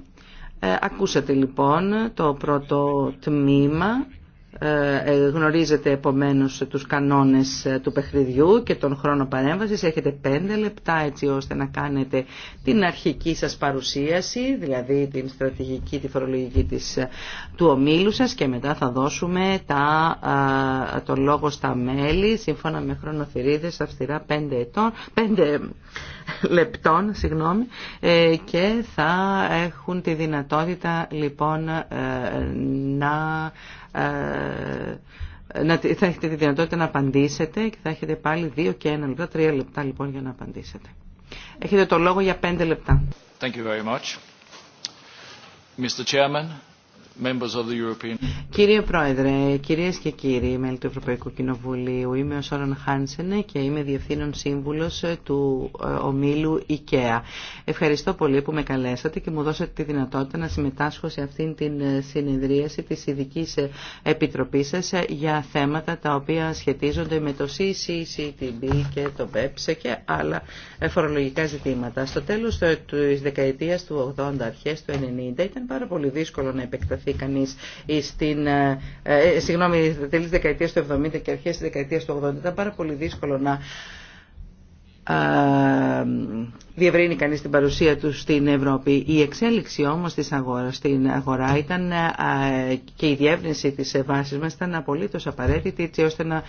Ε, ακούσατε λοιπόν το πρώτο τμήμα ε, ε, γνωρίζετε επομένως τους κανόνες ε, του παιχνιδιού και τον χρόνο παρέμβασης. Έχετε πέντε λεπτά έτσι ώστε να κάνετε την αρχική σας παρουσίαση, δηλαδή την στρατηγική, τη φορολογική της, του ομίλου σας και μετά θα δώσουμε τα, τον λόγο στα μέλη σύμφωνα με χρονοθυρίδες αυστηρά πέντε ετών, λεπτών συγγνώμη, ε, και θα έχουν τη δυνατότητα λοιπόν ε, να ε, να, θα έχετε τη δυνατότητα να απαντήσετε και θα έχετε πάλι δύο και ένα λεπτά, τρία λεπτά λοιπόν για να απαντήσετε. Έχετε το λόγο για πέντε λεπτά. Thank you very much. Mr. Chairman, Κύριε Πρόεδρε, κυρίε και κύριοι μέλη του Ευρωπαϊκού Κοινοβουλίου, είμαι ο Σόραν Χάνσενε και είμαι Διευθύνων σύμβουλο του ε, ομίλου IKEA. Ευχαριστώ πολύ που με καλέσατε και μου δώσατε τη δυνατότητα να συμμετάσχω σε αυτήν την ε, συνεδρίαση τη ειδική ε, επιτροπή σα για θέματα τα οποία σχετίζονται με το CCCTB και το BEPS και άλλα φορολογικά ζητήματα. Στο τέλο τη δεκαετία του 80, αρχέ του 90 ήταν πάρα πολύ δύσκολο να επεκταθεί αναφερθεί στην, ε, ε, συγγνώμη, τέλη δεκαετία του 70 και αρχέ τη δεκαετία του 80 ήταν πάρα πολύ δύσκολο να ε, διευρύνει κανείς την παρουσία του στην Ευρώπη. Η εξέλιξη όμως της αγοράς, στην αγορά ήταν ε, και η διεύρυνση της βάσης μας ήταν απολύτως απαραίτητη έτσι ώστε να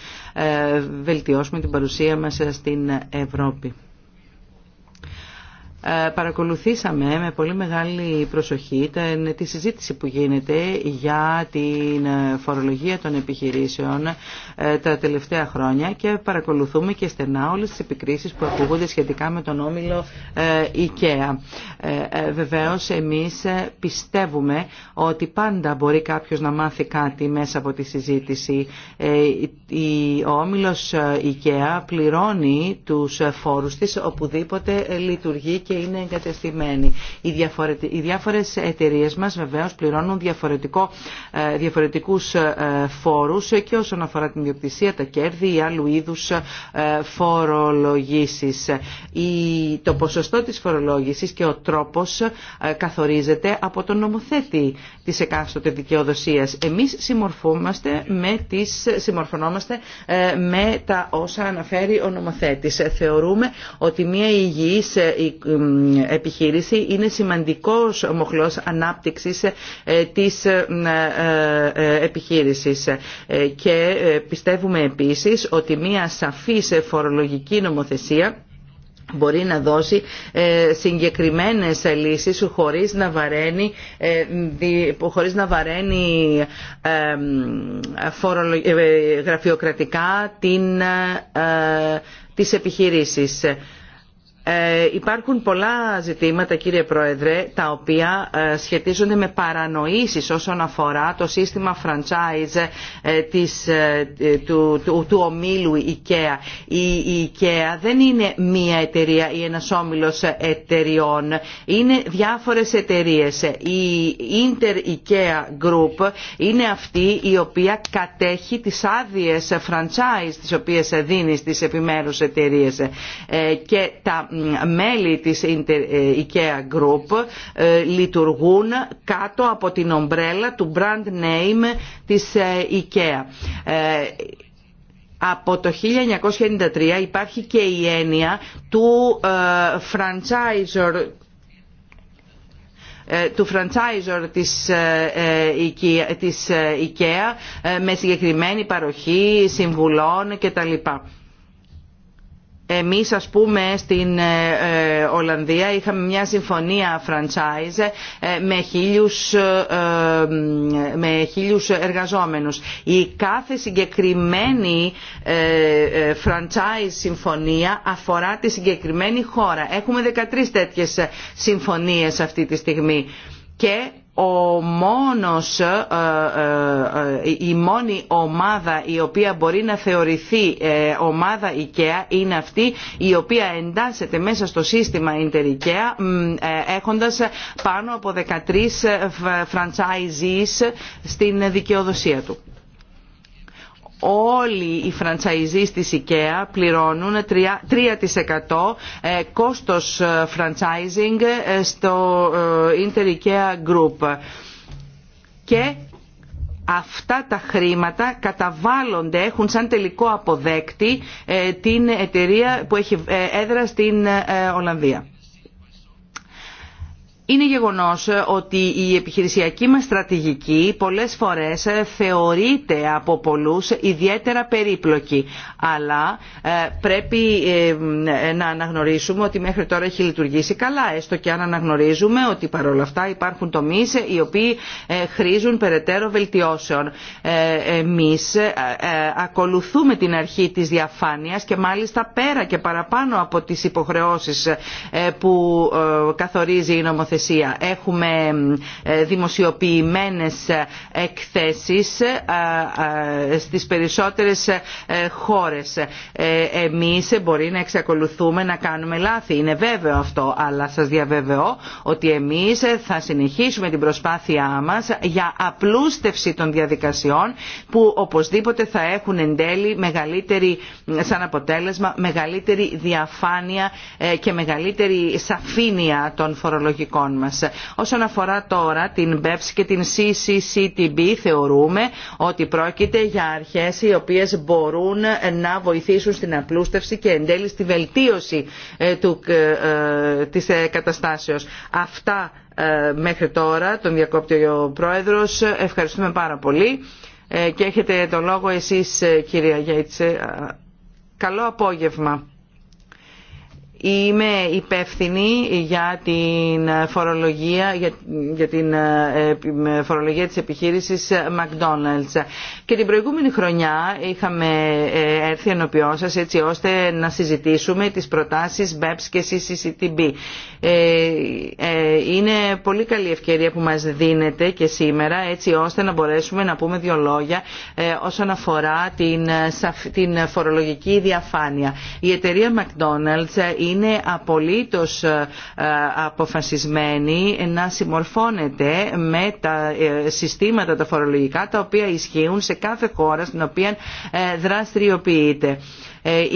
βελτιώσουμε την παρουσία μας στην Ευρώπη. Ε, παρακολουθήσαμε με πολύ μεγάλη προσοχή ναι, τη συζήτηση που γίνεται για την ε, φορολογία των επιχειρήσεων ε, τα τελευταία χρόνια και παρακολουθούμε και στενά όλες τις επικρίσεις που ακούγονται σχετικά με τον όμιλο IKEA. Βεβαίως εμείς πιστεύουμε ότι πάντα μπορεί κάποιος να μάθει κάτι μέσα από τη συζήτηση. Ο όμιλος IKEA πληρώνει τους φόρους της οπουδήποτε λειτουργεί και είναι εγκατεστημένη Οι, διαφορετι... οι διάφορες εταιρείες μας βεβαίως πληρώνουν διαφορετικό... Ε, διαφορετικούς ε, φόρους και όσον αφορά την ιδιοκτησία, τα κέρδη ή άλλου είδους ε, φορολογήσεις. Η... Το ποσοστό της φορολόγησης και ο τρόπος καθορίζεται από τον νομοθέτη της εκάστοτε δικαιοδοσίας. Εμείς συμμορφούμαστε με τις... συμμορφωνόμαστε με τα όσα αναφέρει ο νομοθέτης. Θεωρούμε ότι μια υγιής ε, επιχείρηση είναι σημαντικός μοχλός ανάπτυξης ε, της ε, επιχείρησης. Και πιστεύουμε επίσης ότι μια σαφής φορολογική νομοθεσία μπορεί να δώσει συγκεκριμένες λύσεις χωρίς να βαραίνει, χωρίς να βαραίνει γραφειοκρατικά την, τις επιχειρήσεις. Ε, υπάρχουν πολλά ζητήματα κύριε Πρόεδρε τα οποία ε, σχετίζονται με παρανοήσεις όσον αφορά το σύστημα franchise ε, της, του, του, του ομίλου IKEA. Η, IKEA δεν είναι μία εταιρεία ή ένας όμιλος εταιριών. Είναι διάφορες εταιρείες. Η Inter IKEA Group είναι αυτή η οποία κατέχει τις άδειες franchise τις οποίες δίνει στις επιμέρους εταιρείες. Και τα μέλη της ε, IKEA Group ε, λειτουργούν κάτω από την ομπρέλα του brand name της ε, IKEA. Από το 1993 υπάρχει και η έννοια του franchisor του franchisor της, της IKEA με συγκεκριμένη παροχή συμβουλών κτλ. Εμείς ας πούμε στην ε, ε, Ολλανδία είχαμε μια συμφωνία franchise ε, με χίλιους, με χίλιους εργαζόμενους. Η κάθε συγκεκριμένη franchise συμφωνία αφορά τη συγκεκριμένη χώρα. Έχουμε 13 τέτοιες συμφωνίες αυτή τη στιγμή και ο μόνος, ε, ε, ε, η μόνη ομάδα η οποία μπορεί να θεωρηθεί ομάδα IKEA είναι αυτή η οποία εντάσσεται μέσα στο σύστημα Inter IKEA έχοντας πάνω από 13 franchisees στην δικαιοδοσία του όλοι οι franchisees της IKEA πληρώνουν 3% ε, κόστος ε, franchising ε, στο Inter IKEA Group και αυτά τα χρήματα καταβάλλονται, έχουν σαν τελικό αποδέκτη την εταιρεία που έχει έδρα στην Ολλανδία. Είναι γεγονός ε, ότι η επιχειρησιακή μας στρατηγική πολλές φορές ε, θεωρείται από πολλούς ιδιαίτερα περίπλοκη. Αλλά ε, πρέπει να αναγνωρίσουμε ότι μέχρι τώρα έχει λειτουργήσει καλά. Έστω και αν αναγνωρίζουμε ότι παρόλα αυτά υπάρχουν τομείς οι οποίοι χρήζουν περαιτέρω βελτιώσεων. Εμείς ακολουθούμε την αρχή της διαφάνειας και μάλιστα πέρα και παραπάνω από τις υποχρεώσεις που καθορίζει η νομοθεσία Έχουμε ε, δημοσιοποιημένες ε, εκθέσεις ε, στις περισσότερες χώρες. Εμείς μπορεί να εξακολουθούμε να κάνουμε λάθη, είναι βέβαιο αυτό, αλλά σας διαβεβαιώ ότι εμείς θα συνεχίσουμε την προσπάθειά μας για απλούστευση των διαδικασιών που οπωσδήποτε θα έχουν εν τέλει μεγαλύτερη, σαν αποτέλεσμα μεγαλύτερη διαφάνεια και μεγαλύτερη σαφήνεια των φορολογικών Όσον αφορά τώρα την BEPS ε και την CCCTB θεωρούμε ότι πρόκειται για αρχές οι οποίες μπορούν να βοηθήσουν στην απλούστευση και εν τέλει στη βελτίωση ε, του, ε, της καταστάσεως. Αυτά μέχρι τώρα, τον διακόπτει ο Πρόεδρος. Ευχαριστούμε πάρα πολύ και έχετε τον λόγο εσείς κυρία Γέιτσε. Καλό απόγευμα. Είμαι υπεύθυνη για την φορολογία, για, την ε, φορολογία της επιχείρησης McDonald's. Και την προηγούμενη χρονιά είχαμε ε, έρθει ενώπιό σας έτσι ώστε να συζητήσουμε τις προτάσεις BEPS και CCCTB. Ε, είναι πολύ καλή ευκαιρία που μας δίνεται και σήμερα έτσι ώστε να μπορέσουμε να πούμε δύο λόγια όσον αφορά την, την φορολογική διαφάνεια. Η εταιρεία McDonald's είναι απολύτως ε, αποφασισμένη να συμμορφώνεται με τα ε, συστήματα τα φορολογικά τα οποία ισχύουν σε κάθε χώρα στην οποία ε, δραστηριοποιείται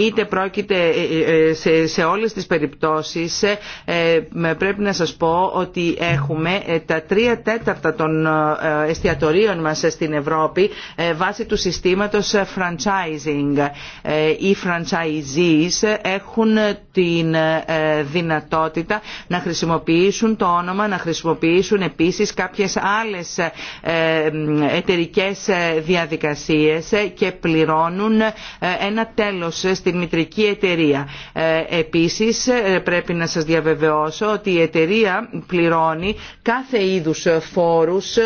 είτε πρόκειται σε όλες τις περιπτώσεις πρέπει να σας πω ότι έχουμε τα τρία τέταρτα των εστιατορίων μας στην Ευρώπη βάσει του συστήματος franchising. Οι franchisees έχουν την την ε, δυνατότητα να χρησιμοποιήσουν το όνομα, να χρησιμοποιήσουν επίσης κάποιες άλλες ε, εταιρικές ε, διαδικασίες και πληρώνουν ένα τέλος στην μητρική εταιρεία. Επίσης πρέπει να σας διαβεβαιώσω ότι η εταιρεία πληρώνει κάθε είδους φόρους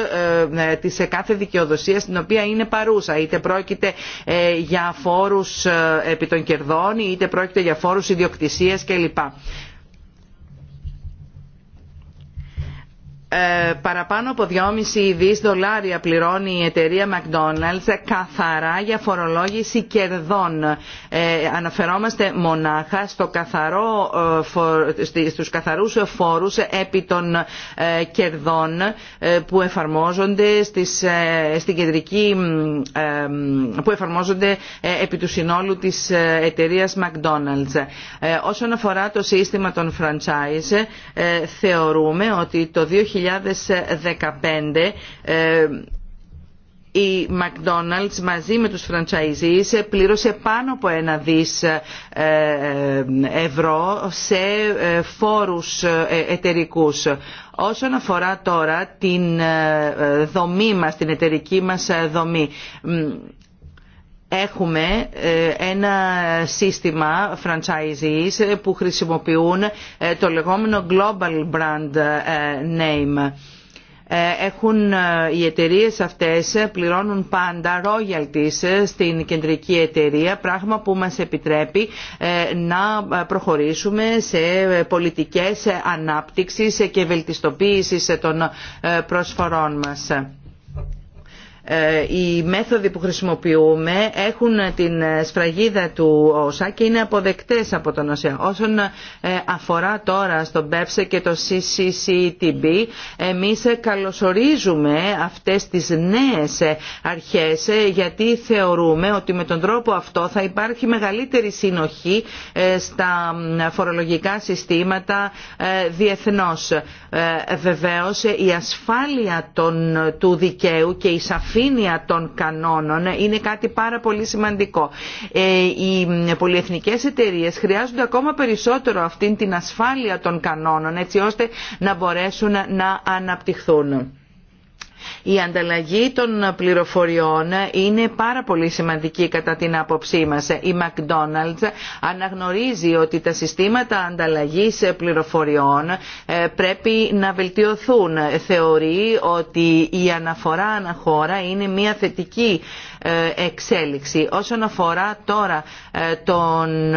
σε κάθε δικαιοδοσία στην οποία είναι παρούσα. Είτε πρόκειται για φόρους επί των κερδών, είτε πρόκειται για φόρους ιδιοκτησίας κλπ. Ε, παραπάνω από 2,5 δις δολάρια πληρώνει η εταιρεία McDonald's καθαρά για φορολόγηση κερδών. Ε, αναφερόμαστε μονάχα στο καθαρό, ε, στους καθαρούς φόρους επί των κερδών που εφαρμόζονται, στις, στην κεντρική, που εφαρμόζονται επί του συνόλου της εταιρείας McDonald's. όσον αφορά το σύστημα των franchise, θεωρούμε ότι το 2000 2015 ε, η McDonald's μαζί με τους franchisees πλήρωσε πάνω από ένα δις ε, ε, ευρώ σε φόρους εταιρικούς. Όσον αφορά τώρα την δομή μας, την εταιρική μας δομή, Έχουμε ε, ένα σύστημα franchisees που χρησιμοποιούν ε, το λεγόμενο global brand ε, name. Έχουν, οι εταιρείε αυτές πληρώνουν πάντα royalties στην κεντρική εταιρεία, πράγμα που μας επιτρέπει να προχωρήσουμε σε πολιτικές ανάπτυξης και βελτιστοποίησης των προσφορών μας. Ε, οι μέθοδοι που χρησιμοποιούμε έχουν την σφραγίδα του ΩΣΑ και είναι αποδεκτές από τον ΩΣΑ. Όσον ε, αφορά τώρα στον ΠΕΠΣΕ και το CCCTB, εμείς καλωσορίζουμε αυτές τις νέες αρχές ε, γιατί θεωρούμε ότι με τον τρόπο αυτό θα υπάρχει μεγαλύτερη συνοχή στα φορολογικά συστήματα διεθνώς. Βεβαίως η ασφάλεια των, του δικαίου και η σαφή σαφήνεια των κανόνων είναι κάτι πάρα πολύ σημαντικό. Ε, οι πολυεθνικές εταιρείες χρειάζονται ακόμα περισσότερο αυτήν την ασφάλεια των κανόνων έτσι ώστε να μπορέσουν να αναπτυχθούν η ανταλλαγή των πληροφοριών είναι πάρα πολύ σημαντική κατά την άποψή μας. Η McDonald's αναγνωρίζει ότι τα συστήματα ανταλλαγής πληροφοριών ε, πρέπει να βελτιωθούν. Θεωρεί ότι η αναφορά αναχώρα είναι μια θετική ε, εξέλιξη. Όσον αφορά τώρα ε, τον,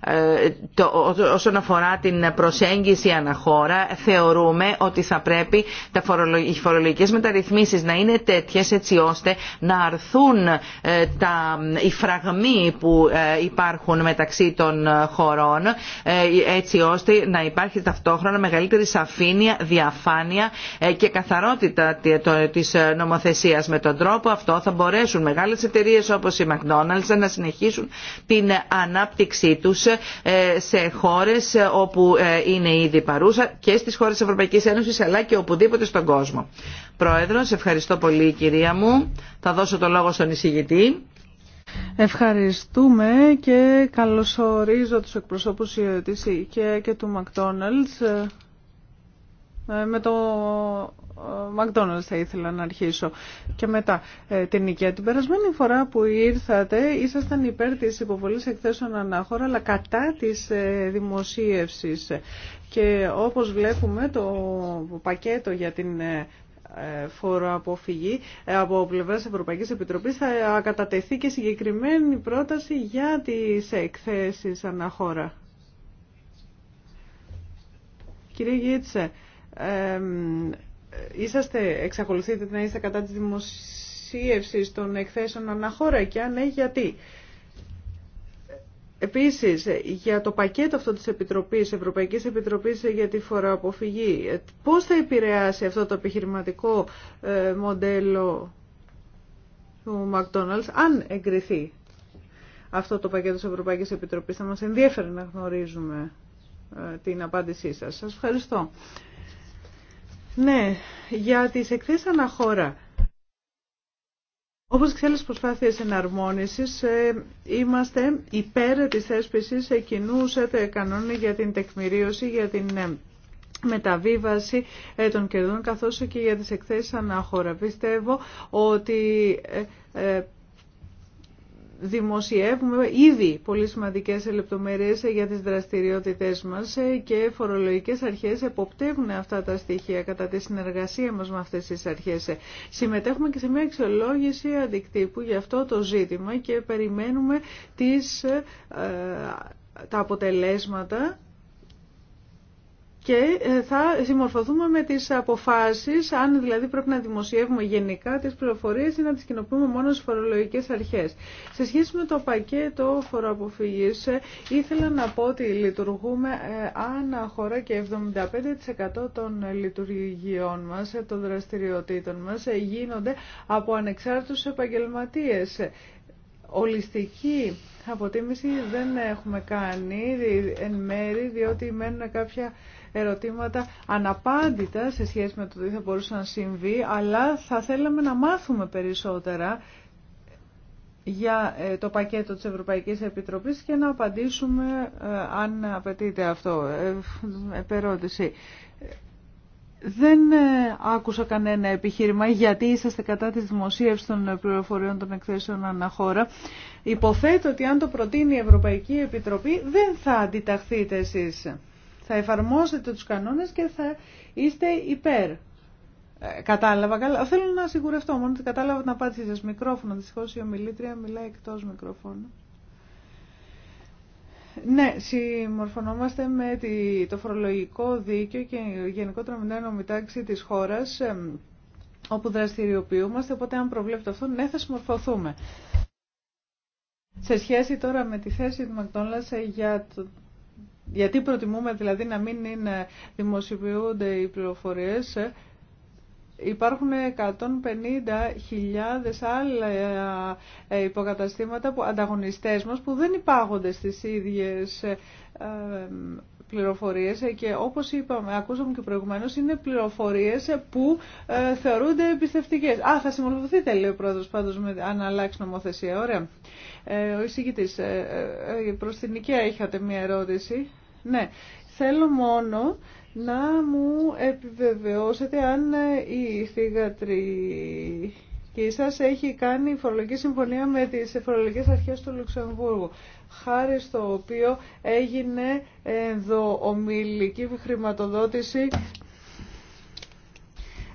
ε, όσον αφορά την προσέγγιση αναχώρα, θεωρούμε ότι θα πρέπει τα οι φορολογικές μεταρρυθμίσεις να είναι τέτοιες έτσι ώστε να αρθούν τα, οι φραγμοί που υπάρχουν μεταξύ των χωρών έτσι ώστε να υπάρχει ταυτόχρονα μεγαλύτερη σαφήνεια, διαφάνεια και καθαρότητα της νομοθεσίας. Με τον τρόπο αυτό θα μπορέσουν μεγάλες εταιρείες όπως η McDonald's να συνεχίσουν την ανάπτυξή τους ε, σε χώρες όπου ε, είναι ήδη παρούσα και στις χώρες της Ευρωπαϊκής Ένωσης αλλά και οπουδήποτε στον κόσμο. Πρόεδρος, ευχαριστώ πολύ κυρία μου. Θα δώσω το λόγο στον εισηγητή. Ευχαριστούμε και καλωσορίζω τους εκπροσώπους της και του McDonald's ε, με το Μακδόναλτ θα ήθελα να αρχίσω. Και μετά ε, την νοικία. Την περασμένη φορά που ήρθατε ήσασταν υπέρ της υποβολής εκθέσεων ανάχωρα αλλά κατά της ε, δημοσίευσης. Και όπως βλέπουμε το πακέτο για την ε, φοροαποφυγή από πλευράς Ευρωπαϊκής Επιτροπής θα κατατεθεί και συγκεκριμένη πρόταση για τις εκθέσεις αναχώρα. Κύριε Γίτσε, είσαστε, εξακολουθείτε να είστε κατά τη δημοσίευση των εκθέσεων αναχώρα και αν ναι, γιατί. Επίσης, για το πακέτο αυτό της Επιτροπής, Ευρωπαϊκής Επιτροπής για τη φοροαποφυγή, πώς θα επηρεάσει αυτό το επιχειρηματικό ε, μοντέλο του McDonald's, αν εγκριθεί αυτό το πακέτο της Ευρωπαϊκής Επιτροπής. Θα μας ενδιαφέρει να γνωρίζουμε ε, την απάντησή σας. Σας ευχαριστώ. Ναι, για τις εκθέσεις αναχώρα. Όπως και άλλες προσπάθειες εναρμόνισης, ε, είμαστε υπέρ της θέσπισης κοινού σετ κανόνε για την τεκμηρίωση, για την ε, μεταβίβαση ε, των κερδών καθώς και για τις εκθέσεις αναχώρα. Πιστεύω ότι δημοσιεύουμε ήδη πολύ σημαντικές λεπτομέρειες για τις δραστηριότητές μας και φορολογικές αρχές εποπτεύουν αυτά τα στοιχεία κατά τη συνεργασία μας με αυτές τις αρχές. Συμμετέχουμε και σε μια αξιολόγηση αντικτύπου για αυτό το ζήτημα και περιμένουμε τις, ε, τα αποτελέσματα και ε, θα συμμορφωθούμε με τις αποφάσεις, αν δηλαδή πρέπει να δημοσιεύουμε γενικά τις πληροφορίες ή να τις κοινοποιούμε μόνο στις φορολογικές αρχές. Σε σχέση με το πακέτο φοροαποφυγής, ε, ήθελα να πω ότι λειτουργούμε ε, αν χώρα και 75% των λειτουργιών μας, των δραστηριοτήτων μας, γίνονται από ανεξάρτητους επαγγελματίες. Ολιστική αποτίμηση δεν έχουμε κάνει εν μέρη διότι μένουν κάποια ερωτήματα αναπάντητα σε σχέση με το τι θα μπορούσε να συμβεί, αλλά θα θέλαμε να μάθουμε περισσότερα για ε, το πακέτο της Ευρωπαϊκής Επιτροπής και να απαντήσουμε ε, αν απαιτείται αυτό. Ε, Επερώτηση. Δεν άκουσα κανένα επιχείρημα γιατί είσαστε κατά της δημοσίευση των πληροφοριών των εκθέσεων αναχώρα. Υποθέτω ότι αν το προτείνει η Ευρωπαϊκή Επιτροπή δεν θα αντιταχθείτε εσείς θα εφαρμόσετε τους κανόνες και θα είστε υπέρ. Ε, κατάλαβα καλά. Θέλω να σιγουρευτώ μόνο ότι κατάλαβα την απάντησή σας. Μικρόφωνο, δυστυχώς η ομιλήτρια μιλάει εκτός μικροφώνου. Ναι, συμμορφωνόμαστε με το φορολογικό δίκαιο και γενικότερα με την ενόμη της χώρας ε, όπου δραστηριοποιούμαστε, οπότε αν προβλέπετε αυτό, ναι, θα συμμορφωθούμε. Σε σχέση τώρα με τη θέση του Μακτόλα ε, για το γιατί προτιμούμε δηλαδή να μην είναι, δημοσιοποιούνται οι πληροφορίες. Υπάρχουν 150.000 άλλα ε, υποκαταστήματα που ανταγωνιστές μας που δεν υπάγονται στις ίδιες ε, πληροφορίες και όπως είπαμε, ακούσαμε και προηγουμένως, είναι πληροφορίες που ε, θεωρούνται εμπιστευτικές. Α, θα συμμορφωθείτε, λέει ο πρόεδρος, πάντως, με, αν αλλάξει νομοθεσία. Ωραία. Ε, ο εισηγητής, ε, προς την οικία είχατε μία ερώτηση. Ναι, θέλω μόνο να μου επιβεβαιώσετε αν η θηγατρική και η ΣΑΣ έχει κάνει φορολογική συμφωνία με τις φορολογικές αρχές του Λουξεμβούργου, χάρη στο οποίο έγινε ομιλική χρηματοδότηση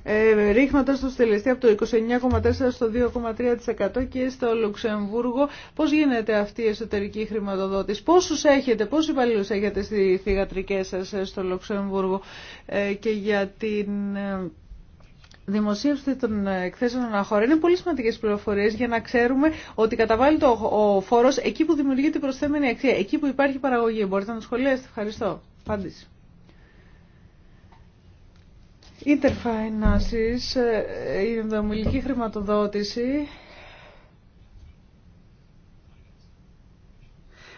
ε, ρίχνοντας το στελεστή από το 29,4% στο 2,3% και στο Λουξεμβούργο. Πώς γίνεται αυτή η εσωτερική χρηματοδότηση, πόσους έχετε, πόσους υπαλλήλους έχετε στη θηγατρικές σας στο Λουξεμβούργο ε, και για την ε, δημοσίευση των εκθέσεων αναχώρα είναι πολύ σημαντικέ πληροφορίες για να ξέρουμε ότι καταβάλλεται ο φόρος εκεί που δημιουργείται η προσθέμενη αξία, εκεί που υπάρχει παραγωγή. Μπορείτε να το σχολιάσετε. Ευχαριστώ. Απάντηση. Interfinances, ε, ε, η ενδομιλική χρηματοδότηση.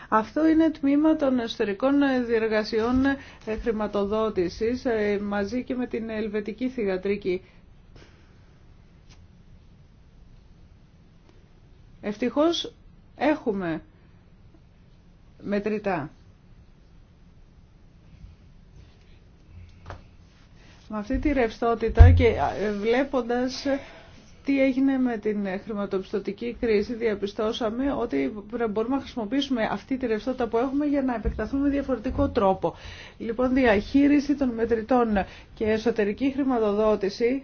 Αυτό είναι τμήμα των εσωτερικών διεργασιών ε, χρηματοδότησης μαζί και με την ελβετική θηγατρική Ευτυχώς έχουμε μετρητά. Με αυτή τη ρευστότητα και ε, βλέποντας ε, τι έγινε με την χρηματοπιστωτική κρίση, διαπιστώσαμε ότι μπορούμε να χρησιμοποιήσουμε αυτή τη ρευστότητα που έχουμε για να επεκταθούμε διαφορετικό τρόπο. Λοιπόν, διαχείριση των μετρητών και εσωτερική χρηματοδότηση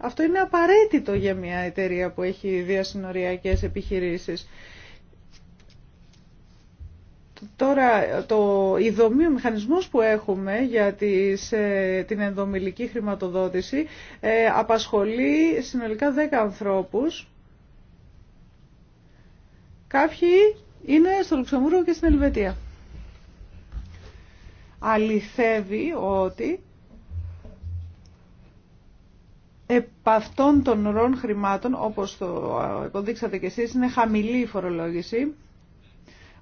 αυτό είναι απαραίτητο για μια εταιρεία που έχει διασυνοριακές επιχειρήσεις. Τώρα, το, η δομή, μηχανισμός που έχουμε για τις, ε, την ενδομηλική χρηματοδότηση ε, απασχολεί συνολικά 10 ανθρώπους. Κάποιοι είναι στο Λουξεμβούργο και στην Ελβετία. Αληθεύει ότι επ' αυτών των ροών χρημάτων, όπως το υποδείξατε κι εσείς, είναι χαμηλή η φορολόγηση.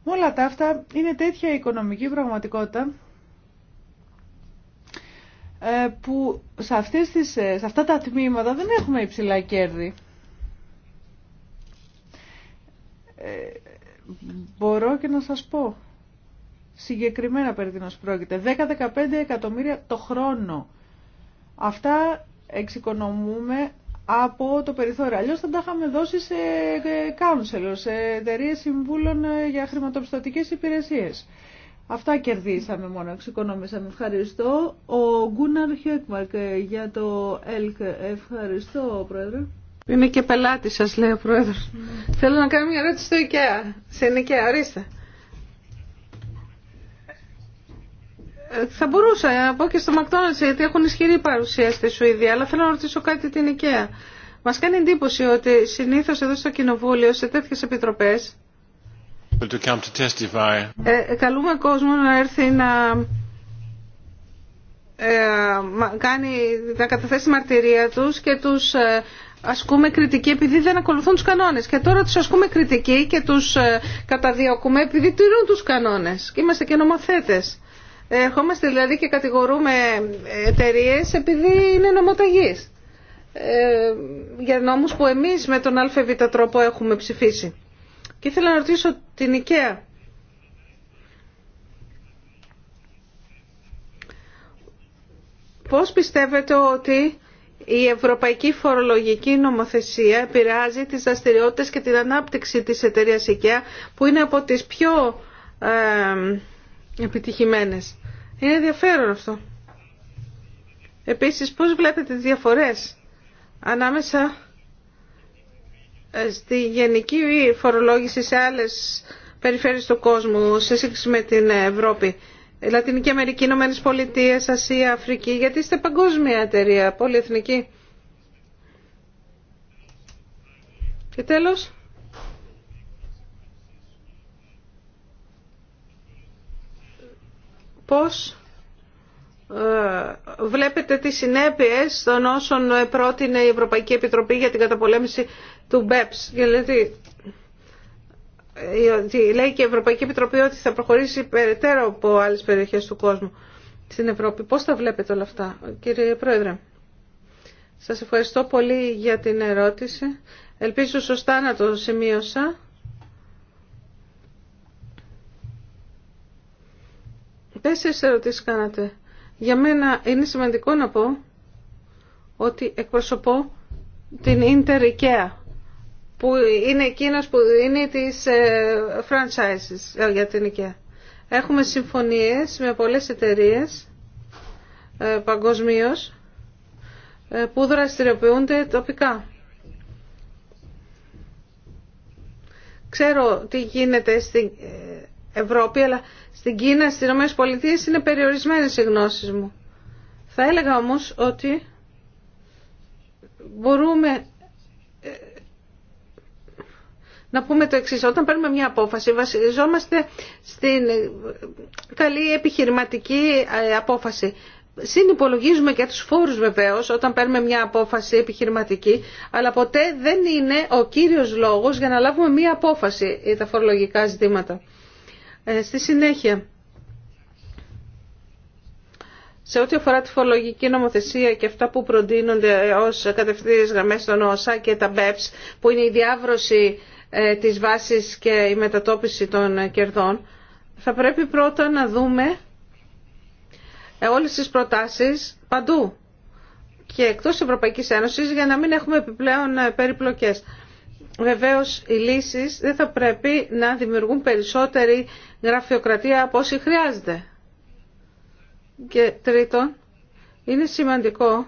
Όλα τα αυτά είναι τέτοια οικονομική πραγματικότητα ε, που σε, αυτές τις, ε, σε αυτά τα τμήματα δεν έχουμε υψηλά κέρδη. Ε, μπορώ και να σας πω συγκεκριμένα περί πρόκειται. 10-15 εκατομμύρια το χρόνο. Αυτά εξοικονομούμε από το περιθώριο. Αλλιώς θα τα είχαμε δώσει σε ε, council, σε εταιρείε συμβούλων ε, για χρηματοπιστωτικές υπηρεσίες. Αυτά κερδίσαμε μόνο, εξοικονόμησαμε. Ευχαριστώ. Ο Γκούναρ Χιόκμαρκ ε, για το ΕΛΚ. Ευχαριστώ, Πρόεδρε. Είμαι και πελάτη σας, λέει ο Πρόεδρος. Ναι. Θέλω να κάνω μια ερώτηση στο ΙΚΕΑ. Σε ΙΚΕΑ, ορίστε. Θα μπορούσα ε, να πω και στο McDonald's γιατί έχουν ισχυρή παρουσία στη Σουηδία, αλλά θέλω να ρωτήσω κάτι την IKEA. Μα κάνει εντύπωση ότι συνήθω εδώ στο Κοινοβούλιο, σε τέτοιε επιτροπέ. Ε, καλούμε κόσμο να έρθει να ε, κάνει, να καταθέσει μαρτυρία του και του ε, ασκούμε κριτική επειδή δεν ακολουθούν του κανόνε. και τώρα του ασκούμε κριτική και τους ε, καταδιώκουμε επειδή τηρούν του κανόνε και είμαστε και νομοθέτες. Ερχόμαστε δηλαδή και κατηγορούμε εταιρείε επειδή είναι νομοταγεί. Ε, για νόμους που εμείς με τον ΑΒ τρόπο έχουμε ψηφίσει. Και ήθελα να ρωτήσω την ΙΚΕΑ. Πώς πιστεύετε ότι η Ευρωπαϊκή Φορολογική Νομοθεσία επηρεάζει τις δραστηριότητε και την ανάπτυξη της εταιρείας IKEA που είναι από τις πιο... Ε, επιτυχημένες. Είναι ενδιαφέρον αυτό. Επίσης, πώς βλέπετε τις διαφορές ανάμεσα ε, στη γενική φορολόγηση σε άλλες περιφέρειες του κόσμου, σε σύγκριση με την Ευρώπη. Λατινική Αμερική, Ηνωμένε Πολιτείε, Ασία, Αφρική, γιατί είστε παγκόσμια εταιρεία, πολυεθνική. Και τέλος, πώς ε, βλέπετε τις συνέπειες των όσων πρότεινε η Ευρωπαϊκή Επιτροπή για την καταπολέμηση του BEPS. Δηλαδή, ε ε, λέει και η Ευρωπαϊκή Επιτροπή ότι θα προχωρήσει περαιτέρω από άλλες περιοχές του κόσμου στην Ευρώπη. Πώς τα βλέπετε όλα αυτά, κύριε Πρόεδρε. Σας ευχαριστώ πολύ για την ερώτηση. Ελπίζω σωστά να το σημείωσα. Τέσσερις ερωτήσεις κάνατε. Για μένα είναι σημαντικό να πω ότι εκπροσωπώ την Inter IKEA που είναι εκείνος που είναι της ε, franchises ε, για την IKEA. Έχουμε συμφωνίες με πολλές εταιρείες ε, παγκοσμίω που δραστηριοποιούνται τοπικά. Ξέρω τι γίνεται στην Ευρώπη, αλλά στην Κίνα, στις Ηνωμένες Πολιτείες είναι περιορισμένες οι γνώσεις μου. Θα έλεγα όμως ότι μπορούμε ε, να πούμε το εξής. Όταν παίρνουμε μια απόφαση βασιζόμαστε στην ε, καλή επιχειρηματική ε, απόφαση. Συνυπολογίζουμε και τους φόρους βεβαίως όταν παίρνουμε μια απόφαση επιχειρηματική, αλλά ποτέ δεν είναι ο κύριος λόγος για να λάβουμε μια απόφαση τα φορολογικά ζητήματα. Ε, στη συνέχεια, σε ό,τι αφορά τη φορολογική νομοθεσία και αυτά που προτείνονται ως κατευθύνες γραμμές των ΩΣΑ και τα ΜΠΕΠΣ, που είναι η διάβρωση ε, της βάσης και η μετατόπιση των κερδών, θα πρέπει πρώτα να δούμε ε, όλες τις προτάσεις παντού και εκτός της Ευρωπαϊκής Ένωσης για να μην έχουμε επιπλέον περιπλοκές. Βεβαίως οι λύσεις δεν θα πρέπει να δημιουργούν περισσότερη γραφειοκρατία από όσοι χρειάζεται. Και τρίτον, είναι σημαντικό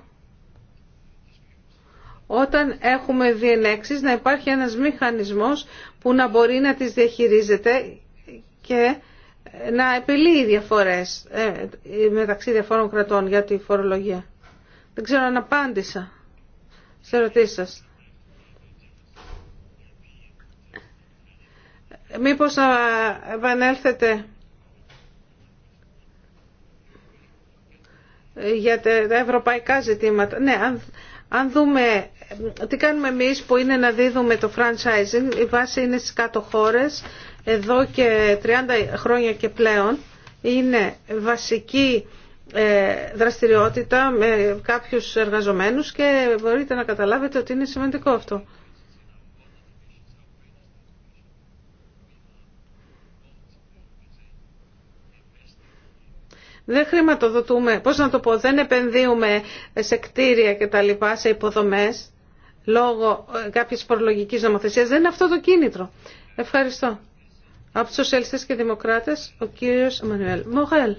όταν έχουμε διενέξεις να υπάρχει ένας μηχανισμός που να μπορεί να τις διαχειρίζεται και να επιλύει διαφορές ε, μεταξύ διαφόρων κρατών για τη φορολογία. Δεν ξέρω αν απάντησα σε ερωτήσεις σας. Μήπως να επανέλθετε για τα ευρωπαϊκά ζητήματα. Ναι, αν, δούμε τι κάνουμε εμείς που είναι να δίδουμε το franchising, η βάση είναι στις κάτω χώρες, εδώ και 30 χρόνια και πλέον είναι βασική ε, δραστηριότητα με κάποιους εργαζομένους και μπορείτε να καταλάβετε ότι είναι σημαντικό αυτό. Δεν χρηματοδοτούμε, πώς να το πω, δεν επενδύουμε σε κτίρια και τα λοιπά, σε υποδομές, λόγω ε, κάποιης προλογικής νομοθεσίας. Δεν είναι αυτό το κίνητρο. Ευχαριστώ. Από τους Σοσιαλιστές και Δημοκράτες, ο κύριος Εμμανουέλ Μογέλ.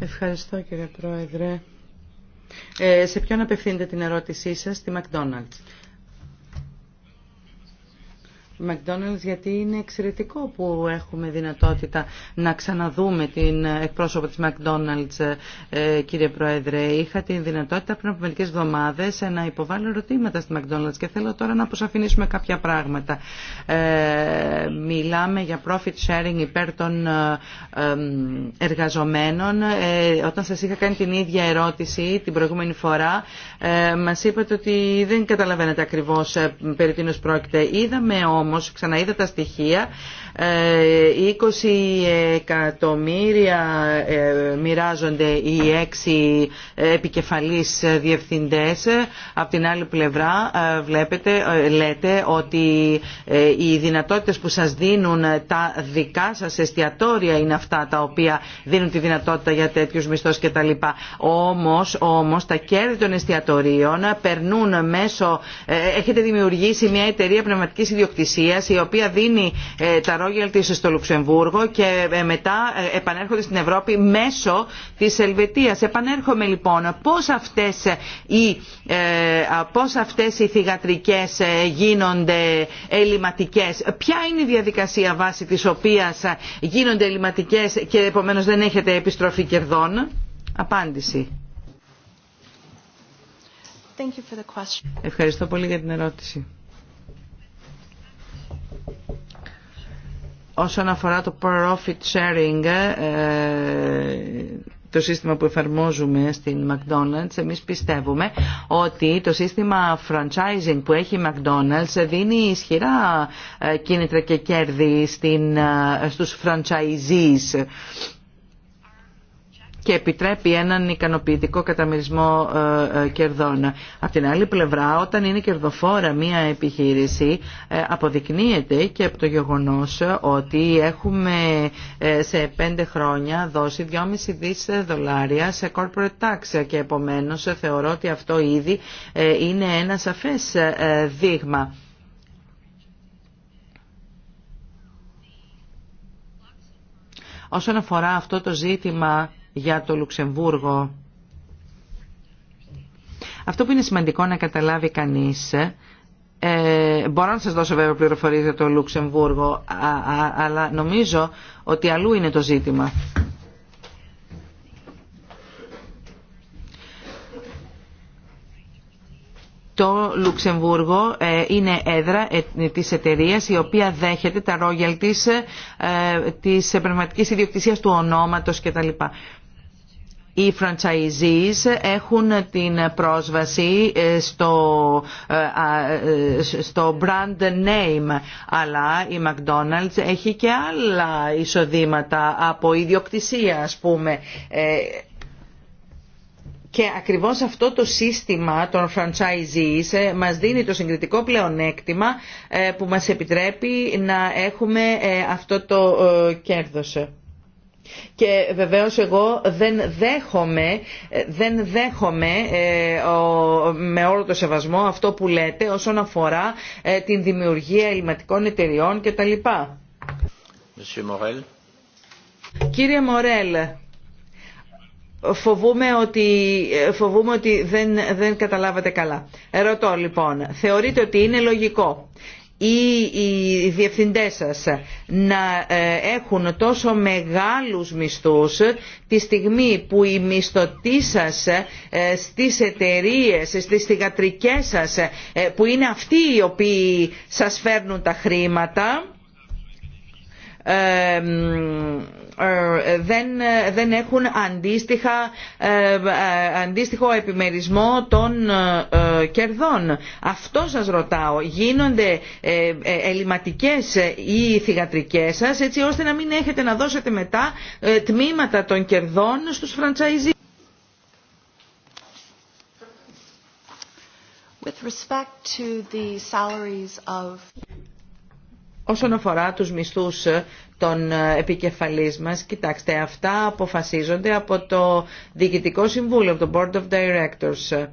Ευχαριστώ κύριε Πρόεδρε. Ε, σε ποιον απευθύνεται την ερώτησή σας, στη McDonald's. McDonald's γιατί είναι εξαιρετικό που έχουμε δυνατότητα να ξαναδούμε την εκπρόσωπο της McDonald's ε, κύριε Πρόεδρε. Είχα την δυνατότητα πριν από μερικές εβδομάδες ε, να υποβάλω ερωτήματα στη McDonald's και θέλω τώρα να αποσαφηνήσουμε κάποια πράγματα. Ε, μιλάμε για profit sharing υπέρ των εργαζομένων. όταν σας είχα κάνει την ίδια ερώτηση την προηγούμενη φορά μας είπατε ότι δεν καταλαβαίνετε ακριβώς περί τίνος πρόκειται. Είδαμε όμως ξαναείδα τα στοιχεία 20 ε, εκατομμύρια ε, μοιράζονται οι έξι επικεφαλής διευθυντές. Απ' την άλλη πλευρά ε, βλέπετε, λέτε ότι οι δυνατότητες που σας δίνουν τα δικά σας εστιατόρια είναι αυτά τα οποία δίνουν τη δυνατότητα για τέτοιους μισθούς κτλ. Όμως, όμως τα κέρδη των εστιατορίων περνούν μέσω... Έχετε δημιουργήσει μια εταιρεία πνευματικής ιδιοκτησίας η οποία δίνει τα Ρόγελτης στο Λουξεμβούργο και ε, μετά ε, επανέρχονται στην Ευρώπη μέσω της Ελβετίας. Επανέρχομαι λοιπόν πώς αυτές ε, οι, πώς αυτές οι θυγατρικές γίνονται ελληματικές. Ποια είναι η διαδικασία βάση της οποίας γίνονται ελληματικές και επομένως δεν έχετε επιστροφή κερδών. Απάντηση. Thank you for the question. Ευχαριστώ πολύ για την ερώτηση όσον αφορά το profit sharing, ε, το σύστημα που εφαρμόζουμε στην McDonald's, εμείς πιστεύουμε ότι το σύστημα franchising που έχει η McDonald's δίνει ισχυρά ε, κίνητρα και κέρδη στην, ε, στους franchisees και επιτρέπει έναν ικανοποιητικό καταμερισμό ε, ε, κερδών. Από την άλλη πλευρά, όταν είναι κερδοφόρα μία επιχείρηση, ε, αποδεικνύεται και από το γεγονός ότι έχουμε σε πέντε χρόνια δώσει 2,5 δις δολάρια σε corporate tax και επομένως θεωρώ ότι αυτό ήδη είναι ένα σαφές δείγμα. Όσον αφορά αυτό το ζήτημα για το Λουξεμβούργο. Αυτό που είναι σημαντικό να καταλάβει κανείς, ε, ε, μπορώ να σας δώσω βέβαια πληροφορίες για το Λουξεμβούργο, α, α, αλλά νομίζω ότι αλλού είναι το ζήτημα. Το Λουξεμβούργο ε, είναι έδρα ε, της εταιρείας η οποία δέχεται τα ρόγιαλ της, της πνευματικής ιδιοκτησίας του ονόματος κτλ οι franchisees έχουν την πρόσβαση ε, στο, ε, ε, στο brand name αλλά η McDonald's έχει και άλλα εισοδήματα από ιδιοκτησία ας πούμε και ακριβώς αυτό το σύστημα των franchisees μας δίνει το συγκριτικό πλεονέκτημα που μας επιτρέπει να έχουμε αυτό το κέρδος και βεβαίως εγώ δεν δέχομαι, δεν δέχομαι ε, με όλο το σεβασμό αυτό που λέτε όσον αφορά ε, την δημιουργία ελληματικών εταιριών κτλ. Κύριε Μορέλ, φοβούμε ότι, ε, φοβούμε ότι δεν, δεν καταλάβατε καλά. Ρωτώ λοιπόν, θεωρείτε ότι είναι λογικό ή οι διευθυντές σας να ε, έχουν τόσο μεγάλους μισθούς τη στιγμή που οι μισθωτοί σας ε, στις εταιρείες, στις θηγατρικές σας ε, που είναι αυτοί οι οποίοι σας φέρνουν τα χρήματα ε, δεν, δεν έχουν αντίστοιχα, ε, ε, αντίστοιχο επιμερισμό των κερδών. Αυτό σας ρωτάω. Γίνονται ελληματικές ή θυγατρικές σας έτσι ώστε να μην έχετε να δώσετε μετά τμήματα των κερδών στους franchisees. With respect to the salaries of... Όσον αφορά τους μισθούς ε, των ε, επικεφαλής μας, κοιτάξτε, αυτά αποφασίζονται από το Διοικητικό Συμβούλιο, από το Board of Directors.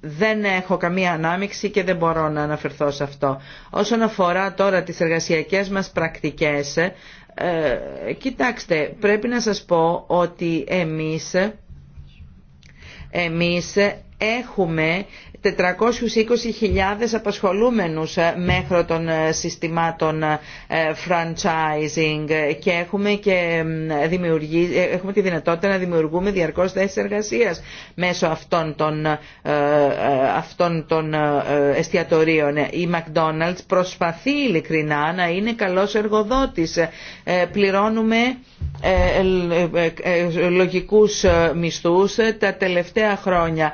Δεν έχω καμία ανάμειξη και δεν μπορώ να αναφερθώ σε αυτό. Όσον αφορά τώρα τις εργασιακές μας πρακτικές, ε, κοιτάξτε, πρέπει να σας πω ότι εμείς, εμείς έχουμε 420.000 απασχολούμενους ε, μέχρι των ε, συστημάτων ε, franchising και έχουμε, και έχουμε τη δυνατότητα να δημιουργούμε διαρκώς θέσεις εργασίας μέσω αυτών των, αυτών των εστιατορίων. Η McDonald's προσπαθεί ειλικρινά να είναι καλός εργοδότης. Πληρώνουμε ε, ε, ε, λογικούς μισθούς τα τελευταία χρόνια.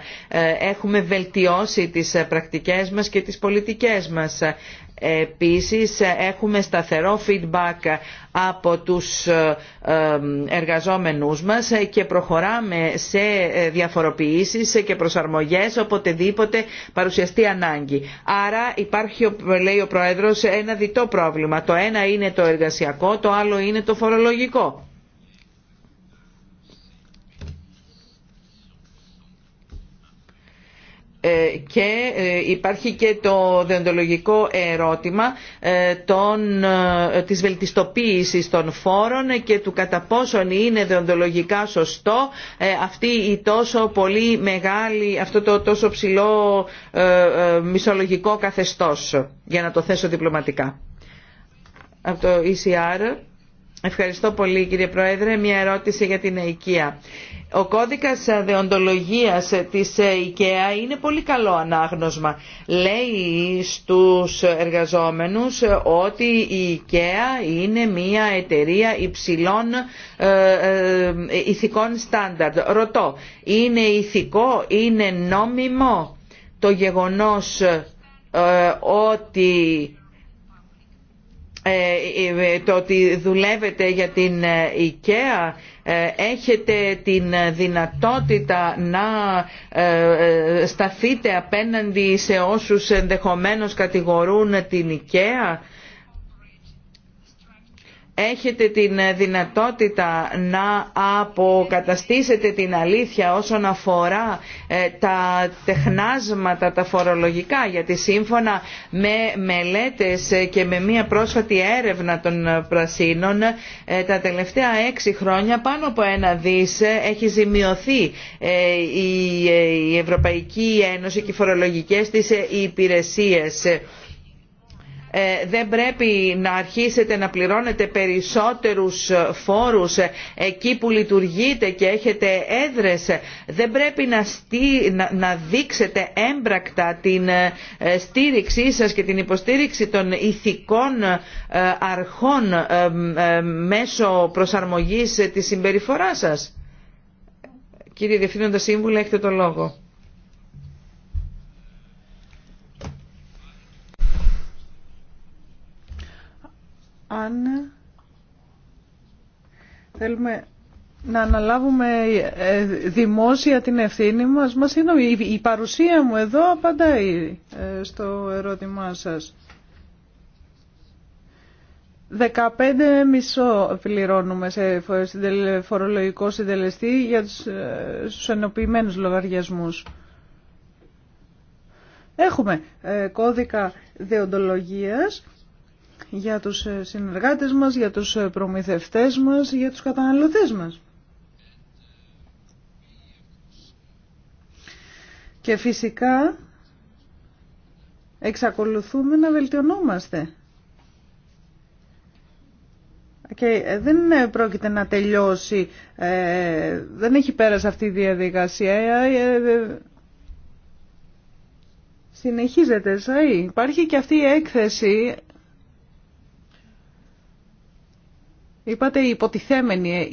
Έχουμε βελτιώσει τις πρακτικές μας και τις πολιτικές μας. Επίσης έχουμε σταθερό feedback από τους ε, ε, εργαζόμενούς μας και προχωράμε σε διαφοροποιήσεις και προσαρμογές οποτεδήποτε παρουσιαστεί ανάγκη. Άρα υπάρχει, λέει ο Πρόεδρος, ένα διτό πρόβλημα. Το ένα είναι το εργασιακό, το άλλο είναι το φορολογικό. Ε, και ε, υπάρχει και το δεοντολογικό ερώτημα ε, των, της βελτιστοποίησης των φόρων και του κατά πόσον είναι δεοντολογικά σωστό αυτή η τόσο πολύ μεγάλη, αυτό το τόσο ψηλό μισολογικό καθεστώς για να το θέσω διπλωματικά. Από το ECR. Ευχαριστώ πολύ κύριε Πρόεδρε. Μια ερώτηση για την οικία. Ο κώδικας ε, δεοντολογίας ε, της IKEA ε, είναι πολύ καλό ανάγνωσμα. Λέει στους εργαζόμενους ότι η IKEA είναι μια εταιρεία υψηλών ηθικών στάνταρ. Ρωτώ, είναι ηθικό, είναι νόμιμο το γεγονός ότι το ότι δουλεύετε για την IKEA ε, έχετε την δυνατότητα να ε, ε, σταθείτε απέναντι σε όσους ενδεχομένως κατηγορούν την IKEA έχετε την δυνατότητα να αποκαταστήσετε την αλήθεια όσον αφορά ε, τα τεχνάσματα τα φορολογικά γιατί σύμφωνα με μελέτες και με μια πρόσφατη έρευνα των πρασίνων ε, τα τελευταία έξι χρόνια πάνω από ένα δις ε, έχει ζημιωθεί η Ευρωπαϊκή Ένωση και οι φορολογικές της υπηρεσίες ε, δεν πρέπει να αρχίσετε να πληρώνετε περισσότερους φόρους ε, εκεί που λειτουργείτε και έχετε έδρες. Δεν πρέπει να, δείξετε έμπρακτα την ε, στήριξή σας και την υποστήριξη των ηθικών αρχών μέσω προσαρμογής της συμπεριφοράς σας. Κύριε Διευθύνοντα Σύμβουλα, έχετε το λόγο. αν θέλουμε να αναλάβουμε ε, δημόσια την ευθύνη μας. Μα η παρουσία μου εδώ απαντάει ε, στο ερώτημά σας. 15 μισό πληρώνουμε σε φορολογικό συντελεστή για τους, ε, στους ενοποιημένους λογαριασμούς. Έχουμε κώδικα δεοντολογίας για τους ε, συνεργάτες μας, για τους ε, προμηθευτές μας, για τους καταναλωτές μας. Και φυσικά εξακολουθούμε να βελτιωνόμαστε. Και ε, δεν πρόκειται να τελειώσει, δεν έχει πέρασει αυτή η διαδικασία. Συνεχίζεται, σαν Υπάρχει και αυτή η έκθεση Είπατε υποτιθέμενη ε,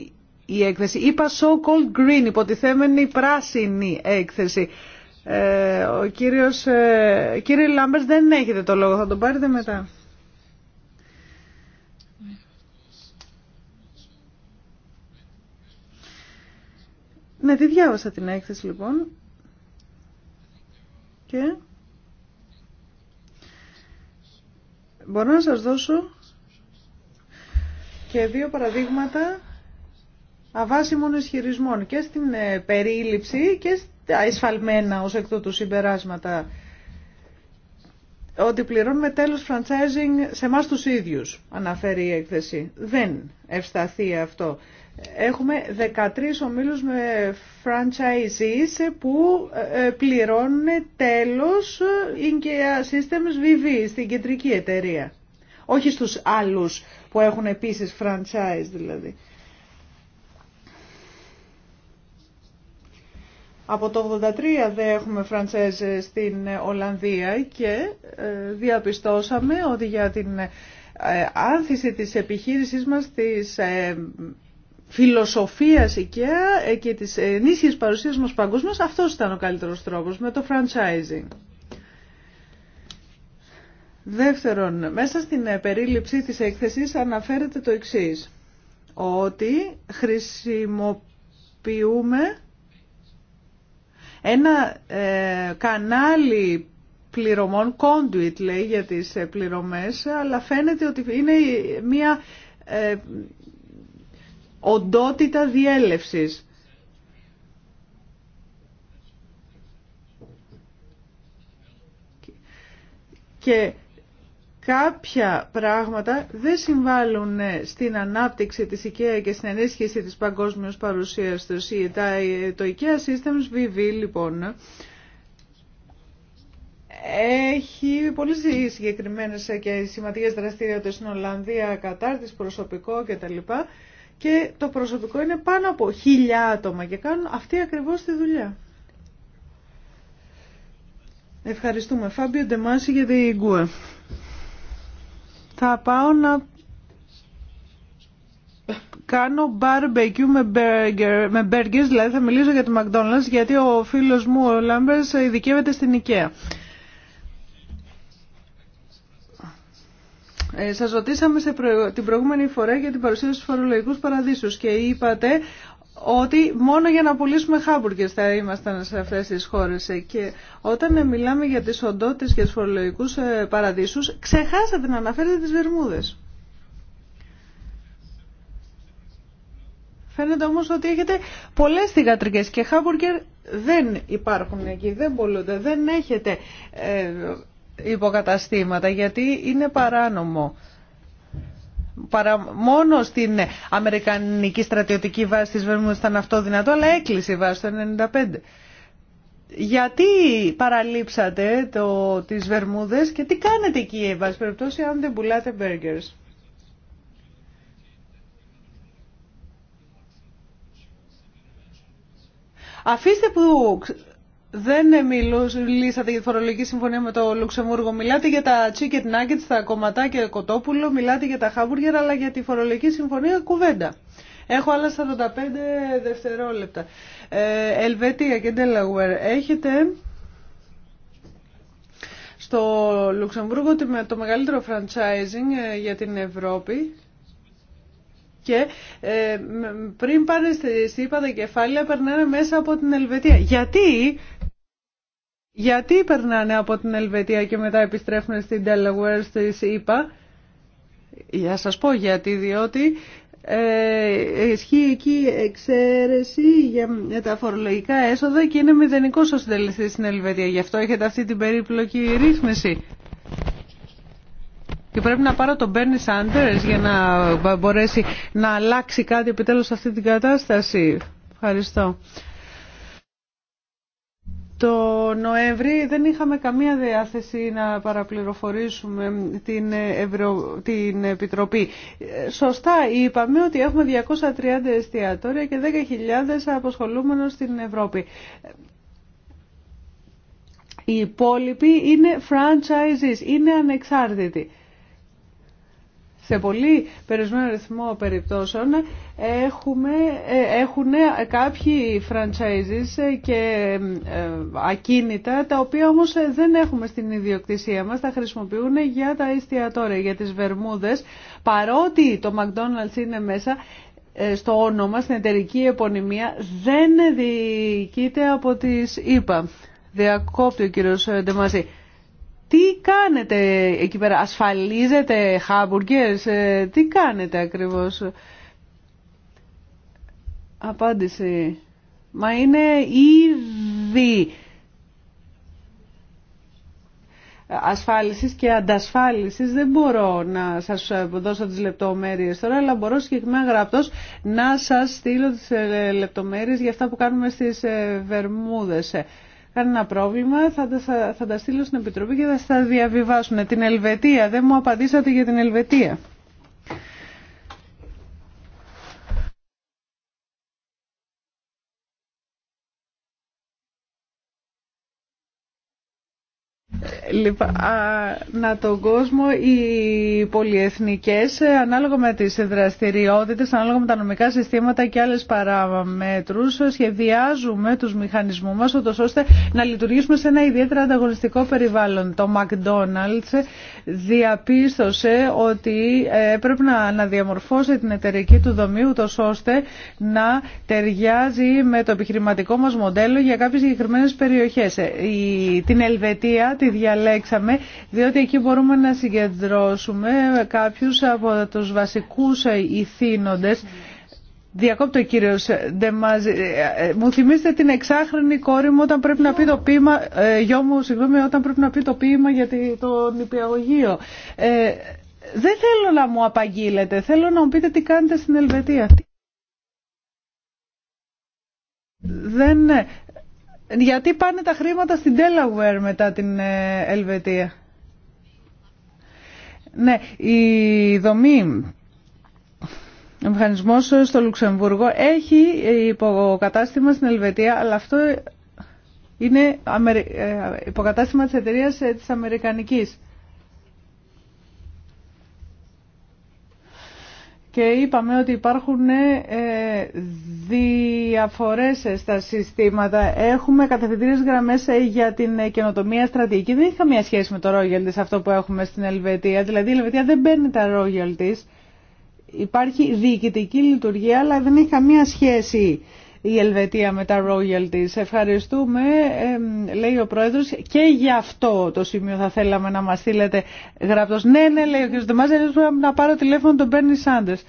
η έκθεση. Είπα so-called green, υποτιθέμενη πράσινη έκθεση. Ε, ο κύριος, ε, κύριε Λάμπερς δεν έχετε το λόγο, θα τον πάρετε μετά. Ναι, τη διάβασα την έκθεση λοιπόν. Και μπορώ να σας δώσω και δύο παραδείγματα αβάσιμων ισχυρισμών και στην ε, περίληψη και στα εισφαλμένα ως εκ τούτου συμπεράσματα ότι πληρώνουμε τέλος franchising σε εμά τους ίδιους, αναφέρει η έκθεση. Δεν ευσταθεί αυτό. Έχουμε 13 ομίλους με franchisees που ε, ε, πληρώνουν τέλος in systems VV στην κεντρική εταιρεία όχι στους άλλους που έχουν επίσης franchise δηλαδή. Από το 83 δεν έχουμε franchise στην Ολλανδία και ε, διαπιστώσαμε ότι για την ε, άνθηση της επιχείρησής μας της ε, φιλοσοφίας IKEA και της ενίσχυσης παρουσίας μας παγκόσμιας, αυτός ήταν ο καλύτερος τρόπος με το franchising. Δεύτερον, μέσα στην ε, περίληψη της έκθεσης αναφέρεται το εξής, ότι χρησιμοποιούμε ένα ε, κανάλι πληρωμών, conduit λέει για τις ε, πληρωμές, αλλά φαίνεται ότι είναι μια οντότητα διέλευσης. Και κάποια πράγματα δεν συμβάλλουν ε, στην ανάπτυξη της IKEA και στην ενίσχυση της παγκόσμιας παρουσίας του. Ε, το IKEA Systems VV λοιπόν έχει πολύ συγκεκριμένε ε, και σημαντικέ δραστηριότητε στην Ολλανδία, κατάρτιση προσωπικό κτλ. Και το προσωπικό είναι πάνω από χίλια άτομα και κάνουν αυτή ακριβώ τη δουλειά. Ευχαριστούμε. Φάμπιο Ντεμάση για την γκουα θα πάω να κάνω barbecue με burger, με burgers, δηλαδή θα μιλήσω για το McDonald's γιατί ο φίλος μου ο Λάμπερς ειδικεύεται στην IKEA. Ε, σας ρωτήσαμε σε την προηγούμενη φορά για την παρουσίαση στους φορολογικούς παραδείσους και είπατε ότι μόνο για να πουλήσουμε χάμπουργκες θα ήμασταν σε αυτές τις χώρες. Και όταν μιλάμε για τις οντότητες και τους φορολογικούς ε, παραδείσους, ξεχάσατε να αναφέρετε τις Βερμούδες. Φαίνεται όμως ότι έχετε πολλές θηγατρικές και χάμπουργκερ δεν υπάρχουν εκεί, δεν πολλούνται, δεν έχετε ε, υποκαταστήματα γιατί είναι παράνομο παρά μόνο στην Αμερικανική στρατιωτική βάση της Βερμούδας ήταν αυτό δυνατό, αλλά έκλεισε η βάση το 1995. Γιατί παραλείψατε το, τις Βερμούδες και τι κάνετε εκεί, εν πάση περιπτώσει, αν δεν πουλάτε μπέργκερς. Αφήστε που δεν μιλήσατε για τη φορολογική συμφωνία με το Λουξεμβούργο. Μιλάτε για τα chicken nuggets, τα κομματάκια κοτόπουλο, μιλάτε για τα χάμπουργερ, αλλά για τη φορολογική συμφωνία κουβέντα. Έχω άλλα 45 δευτερόλεπτα. Ε, Ελβετία και Delaware. Έχετε στο Λουξεμβούργο το μεγαλύτερο franchising ε, για την Ευρώπη. Και ε, πριν πάνε στη ΣΥΠΑ τα κεφάλαια περνάνε μέσα από την Ελβετία. Γιατί γιατί περνάνε από την Ελβετία και μετά επιστρέφουν στην Delaware, στη ΗΠΑ. Για σας πω γιατί, διότι ε, ισχύει εκεί εξαίρεση για τα φορολογικά έσοδα και είναι μηδενικό ο συντελεστή στην Ελβετία. Γι' αυτό έχετε αυτή την περίπλοκη ρύθμιση. Και πρέπει να πάρω τον Μπέρνι Sanders για να μπορέσει να αλλάξει κάτι επιτέλους αυτή την κατάσταση. Ευχαριστώ. Το Νοέμβρη δεν είχαμε καμία διάθεση να παραπληροφορήσουμε την, Ευρω... την Επιτροπή. Σωστά είπαμε ότι έχουμε 230 εστιατόρια και 10.000 αποσχολούμενους στην Ευρώπη. Οι υπόλοιποι είναι franchises, είναι ανεξάρτητοι σε πολύ περιορισμένο ρυθμό περιπτώσεων έχουμε, ε, έχουν κάποιοι franchises και ε, ακίνητα τα οποία όμως δεν έχουμε στην ιδιοκτησία μας τα χρησιμοποιούν για τα εστιατόρια, για τις βερμούδες παρότι το McDonald's είναι μέσα ε, στο όνομα, στην εταιρική επωνυμία δεν διοικείται από τις ΙΠΑ. Διακόπτει ο κύριος Ντεμαζή. Τι κάνετε εκεί πέρα, ασφαλίζετε χάμπουργκες, ε, τι κάνετε ακριβώς. Απάντηση. Μα είναι ήδη ασφάλισης και αντασφάλισης δεν μπορώ να σας δώσω τις λεπτομέρειες τώρα αλλά μπορώ συγκεκριμένα γραπτός να σας στείλω τις ε, λεπτομέρειες για αυτά που κάνουμε στις ε, Βερμούδες κανένα πρόβλημα, θα τα, στείλω στην Επιτροπή και θα τα διαβιβάσουν. Την Ελβετία, δεν μου απαντήσατε για την Ελβετία. Λοιπόν, να τον κόσμο οι πολιεθνικές ανάλογα με τις δραστηριότητες, ανάλογα με τα νομικά συστήματα και άλλες παραμέτρους σχεδιάζουμε τους μηχανισμούς μας ώστε να λειτουργήσουμε σε ένα ιδιαίτερα ανταγωνιστικό περιβάλλον. Το McDonald's διαπίστωσε ότι ε, πρέπει να αναδιαμορφώσει την εταιρική του δομή ώστε να ταιριάζει με το επιχειρηματικό μας μοντέλο για κάποιες συγκεκριμένες περιοχές. την Ελβετία τη επιλέξαμε, διότι εκεί μπορούμε να συγκεντρώσουμε κάποιους από τους βασικούς ηθήνοντες. Διακόπτω κύριο Ντεμάζη. Μου θυμίζετε την εξάχρονη κόρη μου όταν πρέπει να πει το ποίημα, ε, γιο όταν πρέπει να πει το ποίημα για το νηπιαγωγείο. Ε, δεν θέλω να μου απαγγείλετε, θέλω να μου πείτε τι κάνετε στην Ελβετία. Δεν γιατί πάνε τα χρήματα στην Delaware μετά την ε, Ελβετία. Ναι, η δομή ο μηχανισμός στο Λουξεμβούργο έχει υποκατάστημα στην Ελβετία, αλλά αυτό είναι ε, υποκατάστημα της εταιρείας ε, της Αμερικανικής. και είπαμε ότι υπάρχουν ε, διαφορές στα συστήματα. Έχουμε κατευθυντήριες γραμμές ε, για την καινοτομία στρατηγική. Δεν έχει καμία σχέση με το Ρόγελ αυτό που έχουμε στην Ελβετία. Δηλαδή η Ελβετία δεν παίρνει τα Ρόγελ Υπάρχει διοικητική λειτουργία αλλά δεν έχει καμία σχέση η Ελβετία με τα royalties. Ευχαριστούμε, λέει ο Πρόεδρος, και γι' αυτό το σημείο θα θέλαμε να μας στείλετε γραπτός. Ναι, ναι, λέει ο κ. να πάρω τηλέφωνο τον Μπέρνι Σάντες.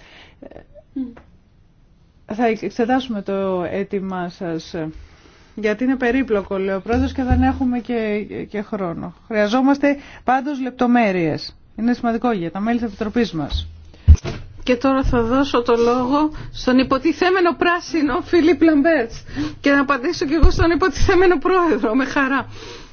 Θα εξετάσουμε το αίτημά σας. Γιατί είναι περίπλοκο, λέει ο πρόεδρος, και δεν έχουμε και, και χρόνο. Χρειαζόμαστε πάντως λεπτομέρειες. Είναι σημαντικό για τα μέλη της Επιτροπής μας. Και τώρα θα δώσω το λόγο στον υποτιθέμενο πράσινο Φιλίπ Λαμπέρτς και να απαντήσω και εγώ στον υποτιθέμενο πρόεδρο με χαρά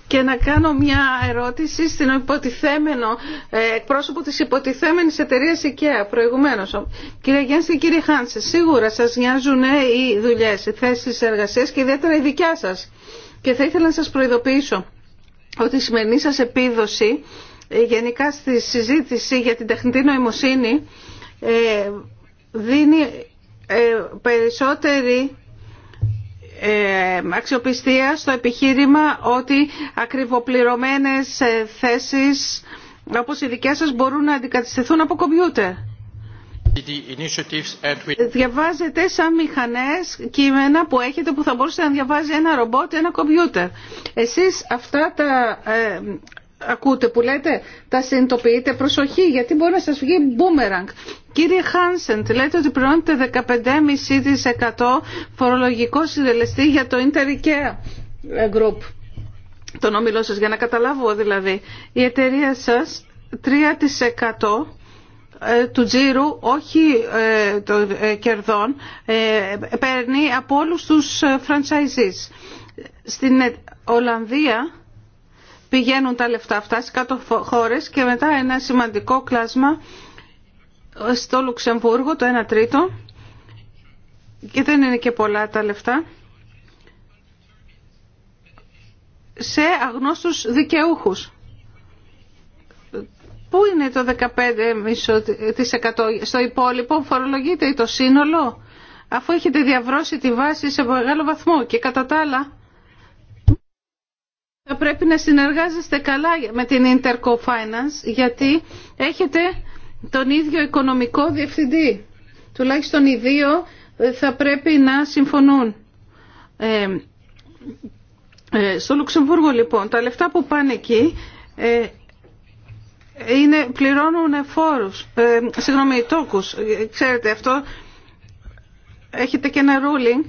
και να κάνω μια ερώτηση στην υποτιθέμενο ε, εκπρόσωπο της υποτιθέμενης εταιρείας IKEA προηγουμένως. Κύριε Γιάννη και κύριε Χάνσε, σίγουρα σας νοιάζουν ε, οι δουλειές, οι θέσεις εργασίας και ιδιαίτερα η δικιά σας. Και θα ήθελα να σας προειδοποιήσω ότι η σημερινή σας επίδοση ε, γενικά στη συζήτηση για την τεχνητή νοημοσύνη ε, δίνει ε, περισσότερη ε, αξιοπιστία στο επιχείρημα ότι ακριβοπληρωμένες θέσεις όπως οι δικές σας μπορούν να αντικαταστηθούν από κομπιούτερ. Διαβάζετε σαν μηχανές κείμενα που έχετε που θα μπορούσε να διαβάζει ένα ρομπότ ή ένα κομπιούτερ. Εσείς αυτά τα ακούτε που λέτε, τα συνειδητοποιείτε, προσοχή, γιατί μπορεί να σας βγει μπούμεραγκ. Κύριε Χάνσεντ, λέτε ότι πληρώνετε 15,5% φορολογικό συντελεστή για το Inter-IKEA Group, τον όμιλό σας, για να καταλάβω δηλαδή. Η εταιρεία σας 3% ε, του τζίρου, όχι ε, των ε, κερδών, παίρνει από όλους τους franchisees. Στην Ολλανδία πηγαίνουν τα λεφτά αυτά σε κάτω χώρες και μετά ένα σημαντικό κλάσμα στο Λουξεμβούργο, το 1 τρίτο, και δεν είναι και πολλά τα λεφτά, σε αγνώστους δικαιούχους. Πού είναι το 15% στο υπόλοιπο, φορολογείται το σύνολο, αφού έχετε διαβρώσει τη βάση σε μεγάλο βαθμό και κατά τα άλλα θα πρέπει να συνεργάζεστε καλά με την Interco Finance γιατί έχετε τον ίδιο οικονομικό διευθυντή. Τουλάχιστον οι δύο ε, θα πρέπει να συμφωνούν. Ε, ε, στο Λουξεμβούργο λοιπόν, τα λεφτά που πάνε εκεί ε, είναι, πληρώνουν φόρους, ε, συγγνώμη, τόκους. Ε, ξέρετε αυτό, έχετε και ένα ruling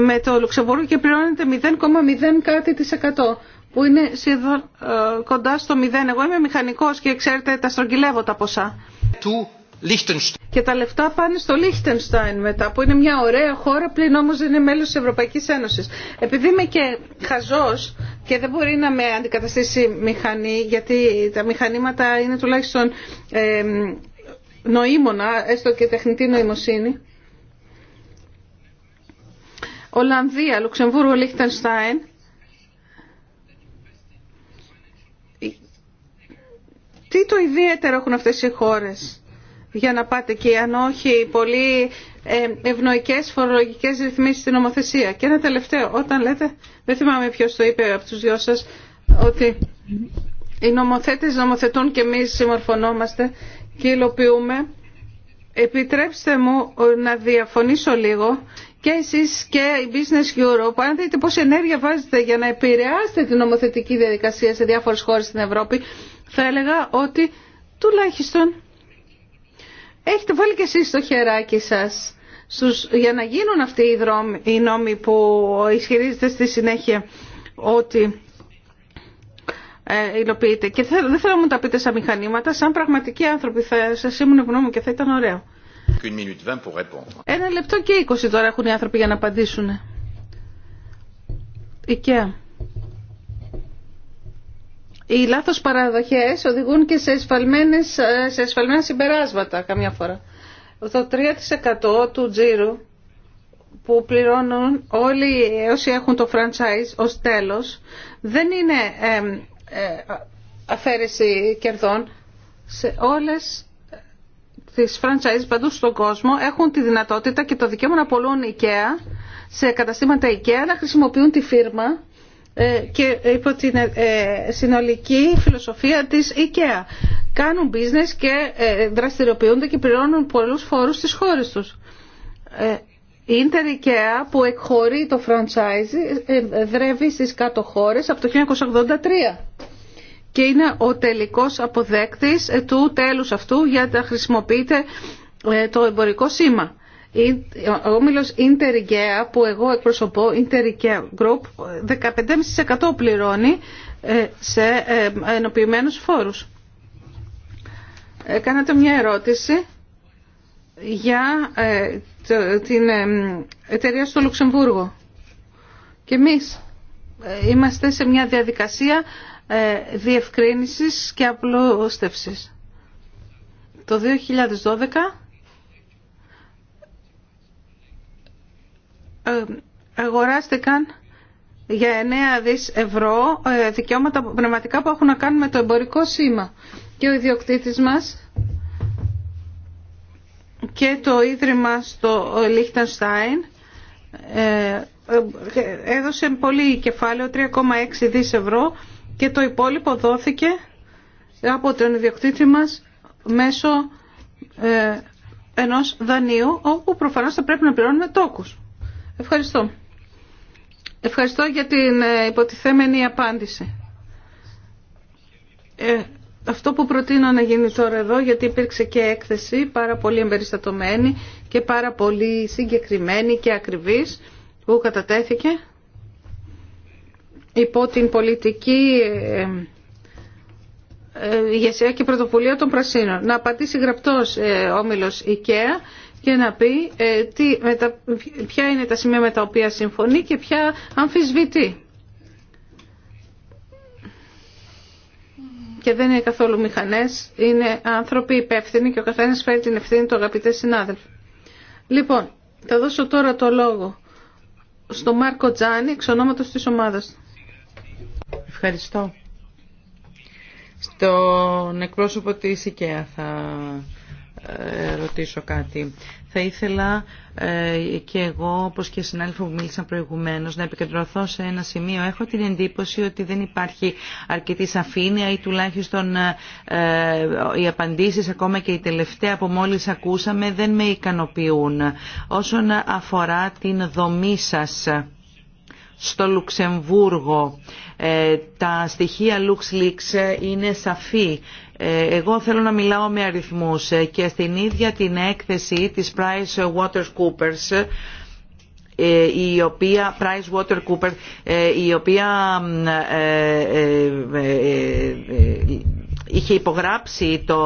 με το Λουξεμβούργο και πληρώνετε 0,0 κάτι της εκατό που είναι σχεδόν ε, κοντά στο μηδέν. Εγώ είμαι μηχανικός και ξέρετε τα στρογγυλεύω τα ποσά. και τα λεφτά πάνε στο Λίχτενστάιν μετά, που είναι μια ωραία χώρα, πλην όμως δεν είναι μέλος της Ευρωπαϊκής Ένωσης. Επειδή είμαι και χαζός και δεν μπορεί να με αντικαταστήσει μηχανή, γιατί τα μηχανήματα είναι τουλάχιστον ε, νοήμονα, έστω και τεχνητή νοημοσύνη. Ολλανδία, Λουξεμβούργο, Λίχτενστάιν Τι το ιδιαίτερο έχουν αυτές οι χώρες για να πάτε εκεί, αν όχι πολύ ε, ευνοϊκές φορολογικές ρυθμίσεις στην νομοθεσία. Και ένα τελευταίο, όταν λέτε, δεν θυμάμαι ποιος το είπε από τους δυο σας, ότι οι νομοθέτες νομοθετούν και εμείς συμμορφωνόμαστε και υλοποιούμε. Επιτρέψτε μου να διαφωνήσω λίγο και εσείς και η Business Europe, αν δείτε πόση ενέργεια βάζετε για να επηρεάσετε την νομοθετική διαδικασία σε διάφορες χώρες στην Ευρώπη, θα έλεγα ότι τουλάχιστον έχετε βάλει και εσείς το χεράκι σας στους, για να γίνουν αυτοί οι, δρόμοι, οι νόμοι που ισχυρίζετε στη συνέχεια ότι ε, υλοποιείται. Και δεν θέλω να μου τα πείτε σαν μηχανήματα, σαν πραγματικοί άνθρωποι θα σας ήμουν ευγνώμη και θα ήταν ωραίο. Ένα λεπτό και 20 τώρα έχουν οι άνθρωποι για να απαντήσουν. Οικαία οι λάθος παραδοχές οδηγούν και σε, εσφαλμένες, ε, σε εσφαλμένα συμπεράσματα καμιά φορά. Το 3% του τζίρου που πληρώνουν όλοι όσοι έχουν το franchise ως τέλος δεν είναι ε, αφαίρεση κερδών σε όλες τις franchise παντού στον κόσμο έχουν τη δυνατότητα και το δικαίωμα να πολλούν IKEA σε καταστήματα IKEA να χρησιμοποιούν τη φύρμα ε, και υπό την ε, ε, συνολική φιλοσοφία της IKEA. Κάνουν business και δραστηριοποιούνται και πληρώνουν πολλούς φόρους στις χώρες τους. Η Inter IKEA που εκχωρεί το franchise δρεύει στις κάτω χώρες από το 1983 και είναι ο τελικός αποδέκτης του τέλους αυτού για να χρησιμοποιείται το εμπορικό σήμα ο όμιλος Interigea που εγώ εκπροσωπώ, Interigea Group, 15,5% πληρώνει ε, σε ε, ενοποιημένους φόρους. Κάνατε μια ερώτηση για ε, την εταιρεία στο Λουξεμβούργο. Και εμείς είμαστε σε μια διαδικασία διευκρίνησης και απλούστευσης. Το 2012 Ε, αγοράστηκαν για 9 δις ευρώ ε, δικαιώματα πνευματικά που έχουν να κάνουν με το εμπορικό σήμα. Και ο ιδιοκτήτης μας και το Ίδρυμα στο Λίχτενστάιν ε, έδωσε πολύ κεφάλαιο, 3,6 δις ευρώ και το υπόλοιπο δόθηκε από τον ιδιοκτήτη μας μέσω ενός δανείου όπου προφανώς θα πρέπει να πληρώνουμε τόκους. Ευχαριστώ. Ευχαριστώ για την ε, υποτιθέμενη απάντηση. Ε, αυτό που προτείνω να γίνει τώρα εδώ, γιατί υπήρξε και έκθεση πάρα πολύ εμπεριστατωμένη και πάρα πολύ συγκεκριμένη και ακριβής που κατατέθηκε υπό την πολιτική ε, ηγεσία και πρωτοβουλία των Πρασίνων. Να απαντήσει γραπτός ε, όμιλος IKEA και να πει ε, τι, τα, ποια είναι τα σημεία με τα οποία συμφωνεί και ποια αμφισβητεί. Και δεν είναι καθόλου μηχανές, είναι άνθρωποι υπεύθυνοι και ο καθένας φέρει την ευθύνη του αγαπητέ συνάδελφοι. Λοιπόν, θα δώσω τώρα το λόγο στο Μάρκο Τζάνι, εξ ονόματος της ομάδας. Ευχαριστώ. Στον εκπρόσωπο της IKEA θα ε, ρωτήσω κάτι. Θα ήθελα ε, και εγώ, όπως και οι συνάδελφοι που μίλησαν προηγουμένως, να επικεντρωθώ σε ένα σημείο. Έχω την εντύπωση ότι δεν υπάρχει αρκετή σαφήνεια ή τουλάχιστον ε, οι απαντήσεις, ακόμα και η τελευταία που μόλις ακούσαμε, δεν με ικανοποιούν. Όσον αφορά την δομή σας στο Λουξεμβούργο, τα στοιχεία LuxLeaks είναι σαφή εγώ θέλω να μιλάω με αριθμούς ε, και στην ίδια την έκθεση της Price Water ε, η οποία Price Water Cooper ε, η οποία είχε υπογράψει το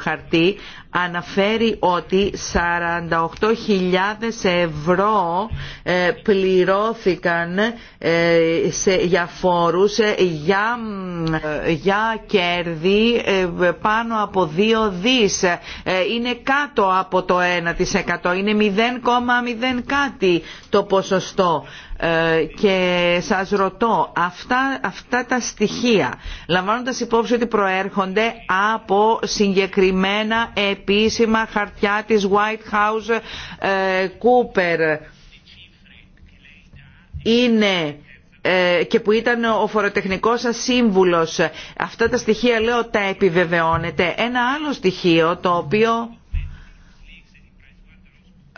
χαρτί αναφέρει ότι 48.000 ευρώ ε, πληρώθηκαν ε, σε, για φόρους ε, για, για κέρδη πάνω από 2 δις. Είναι κάτω από το 1%. Είναι 0,0 κάτι το ποσοστό. Ε, και σας ρωτώ, αυτά, αυτά τα στοιχεία, λαμβάνοντας υπόψη ότι προέρχονται από συγκεκριμένα επίσημα χαρτιά της White House ε, Cooper, είναι ε, και που ήταν ο φοροτεχνικός σας σύμβουλος. Αυτά τα στοιχεία λέω τα επιβεβαιώνετε. Ένα άλλο στοιχείο το οποίο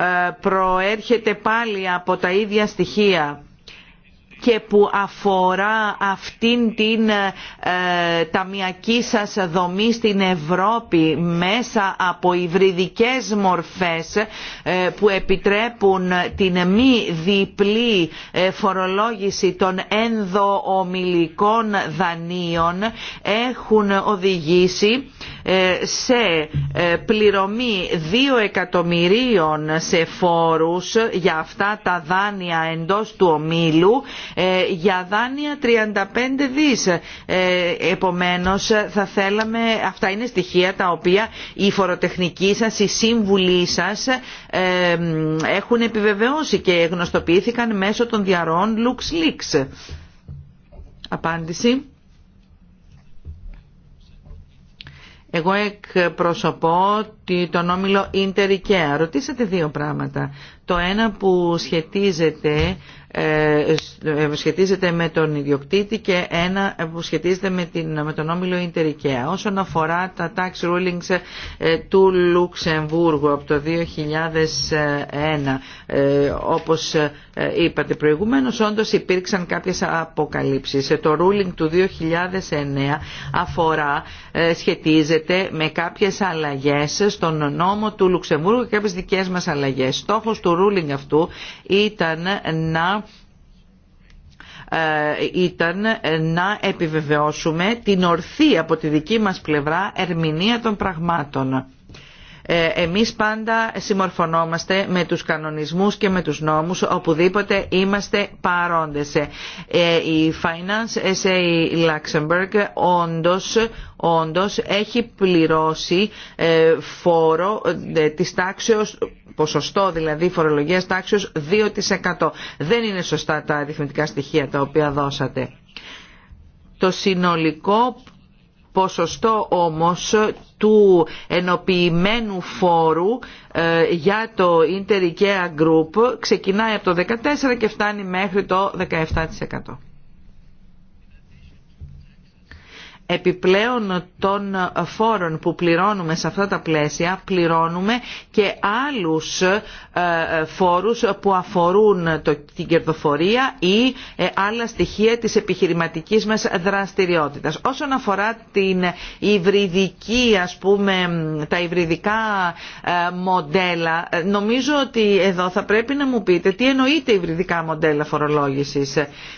ε, προέρχεται πάλι από τα ίδια στοιχεία και που αφορά αυτήν την ε, ταμιακή σας δομή στην Ευρώπη μέσα από υβριδικές μορφές ε, που επιτρέπουν την μη διπλή ε, φορολόγηση των ενδοομιλικών δανείων έχουν οδηγήσει ε, σε ε, πληρωμή 2 εκατομμυρίων σε φόρους για αυτά τα δάνεια εντός του ομίλου ε, για δάνεια 35 δις. Επομένως θα θέλαμε, αυτά είναι στοιχεία τα οποία η φοροτεχνική σας, οι σύμβουλοι σας έχουν επιβεβαιώσει και γνωστοποιήθηκαν μέσω των διαρροών LuxLeaks. Απάντηση. Εγώ εκπροσωπώ τον όμιλο Ιντερικέα. Ρωτήσατε δύο πράγματα. Το ένα που σχετίζεται ε, ε, σχετίζεται με τον ιδιοκτήτη και ένα που σχετίζεται με, την, με τον όμιλο Ιντερικέα. Όσον αφορά τα tax rulings ε, του Λουξεμβούργου από το 2001, όπως είπατε προηγουμένως, όντως υπήρξαν κάποιες αποκαλύψεις. Το ruling του 2009 αφορά, σχετίζεται με κάποιες αλλαγές στον νόμο του Λουξεμβούργου και κάποιες δικές μας αλλαγές. Στόχος του ruling αυτού ήταν να ε, ήταν ε, να επιβεβαιώσουμε την ορθή από τη δική μας πλευρά ερμηνεία των πραγμάτων. Ε, εμείς πάντα συμμορφωνόμαστε με τους κανονισμούς και με τους νόμους οπουδήποτε είμαστε παρόντες. Η Finance SA Luxembourg όντως, όντως έχει πληρώσει φόρο της τάξεως ποσοστό δηλαδή φορολογίας τάξεως 2%. Δεν είναι σωστά τα αριθμητικά στοιχεία τα οποία δώσατε. Το συνολικό ποσοστό όμως του ενοποιημένου φόρου ε, για το Inter Ikea Group ξεκινάει από το 14% και φτάνει μέχρι το 17%. επιπλέον των φόρων που πληρώνουμε σε αυτά τα πλαίσια πληρώνουμε και άλλους ε, φόρους που αφορούν την κερδοφορία ή ε, άλλα στοιχεία της επιχειρηματικής μας δραστηριότητας. Όσον αφορά την υβριδική, ας πούμε, τα υβριδικά ε, μοντέλα, νομίζω ότι εδώ θα πρέπει να μου πείτε τι εννοείται υβριδικά μοντέλα φορολόγησης.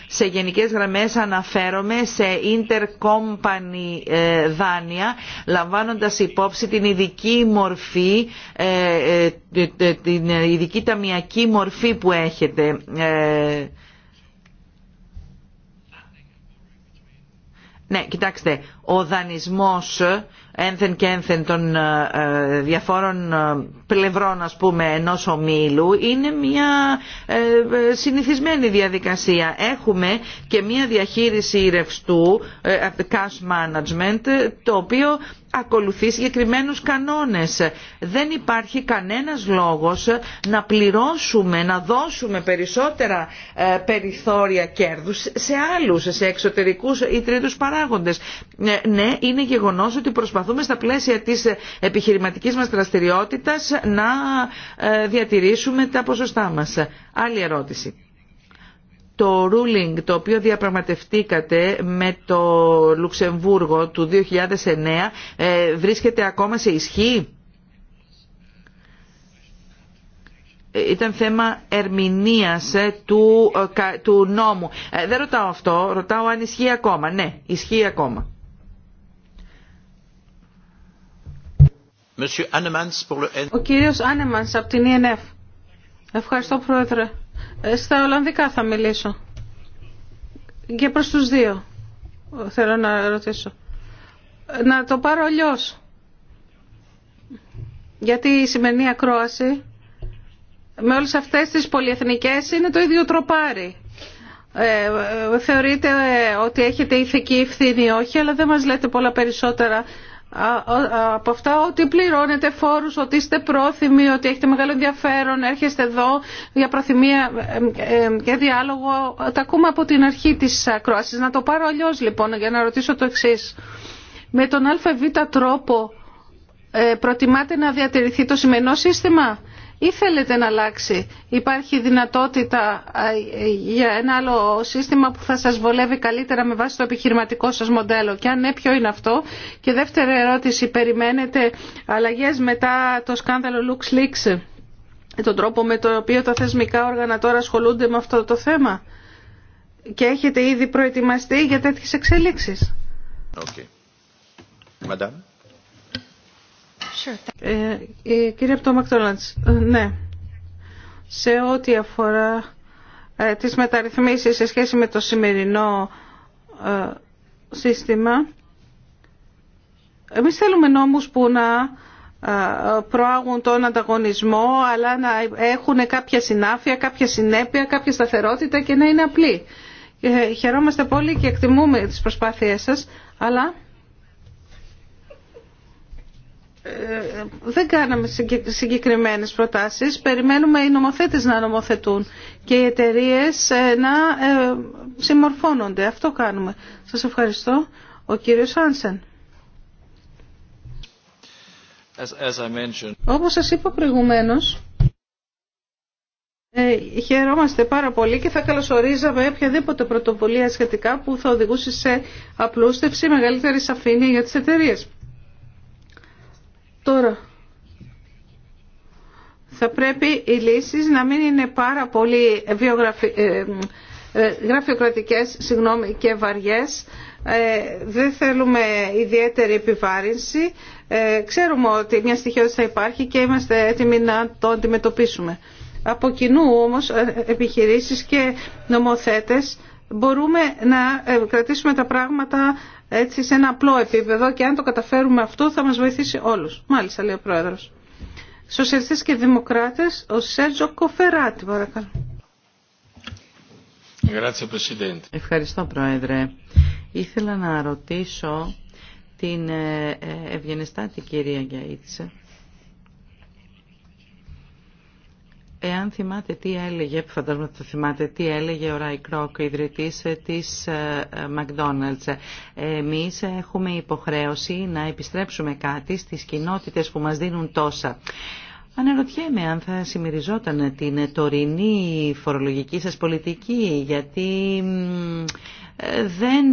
Σε γενικές γραμμές αναφέρομαι σε intercompany κάνει δάνεια λαμβάνοντας υπόψη την ειδική μορφή, ε, ε, την ειδική ταμιακή μορφή που έχετε. Ε, ναι, κοιτάξτε, ο δανεισμός ε, ένθεν και ένθεν των ε, ε, διαφόρων πλευρών ας πούμε ενός ομίλου είναι μια συνηθισμένη διαδικασία. Έχουμε και μια διαχείριση ρευστού, cash management, το οποίο ακολουθεί συγκεκριμένους κανόνες. Δεν υπάρχει κανένας λόγος να πληρώσουμε, να δώσουμε περισσότερα περιθώρια κέρδους σε άλλους, σε εξωτερικούς ή τρίτους παράγοντες ναι, είναι γεγονός ότι προσπαθούμε στα πλαίσια της επιχειρηματικής μας δραστηριότητας να ε, διατηρήσουμε τα ποσοστά μας. Άλλη ερώτηση. Το ruling το οποίο διαπραγματευτήκατε με το Λουξεμβούργο του 2009 ε, βρίσκεται ακόμα σε ισχύ. ήταν θέμα ερμηνείας ε, του, του νόμου. Δεν ρωτάω αυτό, ρωτάω αν ισχύει ακόμα. Ναι, ισχύει ακόμα. Ο κύριος Άνεμανς από την ΕΝΕΦ. E Ευχαριστώ πρόεδρε. Ε, στα Ολλανδικά θα μιλήσω. Και προς τους δύο θέλω να ρωτήσω. Να το πάρω αλλιώ. Γιατί η σημερινή ακρόαση με όλες αυτές τις πολυεθνικές είναι το ίδιο τροπάρι. Ε, ε θεωρείτε ότι έχετε ηθική ευθύνη ή όχι, αλλά δεν μας λέτε πολλά περισσότερα από αυτά ότι πληρώνετε φόρους, ότι είστε πρόθυμοι, ότι έχετε μεγάλο ενδιαφέρον, έρχεστε εδώ για προθυμία και ε, ε, ε, διάλογο. Τα ακούμε από την αρχή της ακρόασης. Να το πάρω αλλιώ λοιπόν για να ρωτήσω το εξή. Με τον ΑΒ τρόπο προτιμάτε να διατηρηθεί το σημερινό σύστημα ή θέλετε να αλλάξει. Υπάρχει δυνατότητα για ένα άλλο σύστημα που θα σας βολεύει καλύτερα με βάση το επιχειρηματικό σας μοντέλο. Και αν ναι, ποιο είναι αυτό. Και δεύτερη ερώτηση, περιμένετε αλλαγές μετά το σκάνδαλο LuxLeaks, ε, τον τρόπο με τον οποίο τα θεσμικά όργανα τώρα ασχολούνται με αυτό το θέμα. Και έχετε ήδη προετοιμαστεί για τέτοιες εξέλιξεις. Okay. Madame. Ε, ε, κύριε Πτωμακτολάντς, ε, ναι. Σε ό,τι αφορά ε, τις μεταρρυθμίσεις σε σχέση με το σημερινό σύστημα, εμείς θέλουμε νόμους που να προάγουν τον ανταγωνισμό, αλλά να έχουν κάποια συνάφεια, κάποια συνέπεια, κάποια σταθερότητα και να είναι απλοί. Χαιρόμαστε πολύ και εκτιμούμε τις προσπάθειές σας, αλλά δεν κάναμε συγκεκριμένες προτάσεις. Περιμένουμε οι νομοθέτες να νομοθετούν και οι εταιρείε ε, να ε, συμμορφώνονται. Αυτό κάνουμε. Σας ευχαριστώ. Ο κύριος Άνσεν. As, as I mentioned... Όπως σας είπα προηγουμένως, ε, χαιρόμαστε πάρα πολύ και θα καλωσορίζαμε οποιαδήποτε πρωτοβουλία σχετικά που θα οδηγούσε σε απλούστευση μεγαλύτερη σαφήνεια για τις εταιρείες. Τώρα, θα πρέπει οι λύσεις να μην είναι πάρα πολύ βιογραφι... Ε, ε, γραφειοκρατικές και βαριές. Ε, δεν θέλουμε ιδιαίτερη επιβάρυνση. ξέρουμε ότι μια στοιχειότητα θα υπάρχει και είμαστε έτοιμοι να το αντιμετωπίσουμε. Από κοινού όμως επιχειρήσεις και νομοθέτες μπορούμε να κρατήσουμε τα πράγματα έτσι σε ένα απλό επίπεδο και αν το καταφέρουμε αυτό θα μας βοηθήσει όλους. Μάλιστα λέει ο Πρόεδρος. Σοσιαλιστές και Δημοκράτες, ο Σέρτζο Κοφεράτη παρακαλώ. Ευχαριστώ Πρόεδρε. Ήθελα να ρωτήσω την ε, ε, ευγενιστάτη κυρία Γκιαίτσα. Εάν θυμάται τι έλεγε, τι έλεγε ο Ράι Κρόκ, ιδρυτής ε, της ε, McDonald's. Εμείς έχουμε υποχρέωση να επιστρέψουμε κάτι στις κοινότητες που μας δίνουν τόσα. Αναρωτιέμαι αν θα συμμεριζόταν την τωρινή φορολογική σας πολιτική, γιατί δεν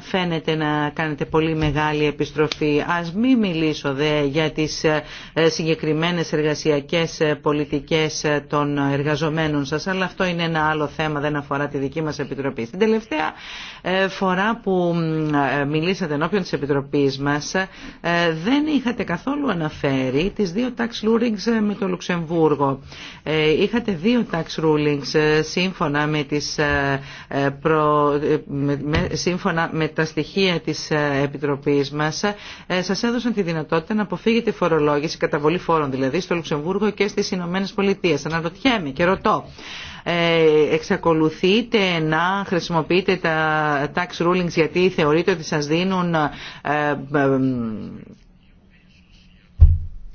φαίνεται να κάνετε πολύ μεγάλη επιστροφή. Ας μην μιλήσω δε για τις ε, συγκεκριμένες εργασιακές ε, πολιτικές ε, των εργαζομένων σας, αλλά αυτό είναι ένα άλλο θέμα, δεν αφορά τη δική μας Επιτροπή. Στην τελευταία φορά που μιλήσατε ενώπιον της Επιτροπής μας, δεν είχατε καθόλου αναφέρει τις δύο tax rulings με το Λουξεμβούργο. Είχατε δύο tax rulings σύμφωνα με τις προ σύμφωνα με τα στοιχεία της ε, Επιτροπής μας, ε, σας έδωσαν τη δυνατότητα να αποφύγετε φορολόγηση, καταβολή φόρων δηλαδή, στο Λουξεμβούργο και στις Ηνωμένε Πολιτείε. Αναρωτιέμαι και ρωτώ ε, εξακολουθείτε να χρησιμοποιείτε τα tax rulings γιατί θεωρείτε ότι σας δίνουν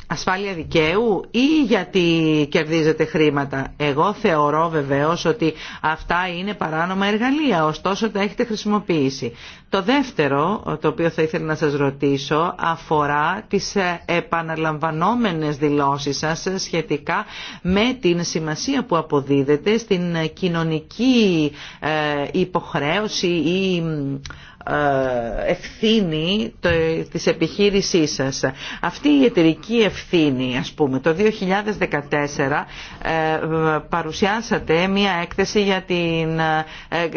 ασφάλεια δικαίου ή γιατί κερδίζετε χρήματα. Εγώ θεωρώ βεβαίως ότι αυτά είναι παράνομα εργαλεία, ωστόσο τα έχετε χρησιμοποιήσει. Το δεύτερο, το οποίο θα ήθελα να σας ρωτήσω, αφορά τις ε, επαναλαμβανόμενες δηλώσεις σας σχετικά με την σημασία που αποδίδεται στην κοινωνική ε, υποχρέωση ή ε, ευθύνη της επιχείρησής σας. Αυτή η εταιρική ευθύνη, ας πούμε, το 2014 ε, παρουσιάσατε μία έκθεση για την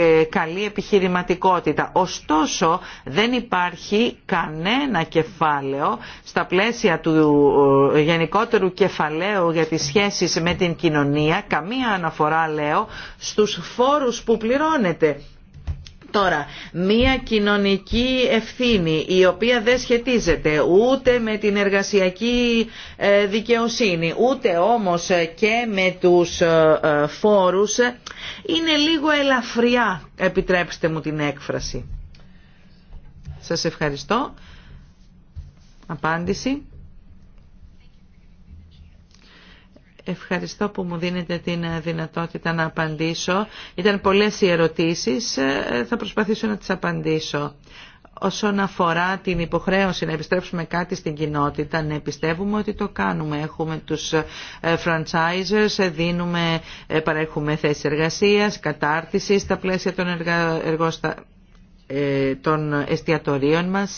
ε, καλή επιχειρηματικότητα. Ωστόσο, δεν υπάρχει κανένα κεφάλαιο στα πλαίσια του γενικότερου κεφαλαίου για τις σχέσεις με την κοινωνία, καμία αναφορά λέω, στους φόρους που πληρώνετε Τώρα, μία κοινωνική ευθύνη η οποία δεν σχετίζεται ούτε με την εργασιακή ε, δικαιοσύνη ούτε όμως ε, και με τους ε, φόρους είναι λίγο ελαφριά, επιτρέψτε μου την έκφραση. Σας ευχαριστώ. Απάντηση. Ευχαριστώ που μου δίνετε την δυνατότητα να απαντήσω. Ήταν πολλές οι ερωτήσεις, θα προσπαθήσω να τις απαντήσω. Όσον αφορά την υποχρέωση να επιστρέψουμε κάτι στην κοινότητα, ναι, πιστεύουμε ότι το κάνουμε. Έχουμε τους ε, franchisers, δίνουμε, ε, παρέχουμε θέσεις εργασίας, κατάρτιση στα πλαίσια των, ε, των εστιατορίων μας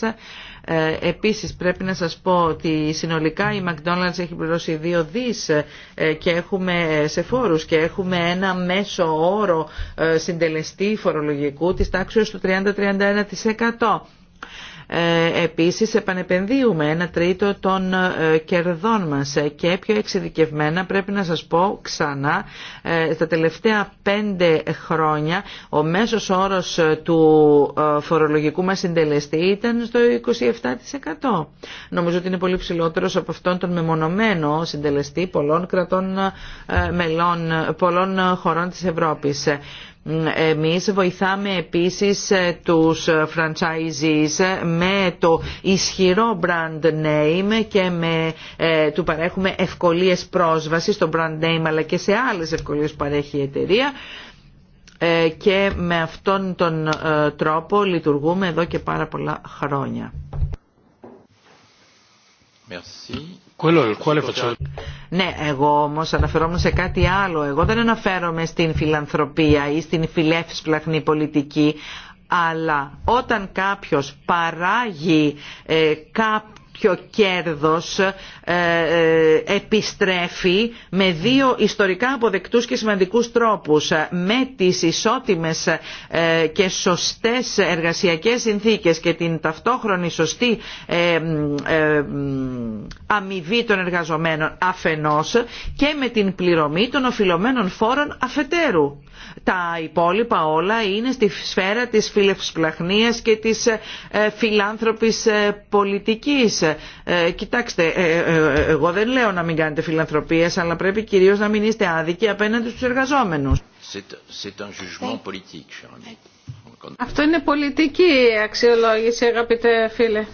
ε, επίσης πρέπει να σας πω ότι συνολικά η McDonald's έχει πληρώσει 2 δις ε, και έχουμε ε, σε φόρους και έχουμε ένα μέσο όρο συντελεστή φορολογικού της τάξης του 30-31%. Ε, επίσης επανεπενδύουμε ένα τρίτο των ε, κερδών μας ε, και πιο εξειδικευμένα πρέπει να σας πω ξανά στα τελευταία πέντε χρόνια ο μέσος όρος του φορολογικού μας συντελεστή ήταν στο 27%. Νομίζω ότι είναι πολύ ψηλότερος από αυτόν τον μεμονωμένο συντελεστή πολλών κρατών μελών, πολλών χωρών της Ευρώπης. Εμείς βοηθάμε επίσης ε, τους ε, franchisees ε, με το ισχυρό brand name και με, του παρέχουμε ευκολίες πρόσβασης στο brand name αλλά και σε άλλες ευκολίες που παρέχει η εταιρεία και με αυτόν τον τρόπο λειτουργούμε εδώ και πάρα πολλά χρόνια. Merci. Ναι, εγώ όμω αναφερόμουν σε κάτι άλλο. Εγώ δεν αναφέρομαι στην φιλανθρωπία ή στην φιλεύσπλαχνη πολιτική, αλλά όταν κάποιος παράγει ε, ο κέρδος ε, ε, επιστρέφει με δύο ιστορικά αποδεκτούς και σημαντικούς τρόπους. Με τις ισότιμες ε, και σωστές εργασιακές συνθήκες και την ταυτόχρονη σωστή αμοιβή των εργαζομένων αφενός και με την πληρωμή των οφειλωμένων φόρων αφετέρου. Τα υπόλοιπα όλα είναι στη σφαίρα της φιλευσπλαχνίας και της φιλάνθρωπης πολιτικής ε, κοιτάξτε, ε, ε, εγώ δεν λέω να μην κάνετε φιλανθρωπίε, αλλά πρέπει κυρίως να μην είστε άδικοι απέναντι στους εργαζόμενους. Αυτό είναι πολιτική αξιολόγηση, αγαπητέ φίλε.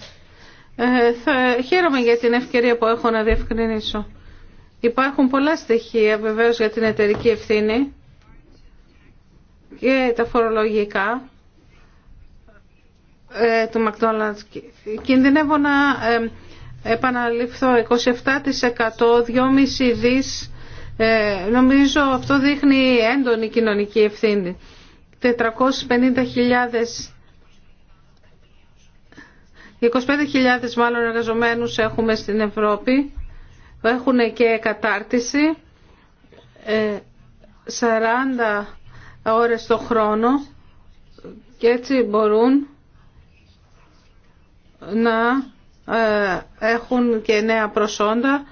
Ε, θα, χαίρομαι για την ευκαιρία που έχω να διευκρινίσω. Υπάρχουν πολλά στοιχεία βεβαίως για την εταιρική ευθύνη και τα φορολογικά ε, του Μακδόλαντ. κινδυνεύω να ε, επαναληφθώ 27% 2,5 δις ε, νομίζω αυτό δείχνει έντονη κοινωνική ευθύνη 450.000 25.000 μάλλον εργαζομένους έχουμε στην Ευρώπη έχουν και κατάρτιση 40 ώρες το χρόνο και έτσι μπορούν να ε, έχουν και νέα προσόντα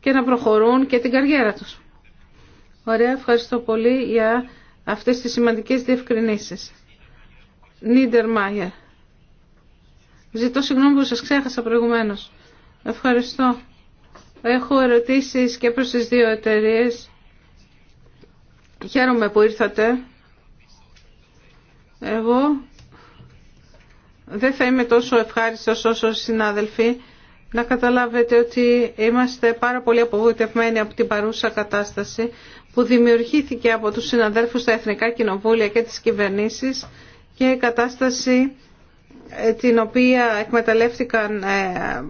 και να προχωρούν και την καριέρα τους. Ωραία, ευχαριστώ πολύ για αυτές τις σημαντικές διευκρινήσεις. Νίντερ Μάγερ. Ζητώ συγγνώμη που σας ξέχασα προηγουμένως. Ευχαριστώ. Έχω ερωτήσεις και προς τις δύο εταιρείε. Χαίρομαι που ήρθατε. Εγώ δεν θα είμαι τόσο ευχάριστος όσο συνάδελφοι να καταλάβετε ότι είμαστε πάρα πολύ απογοητευμένοι από την παρούσα κατάσταση που δημιουργήθηκε από τους συναδέλφους στα Εθνικά Κοινοβούλια και τις κυβερνήσεις και η κατάσταση ε, την οποία εκμεταλλεύτηκαν ε,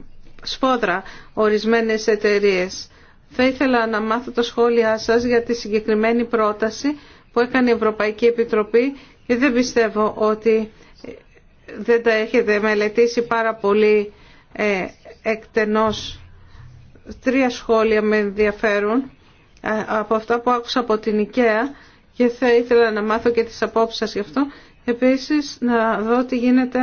σπόδρα ορισμένες εταιρείες. Θα ήθελα να μάθω τα σχόλιά σας για τη συγκεκριμένη πρόταση που έκανε η Ευρωπαϊκή Επιτροπή και δεν πιστεύω ότι δεν τα έχετε μελετήσει πάρα πολύ ε, εκτενώς. Τρία σχόλια με ενδιαφέρουν ε, από αυτά που άκουσα από την ΙΚΕΑ και θα ήθελα να μάθω και τις απόψεις σας γι' αυτό. Επίσης να δω τι γίνεται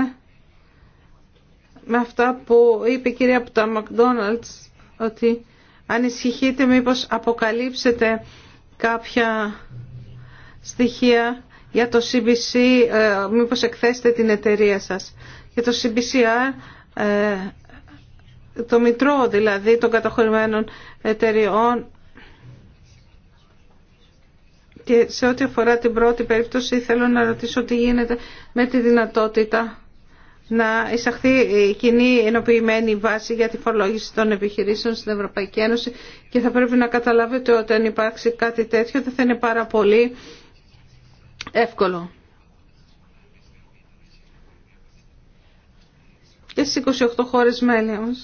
με αυτά που είπε η κυρία από τα McDonald's ότι ανησυχείτε μήπως αποκαλύψετε κάποια στοιχεία για το CBC, ε, μήπως εκθέσετε την εταιρεία σας. Για το CBCR, ε, το μητρό δηλαδή των καταχωρημένων εταιριών και σε ό,τι αφορά την πρώτη περίπτωση θέλω να ρωτήσω τι γίνεται με τη δυνατότητα να εισαχθεί η κοινή ενοποιημένη βάση για τη φορολόγηση των επιχειρήσεων στην Ευρωπαϊκή Ένωση και θα πρέπει να καταλάβετε ότι αν υπάρξει κάτι τέτοιο δεν θα είναι πάρα πολύ εύκολο. Και στις 28 χώρες μέλη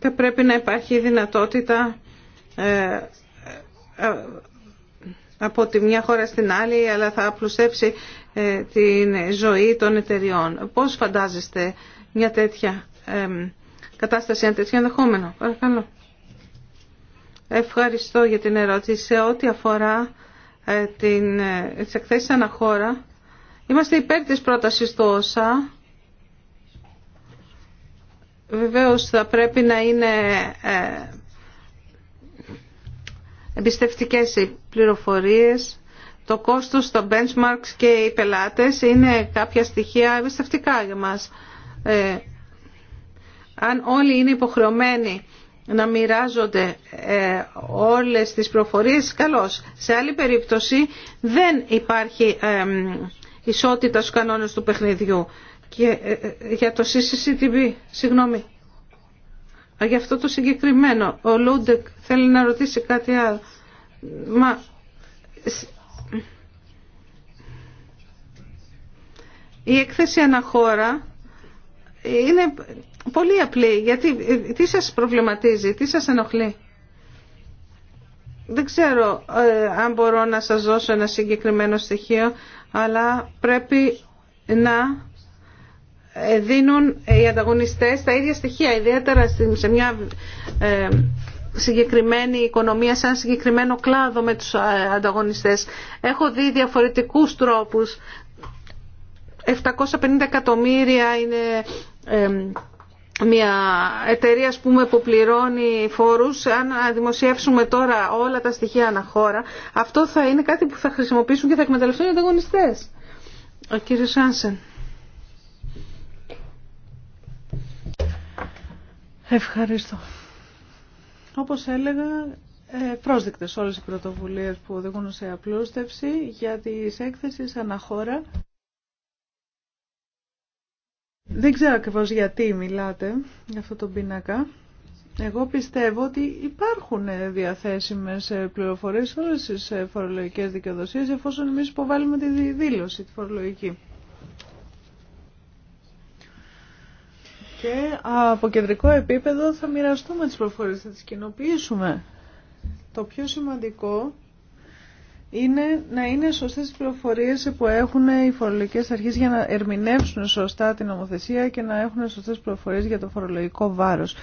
Θα πρέπει να υπάρχει δυνατότητα ε, ε, από τη μια χώρα στην άλλη, αλλά θα απλουστεύσει ε, την ζωή των εταιριών. Πώς φαντάζεστε μια τέτοια ε, κατάσταση, ένα τέτοιο ενδεχόμενο. Παρακαλώ. Ευχαριστώ για την ερώτηση. Σε ό,τι αφορά ε, την, ε, τις εκθέσεις αναχώρα, είμαστε υπέρ της πρότασης του ΩΣΑ. Βεβαίως θα πρέπει να είναι ε, εμπιστευτικές οι πληροφορίες. Το κόστος, το benchmarks και οι πελάτες είναι κάποια στοιχεία εμπιστευτικά για μας. Ε, αν όλοι είναι υποχρεωμένοι να μοιράζονται ε, όλες τις προφορίες, καλώς. Σε άλλη περίπτωση δεν υπάρχει ισότητα στους κανόνες του παιχνιδιού. Και ε, ε, για το CCTV, συγγνώμη, για αυτό το συγκεκριμένο, ο Λούντεκ θέλει να ρωτήσει κάτι άλλο. Μα... Η έκθεση αναχώρα είναι Πολύ απλή, γιατί ε, τι σας προβληματίζει, τι σας ενοχλεί. Δεν ξέρω ε, αν μπορώ να σας δώσω ένα συγκεκριμένο στοιχείο, αλλά πρέπει να ε, δίνουν οι ανταγωνιστές τα ίδια στοιχεία, ιδιαίτερα σε μια συγκεκριμένη οικονομία, σαν συγκεκριμένο κλάδο με τους ανταγωνιστές. Έχω δει διαφορετικούς τρόπους. 750 εκατομμύρια είναι μια εταιρεία ας πούμε, που πληρώνει φόρους, αν δημοσιεύσουμε τώρα όλα τα στοιχεία αναχώρα, αυτό θα είναι κάτι που θα χρησιμοποιήσουν και θα εκμεταλλευτούν οι ανταγωνιστές. Ο κύριος Άνσεν. Ευχαριστώ. Όπως έλεγα, ε, πρόσδεκτες όλες οι πρωτοβουλίες που οδηγούν σε απλούστευση για τις έκθεσεις αναχώρα. Δεν ξέρω ακριβώ γιατί μιλάτε για αυτό το πίνακα. Εγώ πιστεύω ότι υπάρχουν διαθέσιμες πληροφορίες σε όλες τις φορολογικές δικαιοδοσίες εφόσον εμείς υποβάλλουμε τη δήλωση τη φορολογική. Και από κεντρικό επίπεδο θα μοιραστούμε τις πληροφορίες, θα τις κοινοποιήσουμε. Το πιο σημαντικό είναι να είναι σωστές οι πληροφορίες που έχουν οι φορολογικές αρχές για να ερμηνεύσουν σωστά την νομοθεσία και να έχουν σωστές πληροφορίε για το φορολογικό βάρος.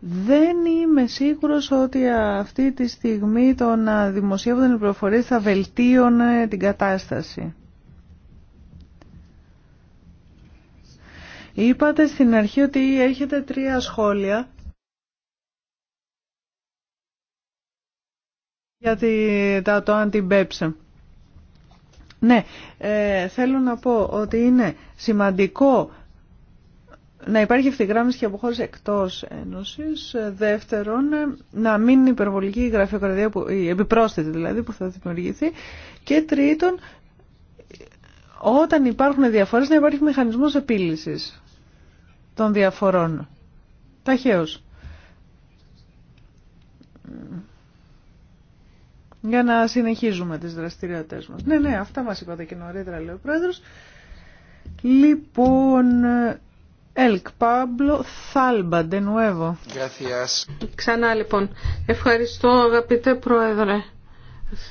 Δεν είμαι σίγουρος ότι αυτή τη στιγμή το να δημοσιεύονται οι πληροφορίες θα βελτίωνε την κατάσταση. Είπατε στην αρχή ότι έχετε τρία σχόλια για τα, το αντιμπέψε. Ναι, ε, θέλω να πω ότι είναι σημαντικό να υπάρχει ευθυγράμμιση και αποχώρηση εκτός Ένωσης. Δεύτερον, να μην είναι υπερβολική η γραφειοκρατία, που, η επιπρόσθετη δηλαδή, που θα δημιουργηθεί. Και τρίτον, όταν υπάρχουν διαφορές, να υπάρχει μηχανισμός επίλυσης των διαφορών. Ταχαίως για να συνεχίζουμε τις δραστηριότητες μας. Ναι, ναι, αυτά μας είπατε και νωρίτερα, λέει ο Πρόεδρος. Λοιπόν, Ελκ Πάμπλο Θάλμπα, Ντενουέβο. Ξανά λοιπόν. Ευχαριστώ αγαπητέ Πρόεδρε.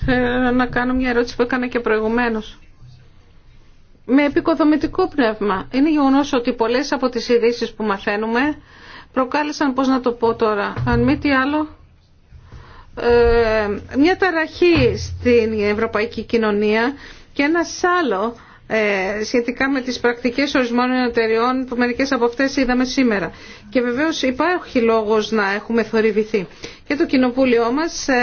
Θέλω να κάνω μια ερώτηση που έκανα και προηγουμένως. Με επικοδομητικό πνεύμα. Είναι γεγονό ότι πολλές από τις ειδήσει που μαθαίνουμε προκάλεσαν, πώς να το πω τώρα, αν μη τι άλλο, ε, μια ταραχή στην ευρωπαϊκή κοινωνία και ένα άλλο ε, σχετικά με τις πρακτικές ορισμών εταιριών που μερικές από αυτές είδαμε σήμερα. Και βεβαίως υπάρχει λόγος να έχουμε θορυβηθεί. Και το κοινοβούλιο μας ε,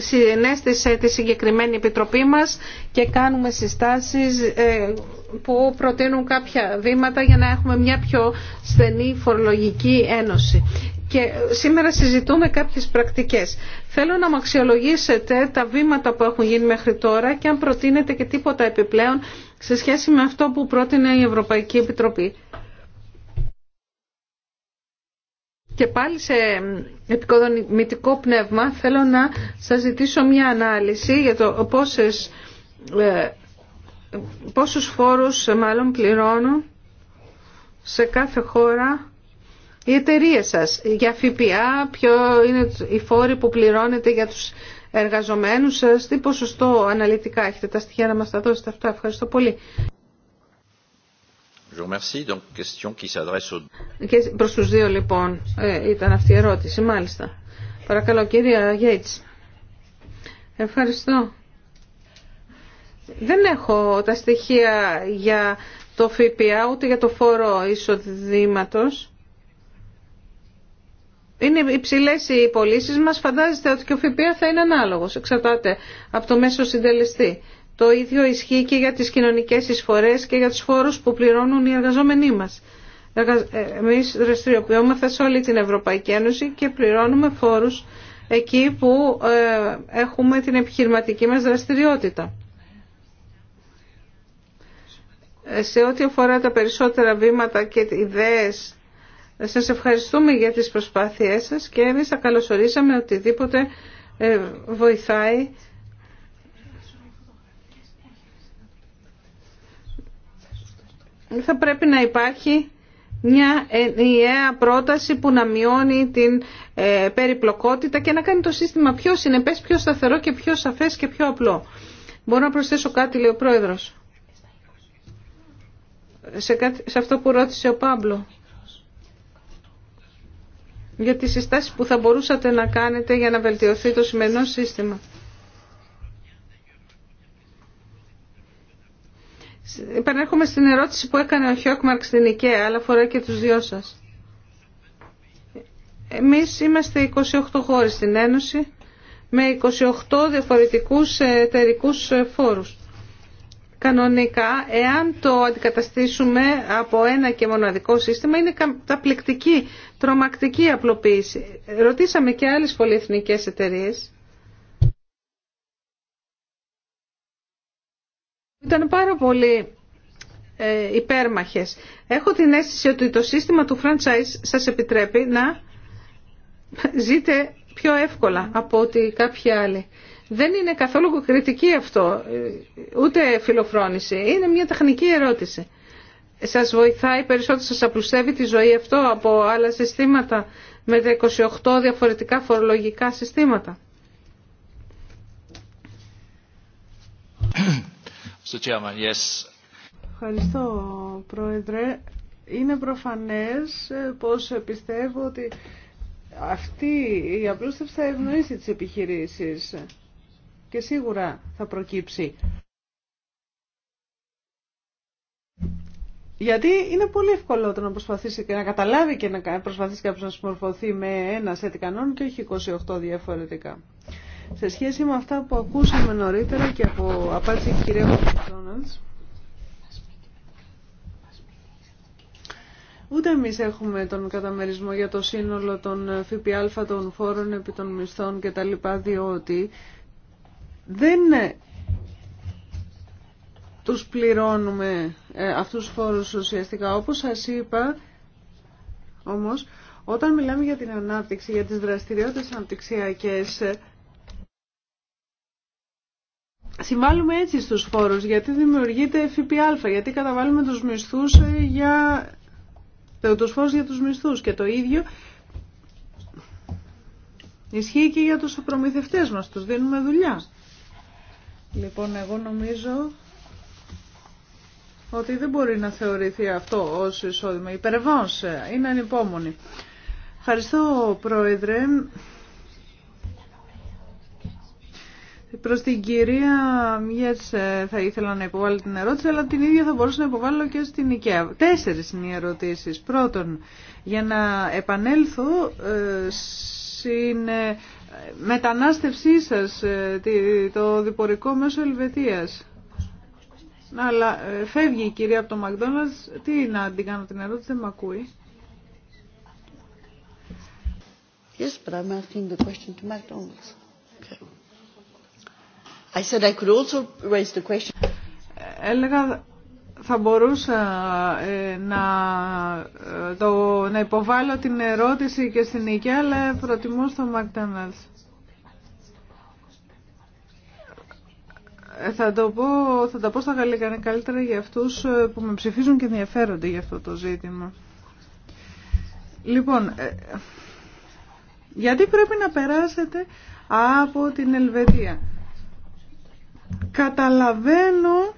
συνέστησε τη συγκεκριμένη επιτροπή μας και κάνουμε συστάσεις που προτείνουν κάποια βήματα για να έχουμε μια πιο στενή φορολογική ένωση και σήμερα συζητούμε κάποιες πρακτικές. Θέλω να μου αξιολογήσετε τα βήματα που έχουν γίνει μέχρι τώρα και αν προτείνετε και τίποτα επιπλέον σε σχέση με αυτό που πρότεινε η Ευρωπαϊκή Επιτροπή. Και πάλι σε επικοδομητικό πνεύμα θέλω να σας ζητήσω μια ανάλυση για το πόσες, ε, πόσους φόρους μάλλον πληρώνω σε κάθε χώρα οι εταιρείε σας για ΦΠΑ, ποιο είναι η φόροι που πληρώνετε για τους εργαζομένους σα. τι ποσοστό αναλυτικά έχετε τα στοιχεία να μας τα δώσετε αυτά. Ευχαριστώ πολύ. Και προς τους δύο λοιπόν ε, ήταν αυτή η ερώτηση, μάλιστα. Παρακαλώ κυρία Γέιτ. Ευχαριστώ. Δεν έχω τα στοιχεία για το ΦΠΑ ούτε για το φόρο εισοδήματος είναι υψηλέ οι πωλήσει μα, φαντάζεστε ότι και ο ΦΠΑ θα είναι ανάλογο. Εξαρτάται από το μέσο συντελεστή. Το ίδιο ισχύει και για τι κοινωνικέ εισφορέ και για του φόρου που πληρώνουν οι εργαζόμενοι μα. Ε, Εμεί δραστηριοποιούμεθα σε όλη την Ευρωπαϊκή Ένωση και πληρώνουμε φόρου εκεί που ε, έχουμε την επιχειρηματική μας δραστηριότητα. Ε, σε ό,τι αφορά τα περισσότερα βήματα και ιδέες σας ευχαριστούμε για τις προσπάθειές σας και εμείς θα καλωσορίσαμε οτιδήποτε ε, βοηθάει θα πρέπει να υπάρχει μια ενιαία πρόταση που να μειώνει την ε, περιπλοκότητα και να κάνει το σύστημα πιο συνεπές, πιο σταθερό και πιο σαφές και πιο απλό. Μπορώ να προσθέσω κάτι, λέει ο Πρόεδρος. Σε, κάτι, σε αυτό που ρώτησε ο Πάμπλο για τις συστάσεις που θα μπορούσατε να κάνετε για να βελτιωθεί το σημερινό σύστημα. Επανέρχομαι στην ερώτηση που έκανε ο Χιόκμαρκ στην ΙΚΕΑ, αλλά αφορά και τους δυο σας. Εμείς είμαστε 28 χώρες στην Ένωση με 28 διαφορετικούς εταιρικούς φόρους. Κανονικά, εάν το αντικαταστήσουμε από ένα και μοναδικό σύστημα, είναι καταπληκτική, τρομακτική απλοποίηση. Ρωτήσαμε και άλλες πολυεθνικές εταιρείες. Ήταν πάρα πολύ ε, υπέρμαχες. Έχω την αίσθηση ότι το σύστημα του franchise σας επιτρέπει να ζείτε πιο εύκολα από ότι κάποιοι άλλοι. Δεν είναι καθόλου κριτική αυτό, ούτε φιλοφρόνηση. Είναι μια τεχνική ερώτηση. Σας βοηθάει περισσότερο, σας απλουστεύει τη ζωή αυτό από άλλα συστήματα με τα 28 διαφορετικά φορολογικά συστήματα. Ευχαριστώ, Πρόεδρε. Είναι προφανές ε, πως πιστεύω ότι αυτή η απλούστευση θα ευνοήσει τις επιχειρήσεις και σίγουρα θα προκύψει. Γιατί είναι πολύ εύκολο το να προσπαθήσει και να καταλάβει και να προσπαθήσει κάποιο να συμμορφωθεί με ένα σετ κανόνων και όχι 28 διαφορετικά. Σε σχέση με αυτά που ακούσαμε νωρίτερα και από απάντηση τη κυρία Κοντζόναλτ, ούτε εμεί έχουμε τον καταμερισμό για το σύνολο των ΦΠΑ, των φόρων επί των μισθών κτλ. διότι δεν ε, τους πληρώνουμε ε, αυτούς τους φόρους ουσιαστικά. Όπως σας είπα, όμως, όταν μιλάμε για την ανάπτυξη, για τις δραστηριότητες αναπτυξιακές, ε, συμβάλλουμε έτσι στους φόρους, γιατί δημιουργείται ΦΠΑ, γιατί καταβάλουμε τους μισθούς για... τους φόρους για τους μισθούς και το ίδιο ισχύει και για τους προμηθευτές μας, τους δίνουμε δουλειά. Λοιπόν, εγώ νομίζω ότι δεν μπορεί να θεωρηθεί αυτό ως εισόδημα. Υπερβάωσε, είναι ανυπόμονη. Ευχαριστώ, Πρόεδρε. Προς την κυρία Μιέτς ε, θα ήθελα να υποβάλω την ερώτηση, αλλά την ίδια θα μπορούσα να υποβάλω και στην ΙΚΕΑ. Τέσσερις είναι οι ερωτήσεις. Πρώτον, για να επανέλθω ε, στην ε, μετανάστευσή σας, ε, το διπορικό μέσο Ελβετίας. Αλλά ε, φεύγει η κυρία από το Μακδόναλτς, τι να την κάνω την ερώτηση, δεν με ακούει. Yes, but I'm asking the question to McDonald's. Okay. I said I could also raise the question. Ε, έλεγα θα μπορούσα ε, να, ε, το, να υποβάλω την ερώτηση και στην οικία, αλλά προτιμώ στο McDonald's. Ε, θα, το πω, θα τα πω στα γαλλικά, καλύτερα για αυτούς που με ψηφίζουν και ενδιαφέρονται για αυτό το ζήτημα. Λοιπόν, γιατί πρέπει να περάσετε από την Ελβετία. Καταλαβαίνω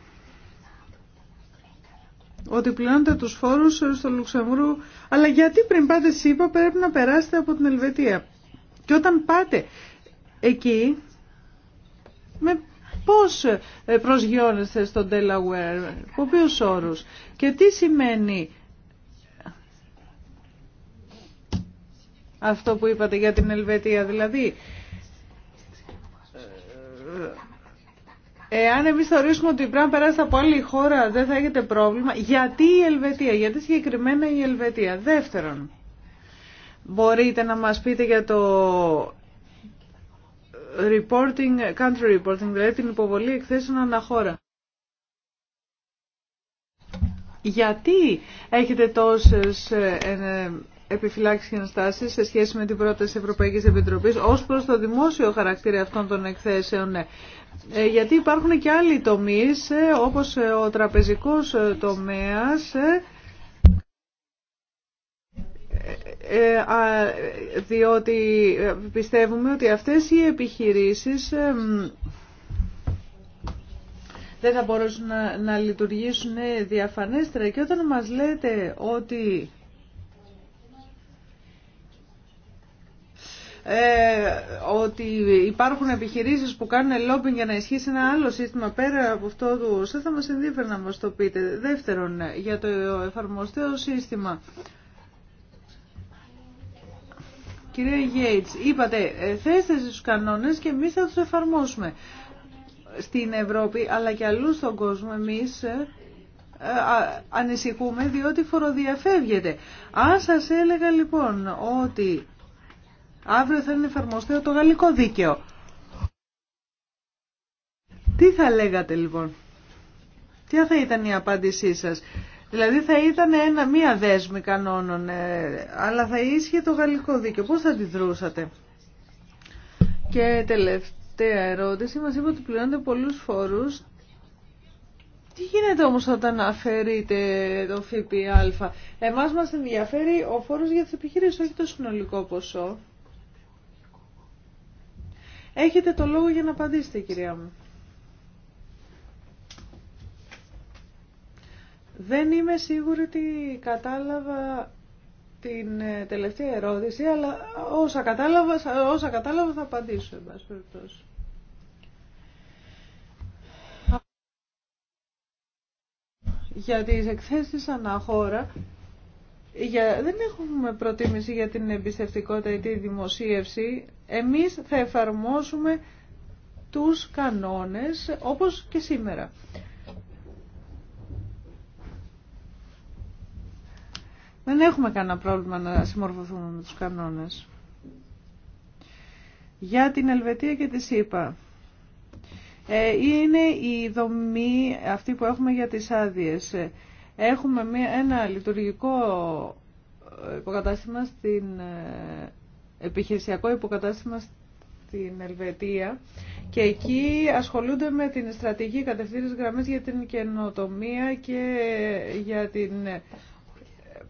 ότι πληρώνετε του φόρους στο Λουξεμβούργο, αλλά γιατί πριν πάτε ΣΥΠΑ πρέπει να περάσετε από την Ελβετία. Και όταν πάτε εκεί, με πώς ε, προσγειώνεστε στο Delaware, από ποιου και τι σημαίνει αυτό που είπατε για την Ελβετία, δηλαδή Εάν εμεί θεωρήσουμε ότι πρέπει να περάσετε από άλλη χώρα, δεν θα έχετε πρόβλημα. Γιατί η Ελβετία, γιατί συγκεκριμένα η Ελβετία. Δεύτερον, μπορείτε να μας πείτε για το reporting, country reporting, δηλαδή την υποβολή εκθέσεων αναχώρα. Γιατί έχετε τόσες ε, ε, επιφυλάξεις και ενστάσεις σε σχέση με την πρόταση Ευρωπαϊκή Επιτροπής ως προς το δημόσιο χαρακτήρα αυτών των εκθέσεων ε, ε, γιατί υπάρχουν και άλλοι τομείς ε, όπως ε, ο τραπεζικός τομέας διότι πιστεύουμε ότι αυτές οι επιχειρήσεις δεν θα μπορούσαν να, να λειτουργήσουν διαφανέστερα και όταν μας λέτε ότι Ε, ότι υπάρχουν επιχειρήσεις που κάνουν λόμπινγκ για να ισχύσει ένα άλλο σύστημα πέρα από αυτό του Σε θα μας ενδιαφέρει να μα το πείτε. Δεύτερον, για το εφαρμοστέο σύστημα. Κυρία Γέιτς, είπατε ε, θέστε στους κανόνες και εμείς θα τους εφαρμόσουμε στην Ευρώπη αλλά και αλλού στον κόσμο εμείς ε, ανησυχούμε διότι φοροδιαφεύγεται. Αν σας έλεγα λοιπόν ότι Αύριο θα είναι εφαρμοστεί το γαλλικό δίκαιο. Τι θα λέγατε λοιπόν. Ποια θα ήταν η απάντησή σας. Δηλαδή θα ήταν ένα, μία δέσμη κανόνων, ε, αλλά θα ίσχυε το γαλλικό δίκαιο. Πώς θα αντιδρούσατε. Και τελευταία ερώτηση, μας είπε ότι πληρώνετε πολλούς φόρους. Τι γίνεται όμως όταν αφαιρείτε το ΦΠΑ. Εμάς μας ενδιαφέρει ο φόρος για τις επιχειρήσεις, όχι το συνολικό ποσό. Έχετε το λόγο για να απαντήσετε, κυρία μου. Δεν είμαι σίγουρη ότι κατάλαβα την ε, τελευταία ερώτηση, αλλά όσα κατάλαβα, όσα κατάλαβα θα απαντήσω, εν Για τις εκθέσεις αναχώρα, για, δεν έχουμε προτίμηση για την εμπιστευτικότητα ή τη δημοσίευση. Εμείς θα εφαρμόσουμε τους κανόνες όπως και σήμερα. Δεν έχουμε κανένα πρόβλημα να συμμορφωθούμε με τους κανόνες. Για την Ελβετία και τη ΣΥΠΑ. Ε, είναι η δομή αυτή που έχουμε για τις άδειες. Έχουμε μια, ένα λειτουργικό ε, υποκατάστημα στην ε, επιχειρησιακό υποκατάστημα στην Ελβετία και εκεί ασχολούνται με την στρατηγική κατευθύνσης γραμμές για την καινοτομία και για την ε,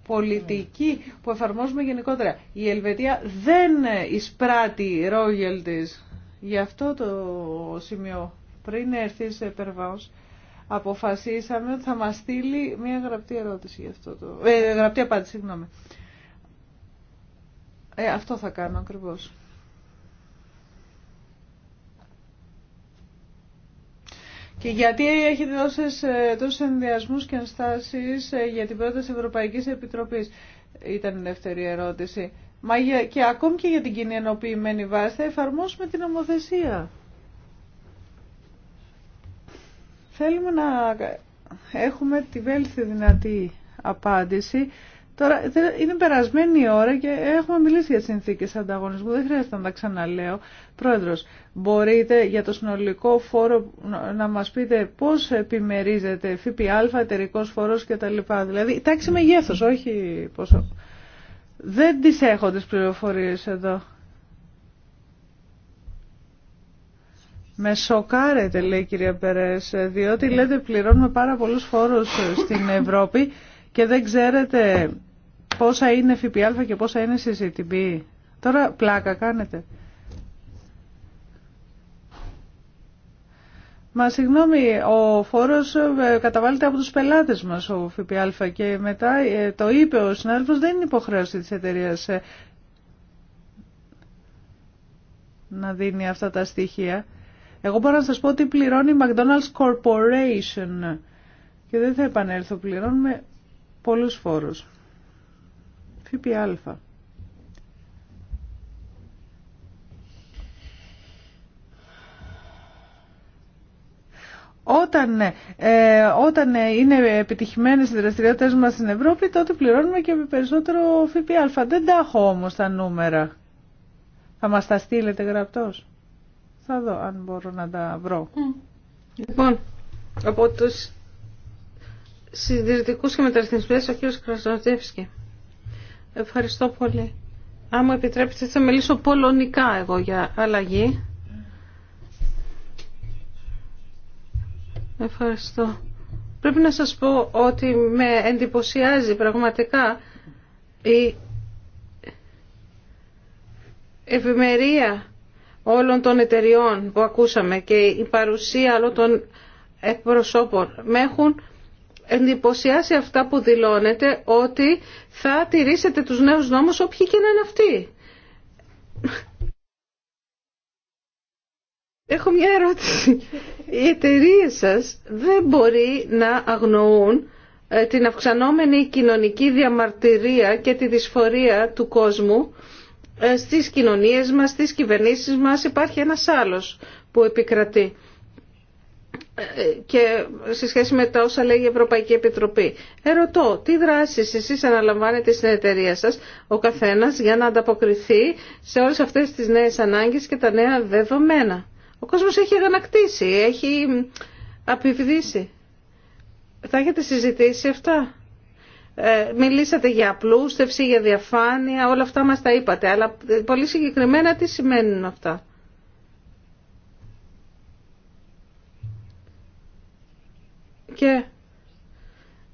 πολιτική που εφαρμόζουμε γενικότερα. Η Ελβετία δεν εισπράττει ρόγελ Γι' αυτό το σημείο πριν έρθει σε Περβάος, αποφασίσαμε ότι θα μας στείλει μια γραπτή ερώτηση γι' αυτό το... Ε, γραπτή απάντηση, συγγνώμη. Ε, αυτό θα κάνω ακριβώς. Και γιατί έχετε δώσει τόσους ενδιασμούς και ενστάσεις ε, για την πρόταση Ευρωπαϊκή Επιτροπής, ήταν η δεύτερη ερώτηση. Μα και ακόμη και για την κοινή ενοποιημένη βάση θα εφαρμόσουμε την ομοθεσία. Θέλουμε να έχουμε τη βέλτιστη δυνατή απάντηση. Τώρα είναι περασμένη η ώρα και έχουμε μιλήσει για συνθήκες ανταγωνισμού, δεν χρειάζεται να τα ξαναλέω. Πρόεδρος, μπορείτε για το συνολικό φόρο να μας πείτε πώς επιμερίζεται ΦΠΑ, εταιρικός φόρος κτλ. Δηλαδή τάξη μεγέθος, όχι πόσο. Δεν τις έχω τις πληροφορίες εδώ. Με σοκάρετε, λέει η κυρία Περές, διότι λέτε πληρώνουμε πάρα πολλούς φόρους στην Ευρώπη και δεν ξέρετε πόσα είναι ΦΠΑ και πόσα είναι CCTB. Τώρα πλάκα κάνετε. Μα συγγνώμη, ο φόρος ε, καταβάλλεται από τους πελάτες μας ο ΦΠΑ και μετά ε, το είπε ο συνάδελφος δεν είναι υποχρέωση της εταιρείας ε, να δίνει αυτά τα στοιχεία. Εγώ μπορώ να σας πω ότι πληρώνει η McDonald's Corporation και δεν θα επανέλθω, πληρώνουμε πολλούς φόρους. ΦΠΑ. Όταν, ε, όταν είναι επιτυχημένες οι δραστηριότητες μας στην Ευρώπη, τότε πληρώνουμε και περισσότερο ΦΠΑ. Δεν τα έχω όμως τα νούμερα. Θα μας τα στείλετε γραπτός. Θα δω αν μπορώ να τα βρω. Λοιπόν, από τους συντηρητικούς και μεταρρυθμιστές, ο κύριος Κρασνοτεύσκη. Ευχαριστώ πολύ. Αν μου επιτρέπετε θα μιλήσω πολωνικά εγώ για αλλαγή. Ευχαριστώ. Πρέπει να σας πω ότι με εντυπωσιάζει πραγματικά η ευημερία όλων των εταιριών που ακούσαμε και η παρουσία όλων των εκπροσώπων με έχουν εντυπωσιάσει αυτά που δηλώνετε ότι θα τηρήσετε τους νέους νόμους όποιοι και να είναι αυτοί. Έχω μια ερώτηση. Οι εταιρείε σας δεν μπορεί να αγνοούν ε, την αυξανόμενη κοινωνική διαμαρτυρία και τη δυσφορία του κόσμου ε, στις κοινωνίες μας, στις κυβερνήσεις μας υπάρχει ένας άλλος που επικρατεί ε, και σε σχέση με τα όσα λέει η Ευρωπαϊκή Επιτροπή. Ερωτώ, τι δράσεις εσείς αναλαμβάνετε στην εταιρεία σας, ο καθένας, για να ανταποκριθεί σε όλες αυτές τις νέες ανάγκες και τα νέα δεδομένα. Ο κόσμος έχει αγανακτήσει, έχει απειβδίσει. Θα έχετε συζητήσει αυτά. Ε, μιλήσατε για απλούστευση, για διαφάνεια, όλα αυτά μας τα είπατε, αλλά ε, πολύ συγκεκριμένα τι σημαίνουν αυτά. Και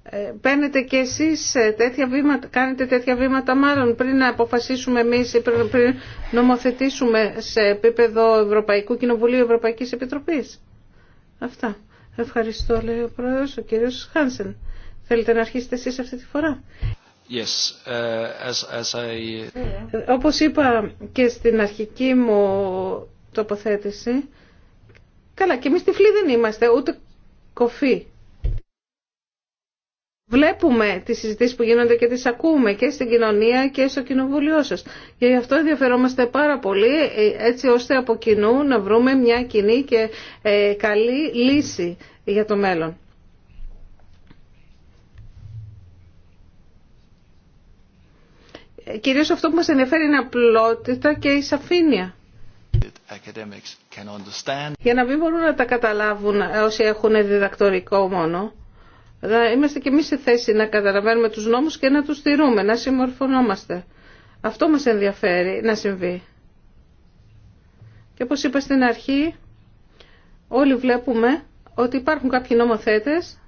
ε, παίρνετε και εσείς τέτοια βήματα, κάνετε τέτοια βήματα μάλλον πριν να αποφασίσουμε εμείς πριν νομοθετήσουμε σε επίπεδο Ευρωπαϊκού Κοινοβουλίου Ευρωπαϊκής Επιτροπής. Αυτά. Ευχαριστώ λέει ο Πρόεδρος, ο κύριος Χάνσεν. Θέλετε να αρχίσετε εσείς αυτή τη φορά. Yes, uh, as, I... Όπως είπα και στην αρχική μου τοποθέτηση, καλά και εμείς τυφλοί δεν είμαστε, ούτε κοφοί. Βλέπουμε τις συζητήσεις που γίνονται και τις ακούμε και στην κοινωνία και στο κοινοβούλιο σας. Και γι' αυτό ενδιαφερόμαστε πάρα πολύ ε, έτσι ώστε από κοινού να βρούμε μια κοινή και ε, καλή λύση για το μέλλον. Κυρίως αυτό που μας ενδιαφέρει είναι απλότητα και η σαφήνεια. Για να μην μπορούν να τα καταλάβουν όσοι έχουν διδακτορικό μόνο, είμαστε και εμείς σε θέση να καταλαβαίνουμε τους νόμους και να τους στηρούμε, να συμμορφωνόμαστε. Αυτό μας ενδιαφέρει να συμβεί. Και όπως είπα στην αρχή, όλοι βλέπουμε ότι υπάρχουν κάποιοι νομοθέτες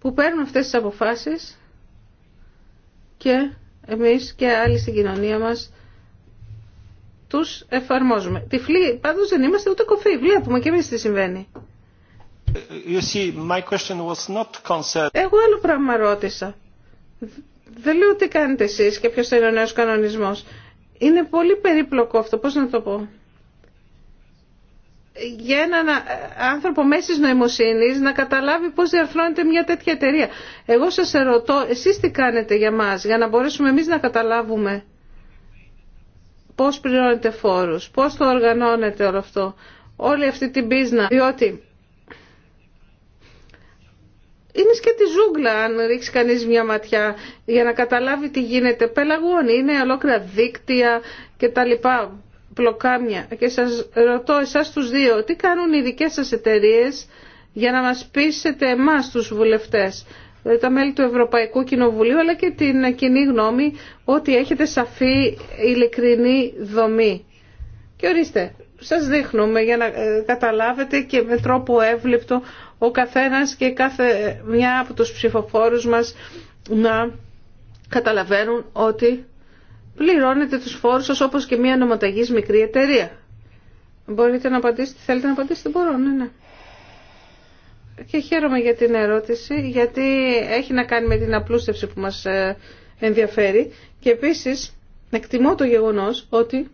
που παίρνουν αυτές τις αποφάσεις και εμείς και άλλοι στην κοινωνία μας τους εφαρμόζουμε. Τυφλοί πάντως δεν είμαστε ούτε κοφοί. Βλέπουμε και εμείς τι συμβαίνει. You see, my Εγώ άλλο πράγμα ρώτησα. Δεν λέω τι κάνετε εσείς και ποιος είναι ο νέος κανονισμός. Είναι πολύ περίπλοκο αυτό, πώς να το πω για έναν άνθρωπο μέσης νοημοσύνης να καταλάβει πώς διαρθρώνεται μια τέτοια εταιρεία. Εγώ σας ερωτώ, εσείς τι κάνετε για μας, για να μπορέσουμε εμείς να καταλάβουμε πώς πληρώνετε φόρους, πώς το οργανώνετε όλο αυτό, όλη αυτή την πίσνα, διότι είναι και τη ζούγκλα αν ρίξει κανείς μια ματιά για να καταλάβει τι γίνεται. Πελαγώνει, είναι ολόκληρα δίκτυα και πλοκάμια και σας ρωτώ εσάς τους δύο τι κάνουν οι δικές σας εταιρείε για να μας πείσετε εμάς τους βουλευτές δηλαδή, τα μέλη του Ευρωπαϊκού Κοινοβουλίου αλλά και την κοινή γνώμη ότι έχετε σαφή ειλικρινή δομή. Και ορίστε, σας δείχνουμε για να ε, καταλάβετε και με τρόπο εύληπτο ο καθένας και κάθε μια από τους ψηφοφόρους μας να καταλαβαίνουν ότι πληρώνετε τους φόρους σας όπως και μια νομοταγής μικρή εταιρεία. Μπορείτε να απαντήσετε, θέλετε να απαντήσετε, μπορώ, ναι, ναι. Και χαίρομαι για την ερώτηση, γιατί έχει να κάνει με την απλούστευση που μας ε, ενδιαφέρει και επίσης εκτιμώ το γεγονός ότι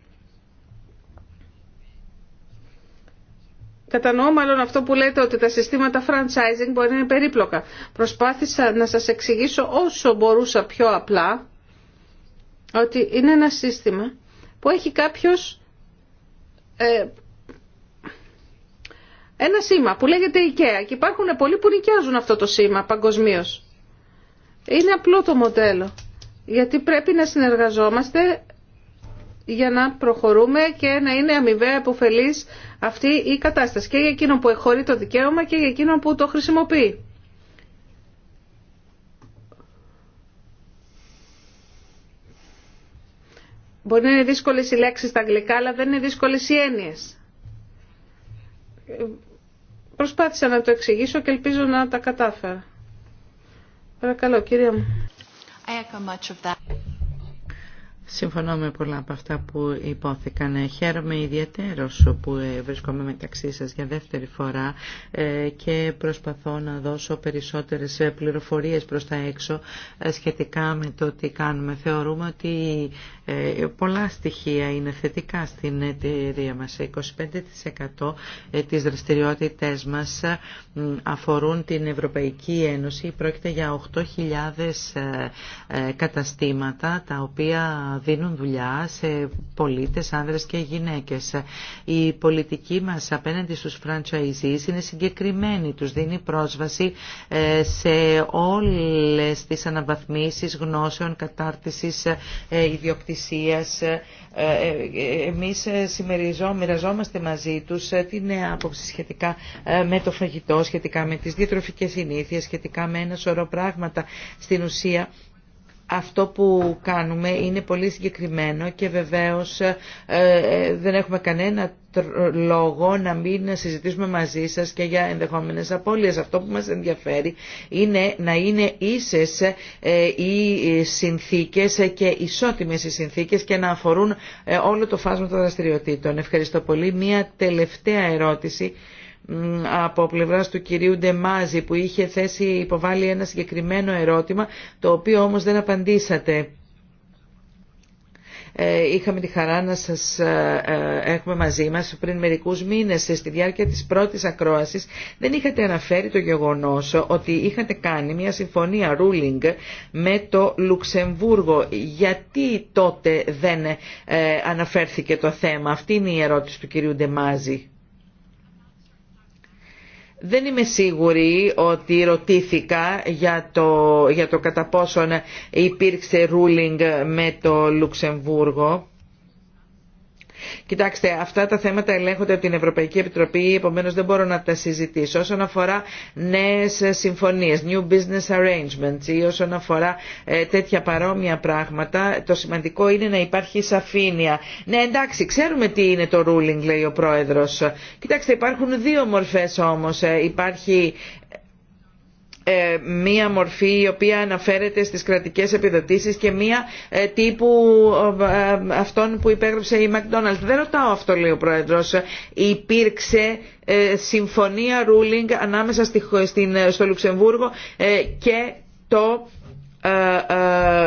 Κατανοώ μάλλον αυτό που λέτε ότι τα συστήματα franchising μπορεί να είναι περίπλοκα. Προσπάθησα να σας εξηγήσω όσο μπορούσα πιο απλά ότι είναι ένα σύστημα που έχει κάποιος ε, ένα σήμα που λέγεται IKEA και υπάρχουν πολλοί που νοικιάζουν αυτό το σήμα παγκοσμίω. Είναι απλό το μοντέλο γιατί πρέπει να συνεργαζόμαστε για να προχωρούμε και να είναι αμοιβαία επωφελής αυτή η κατάσταση και για εκείνον που εχωρεί το δικαίωμα και για εκείνον που το χρησιμοποιεί. Μπορεί να είναι δύσκολες οι λέξεις στα αγγλικά, αλλά δεν είναι δύσκολες οι έννοιες. Προσπάθησα να το εξηγήσω και ελπίζω να τα κατάφερα. Παρακαλώ, κυρία μου. Συμφωνώ με πολλά από αυτά που υπόθηκαν. Χαίρομαι ιδιαίτερος που ε, βρίσκομαι μεταξύ σας για δεύτερη φορά ε, και προσπαθώ να δώσω περισσότερες πληροφορίες προς τα έξω ε, σχετικά με το τι κάνουμε. Θεωρούμε ότι πολλά στοιχεία είναι θετικά στην εταιρεία μας. 25% της δραστηριότητές μας αφορούν την Ευρωπαϊκή Ένωση. Πρόκειται για 8.000 καταστήματα τα οποία δίνουν δουλειά σε πολίτες, άνδρες και γυναίκες. Η πολιτική μας απέναντι στους franchisees είναι συγκεκριμένη. Τους δίνει πρόσβαση ε, σε όλες τις αναβαθμίσεις γνώσεων, κατάρτισης, ε, ιδιοκτησίας. Ε, εμείς μοιραζόμαστε μαζί τους την άποψη σχετικά με το φαγητό, σχετικά με τις διατροφικές συνήθειες, σχετικά με ένα σωρό πράγματα. Στην ουσία αυτό που κάνουμε είναι πολύ συγκεκριμένο και βεβαίως ε, ε, δεν έχουμε κανένα λόγο να μην συζητήσουμε μαζί σας και για ενδεχόμενες απώλειες. Αυτό που μας ενδιαφέρει είναι να είναι ίσες ε, οι συνθήκες και ισότιμες οι συνθήκες και να αφορούν όλο το φάσμα των δραστηριοτήτων. Ευχαριστώ πολύ. Μία τελευταία ερώτηση από πλευράς του κυρίου Ντεμάζη που είχε θέσει υποβάλει ένα συγκεκριμένο ερώτημα το οποίο όμως δεν απαντήσατε. Ε, είχαμε τη χαρά να σας ε, ε, έχουμε μαζί μας πριν μερικούς μήνες στη διάρκεια της πρώτης ακρόασης. Δεν είχατε αναφέρει το γεγονός ότι είχατε κάνει μια συμφωνία ruling με το Λουξεμβούργο. Γιατί τότε δεν αναφέρθηκε το θέμα. Αυτή είναι η ερώτηση του κυρίου Ντεμάζη δεν είμαι σίγουρη ότι ρωτήθηκα για το, για το κατά πόσον υπήρξε ruling με το Λουξεμβούργο. Κοιτάξτε, αυτά τα θέματα ελέγχονται από την Ευρωπαϊκή Επιτροπή, επομένω δεν μπορώ να τα συζητήσω. Όσον αφορά νέε συμφωνίε, new business arrangements ή όσον αφορά ε, τέτοια παρόμοια πράγματα, το σημαντικό είναι να υπάρχει σαφήνεια. Ναι, εντάξει, ξέρουμε τι είναι το ruling, λέει ο πρόεδρο. Κοιτάξτε, υπάρχουν δύο μορφέ όμω. Ε, υπάρχει ε, μία μορφή η οποία αναφέρεται στις κρατικές επιδοτήσεις και μία ε, τύπου ε, αυτών που υπέγραψε η McDonald's. Δεν ρωτάω αυτό λέει ο Πρόεδρος. Υπήρξε συμφωνία ruling ανάμεσα στο Λουξεμβούργο και το ε,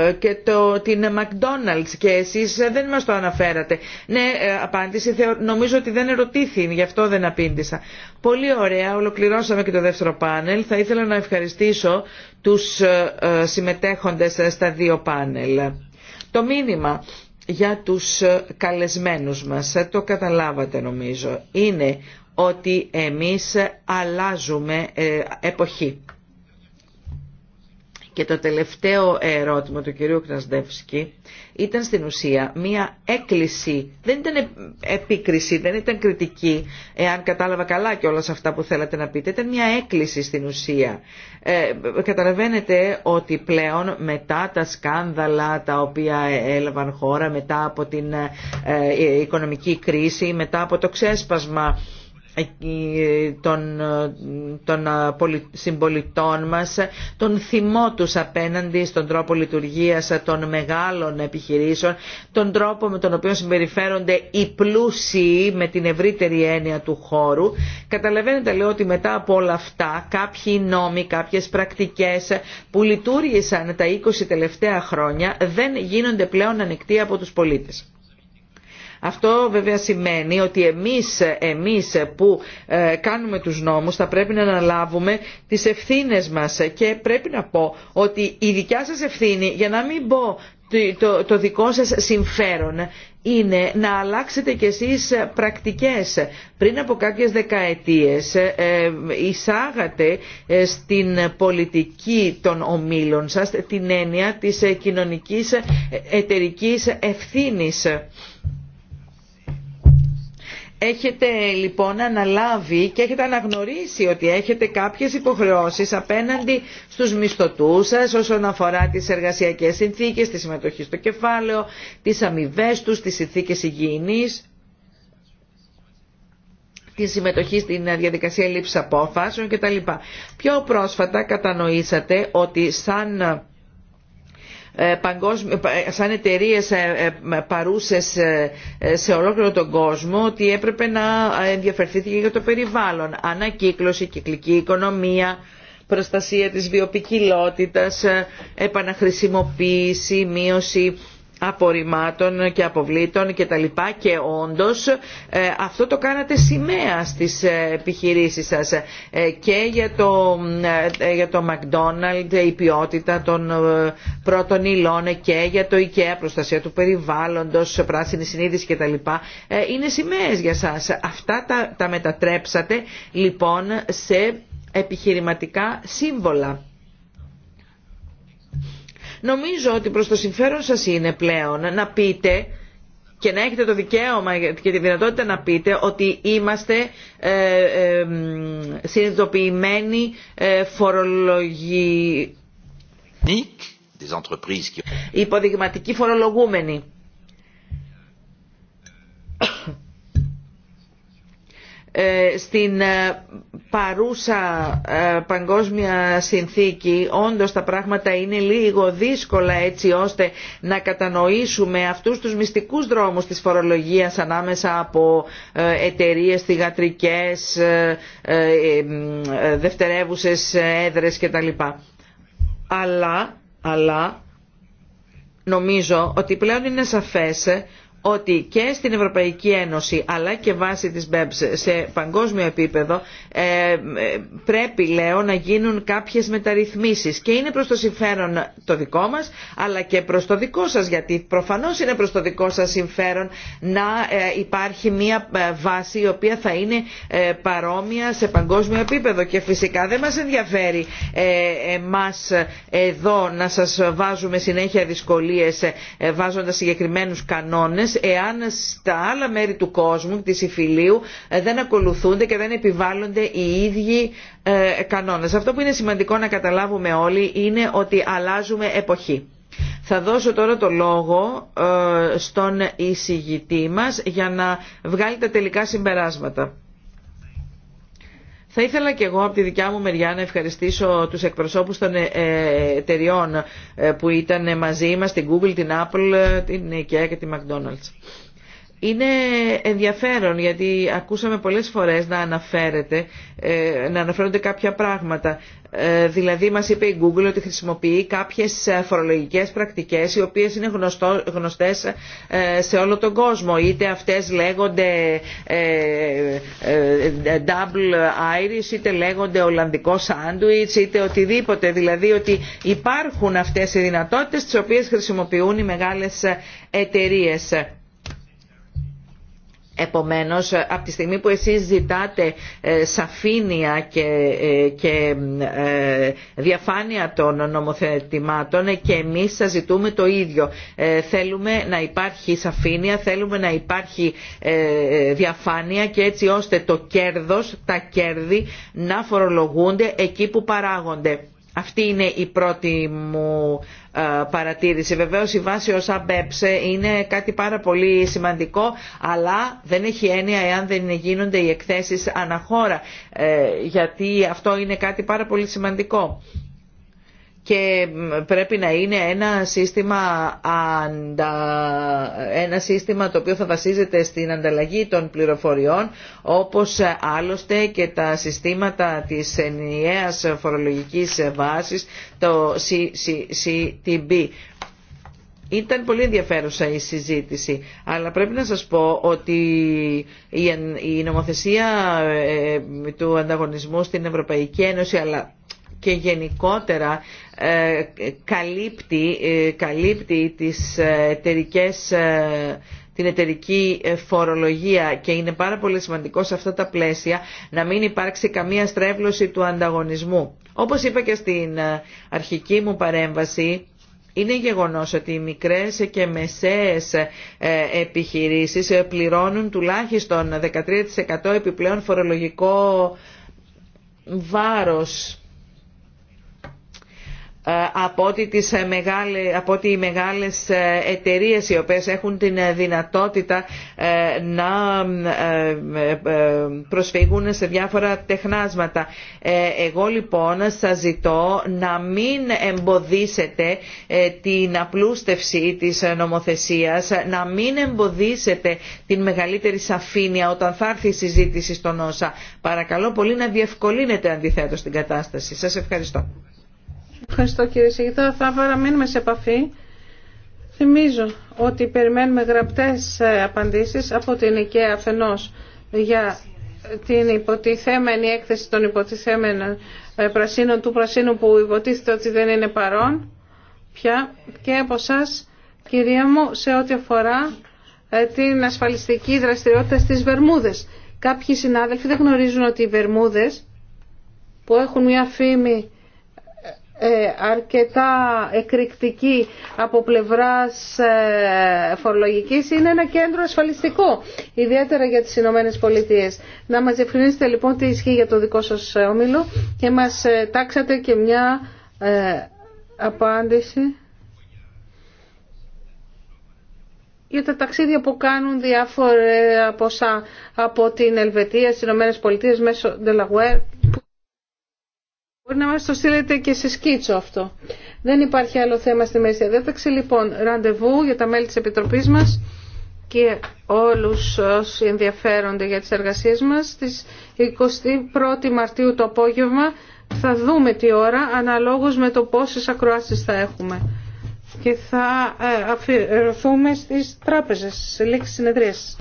ε, και το, την McDonald's και εσείς δεν μας το αναφέρατε. Ναι, ε, απάντηση, νομίζω ότι δεν ερωτήθη, γι' αυτό δεν απήντησα. Πολύ ωραία, ολοκληρώσαμε και το δεύτερο πάνελ. Θα ήθελα να ευχαριστήσω τους συμμετέχοντες στα δύο πάνελ. Το μήνυμα για τους καλεσμένους μας, το καταλάβατε νομίζω, είναι ότι εμείς αλλάζουμε εποχή. Και το τελευταίο ερώτημα του κυρίου Κρασδεύσκη ήταν στην ουσία μία έκκληση, δεν ήταν επίκριση, δεν ήταν κριτική, εάν κατάλαβα καλά και όλα αυτά που θέλατε να πείτε, ήταν μία έκκληση στην ουσία. Ε, καταλαβαίνετε ότι πλέον μετά τα σκάνδαλα τα οποία έλαβαν χώρα, μετά από την ε, ε, οικονομική κρίση, μετά από το ξέσπασμα ε, των, των ε, συμπολιτών μας, τον θυμό τους απέναντι στον τρόπο λειτουργίας των μεγάλων επιχειρήσεων, τον τρόπο με τον οποίο συμπεριφέρονται οι πλούσιοι με την ευρύτερη έννοια του χώρου. Καταλαβαίνετε λέω ότι μετά από όλα αυτά κάποιοι νόμοι, κάποιες πρακτικές που λειτουργήσαν τα 20 τελευταία χρόνια δεν γίνονται πλέον ανοιχτοί από τους πολίτες. Αυτό βέβαια σημαίνει ότι εμείς, εμείς που ε, κάνουμε τους νόμους θα πρέπει να αναλάβουμε τις ευθύνες μας και πρέπει να πω ότι η δικιά σας ευθύνη, για να μην πω το, το δικό σας συμφέρον είναι να αλλάξετε κι εσείς πρακτικές. Πριν από κάποιες δεκαετίες ε, ε, εισάγατε στην πολιτική των ομίλων σας την έννοια της κοινωνικής εταιρικής ευθύνης Έχετε λοιπόν αναλάβει και έχετε αναγνωρίσει ότι έχετε κάποιες υποχρεώσεις απέναντι στους μισθωτούς σας όσον αφορά τις εργασιακές συνθήκες, τη συμμετοχή στο κεφάλαιο, τις αμοιβέ τους, τις συνθήκες υγιεινής τη συμμετοχή στην διαδικασία λήψης απόφασεων κτλ. Πιο πρόσφατα κατανοήσατε ότι σαν ε, ε, σαν εταιρείε ε, παρούσες σε ολόκληρο τον κόσμο ότι έπρεπε να ενδιαφερθείτε και για το περιβάλλον. Ανακύκλωση, κυκλική οικονομία, προστασία της βιοπικιλότητας, επαναχρησιμοποίηση, μείωση απορριμμάτων και αποβλήτων και τα λοιπά και όντως ε, αυτό το κάνατε σημαία στις ε, επιχειρήσεις σας ε, και για το, για το McDonald's η ποιότητα των πρώτων υλών και για το IKEA προστασία του περιβάλλοντος, πράσινη συνείδηση και τα λοιπά είναι σημαίες για σας. Αυτά τα μετατρέψατε λοιπόν σε επιχειρηματικά σύμβολα Νομίζω ότι προς το συμφέρον σας είναι πλέον να πείτε και να έχετε το δικαίωμα και τη δυνατότητα να πείτε ότι είμαστε ε, ε, συνειδητοποιημένοι ε, υποδειγματικοί φορολογούμενοι. Ε, στην ε, παρούσα ε, παγκόσμια συνθήκη όντως τα πράγματα είναι λίγο δύσκολα έτσι ώστε να κατανοήσουμε αυτούς τους μυστικούς δρόμους της φορολογίας ανάμεσα από εταιρείες θηγατρικές, δευτερεύουσες έδρες κτλ. Αλλά, αλλά νομίζω ότι πλέον είναι σαφές ότι και στην Ευρωπαϊκή Ένωση αλλά και βάσει της BEPS σε παγκόσμιο επίπεδο ε, ε, πρέπει λέω να γίνουν κάποιες μεταρρυθμίσεις και είναι προς το συμφέρον το δικό μας αλλά και προς το δικό σας γιατί προφανώς είναι προς το δικό σας συμφέρον να ε, υπάρχει μια βάση η οποία θα είναι παρόμοια σε παγκόσμιο επίπεδο και φυσικά δεν μας ενδιαφέρει εμάς εδώ να σας βάζουμε συνέχεια δυσκολίες βάζοντας συγκεκριμένους κανόνες εάν στα άλλα μέρη του κόσμου της υφηλίου ε, δεν ακολουθούνται και δεν επιβάλλονται οι ίδιοι ε, κανόνες. Αυτό που είναι σημαντικό να καταλάβουμε όλοι είναι ότι αλλάζουμε εποχή. Θα δώσω τώρα το λόγο ε, στον εισηγητή μας για να βγάλει τα τελικά συμπεράσματα. Θα ήθελα και εγώ από τη δικιά μου μεριά να ευχαριστήσω τους εκπροσώπους των ε, εταιριών ε, που ήταν μαζί μας, την Google, την Apple, ε, την IKEA και τη McDonald's. Είναι ενδιαφέρον γιατί ακούσαμε πολλές φορές να, αναφέρεται, ε, να αναφέρονται κάποια πράγματα. Ε, δηλαδή μας είπε η Google ότι χρησιμοποιεί κάποιες ε, φορολογικές πρακτικές οι οποίες είναι γνωστό, γνωστές σε όλο τον κόσμο. Είτε αυτές λέγονται double iris, είτε λέγονται Ολλανδικό sandwich, είτε οτιδήποτε. Δηλαδή ότι υπάρχουν αυτές οι δυνατότητες τις οποίες χρησιμοποιούν οι μεγάλες εταιρείες. Επομένως, από τη στιγμή που εσείς ζητάτε ε, σαφήνεια και ε, ε, διαφάνεια των νομοθετημάτων και εμείς σας ζητούμε το ίδιο. Θέλουμε να υπάρχει σαφήνεια, θέλουμε να υπάρχει διαφάνεια και έτσι ώστε το κέρδος, τα κέρδη να φορολογούνται εκεί που παράγονται. Αυτή είναι η πρώτη μου ε, παρατήρηση. Βεβαίως η βάση ως ΑΜΠΕΠΣ είναι κάτι πάρα πολύ σημαντικό αλλά δεν έχει έννοια εάν δεν γίνονται οι εκθέσεις αναχώρα ε, γιατί αυτό είναι κάτι πάρα πολύ σημαντικό και πρέπει να είναι ένα σύστημα, αντα... ένα σύστημα το οποίο θα βασίζεται στην ανταλλαγή των πληροφοριών όπως άλλωστε και τα συστήματα της ενιαίας φορολογικής βάσης, το CCTB. Ήταν πολύ ενδιαφέρουσα η συζήτηση, αλλά πρέπει να σας πω ότι η νομοθεσία ε, ε, του ανταγωνισμού στην Ευρωπαϊκή Ένωση, αλλά και γενικότερα ε, καλύπτει, ε, καλύπτει τις ε, την εταιρική φορολογία και είναι πάρα πολύ σημαντικό σε αυτά τα πλαίσια να μην υπάρξει καμία στρέβλωση του ανταγωνισμού. Όπως είπα και στην αρχική μου παρέμβαση, είναι γεγονός ότι οι μικρές και μεσαίες επιχειρήσεις πληρώνουν τουλάχιστον 13% επιπλέον φορολογικό βάρος ε, ε, από ότι, οι μεγάλες ε, εταιρείες οι οποίες έχουν την δυνατότητα να προσφύγουν σε διάφορα τεχνάσματα. Εγώ λοιπόν σας ζητώ να μην εμποδίσετε την απλούστευση της νομοθεσίας, να μην εμποδίσετε την μεγαλύτερη σαφήνεια όταν θα έρθει η συζήτηση στον όσα. Παρακαλώ πολύ να διευκολύνετε αντιθέτως την κατάσταση. Σας ευχαριστώ. Ευχαριστώ κύριε Σιγητά. Θα παραμείνουμε σε επαφή. Θυμίζω ότι περιμένουμε γραπτές ε, απαντήσεις από την ΙΚΕΑ αφενός για την υποτιθέμενη έκθεση των υποτιθέμενων ε, πρασίνων του πρασίνου που υποτίθεται ότι δεν είναι παρόν πια και από εσά, κυρία μου σε ό,τι αφορά ε, την ασφαλιστική δραστηριότητα στις Βερμούδες. Κάποιοι συνάδελφοι δεν γνωρίζουν ότι οι Βερμούδες που έχουν μια φήμη ε, αρκετά εκρηκτική από πλευράς ε, φορολογικής είναι ένα κέντρο ασφαλιστικό, ιδιαίτερα για τις Ηνωμένε Πολιτείε. Να μας διευκρινίσετε λοιπόν τι ισχύει για το δικό σας όμιλο ε, και μας τάξατε και μια απάντηση για τα ταξίδια που κάνουν διάφορα ποσά από την Ελβετία στις Ηνωμένες Πολιτείες μέσω Delaware. Μπορεί να μας το στείλετε και σε σκίτσο αυτό. Δεν υπάρχει άλλο θέμα στη μέση διάταξη. Λοιπόν, ραντεβού για τα μέλη της Επιτροπής μας και όλους όσοι ενδιαφέρονται για τις εργασίες μας. Στις 21 Μαρτίου το απόγευμα θα δούμε τι ώρα αναλόγως με το πόσες ακροάσεις θα έχουμε. Και θα ε, αφιερωθούμε στις τράπεζες, σε λήξη συνεδρίες.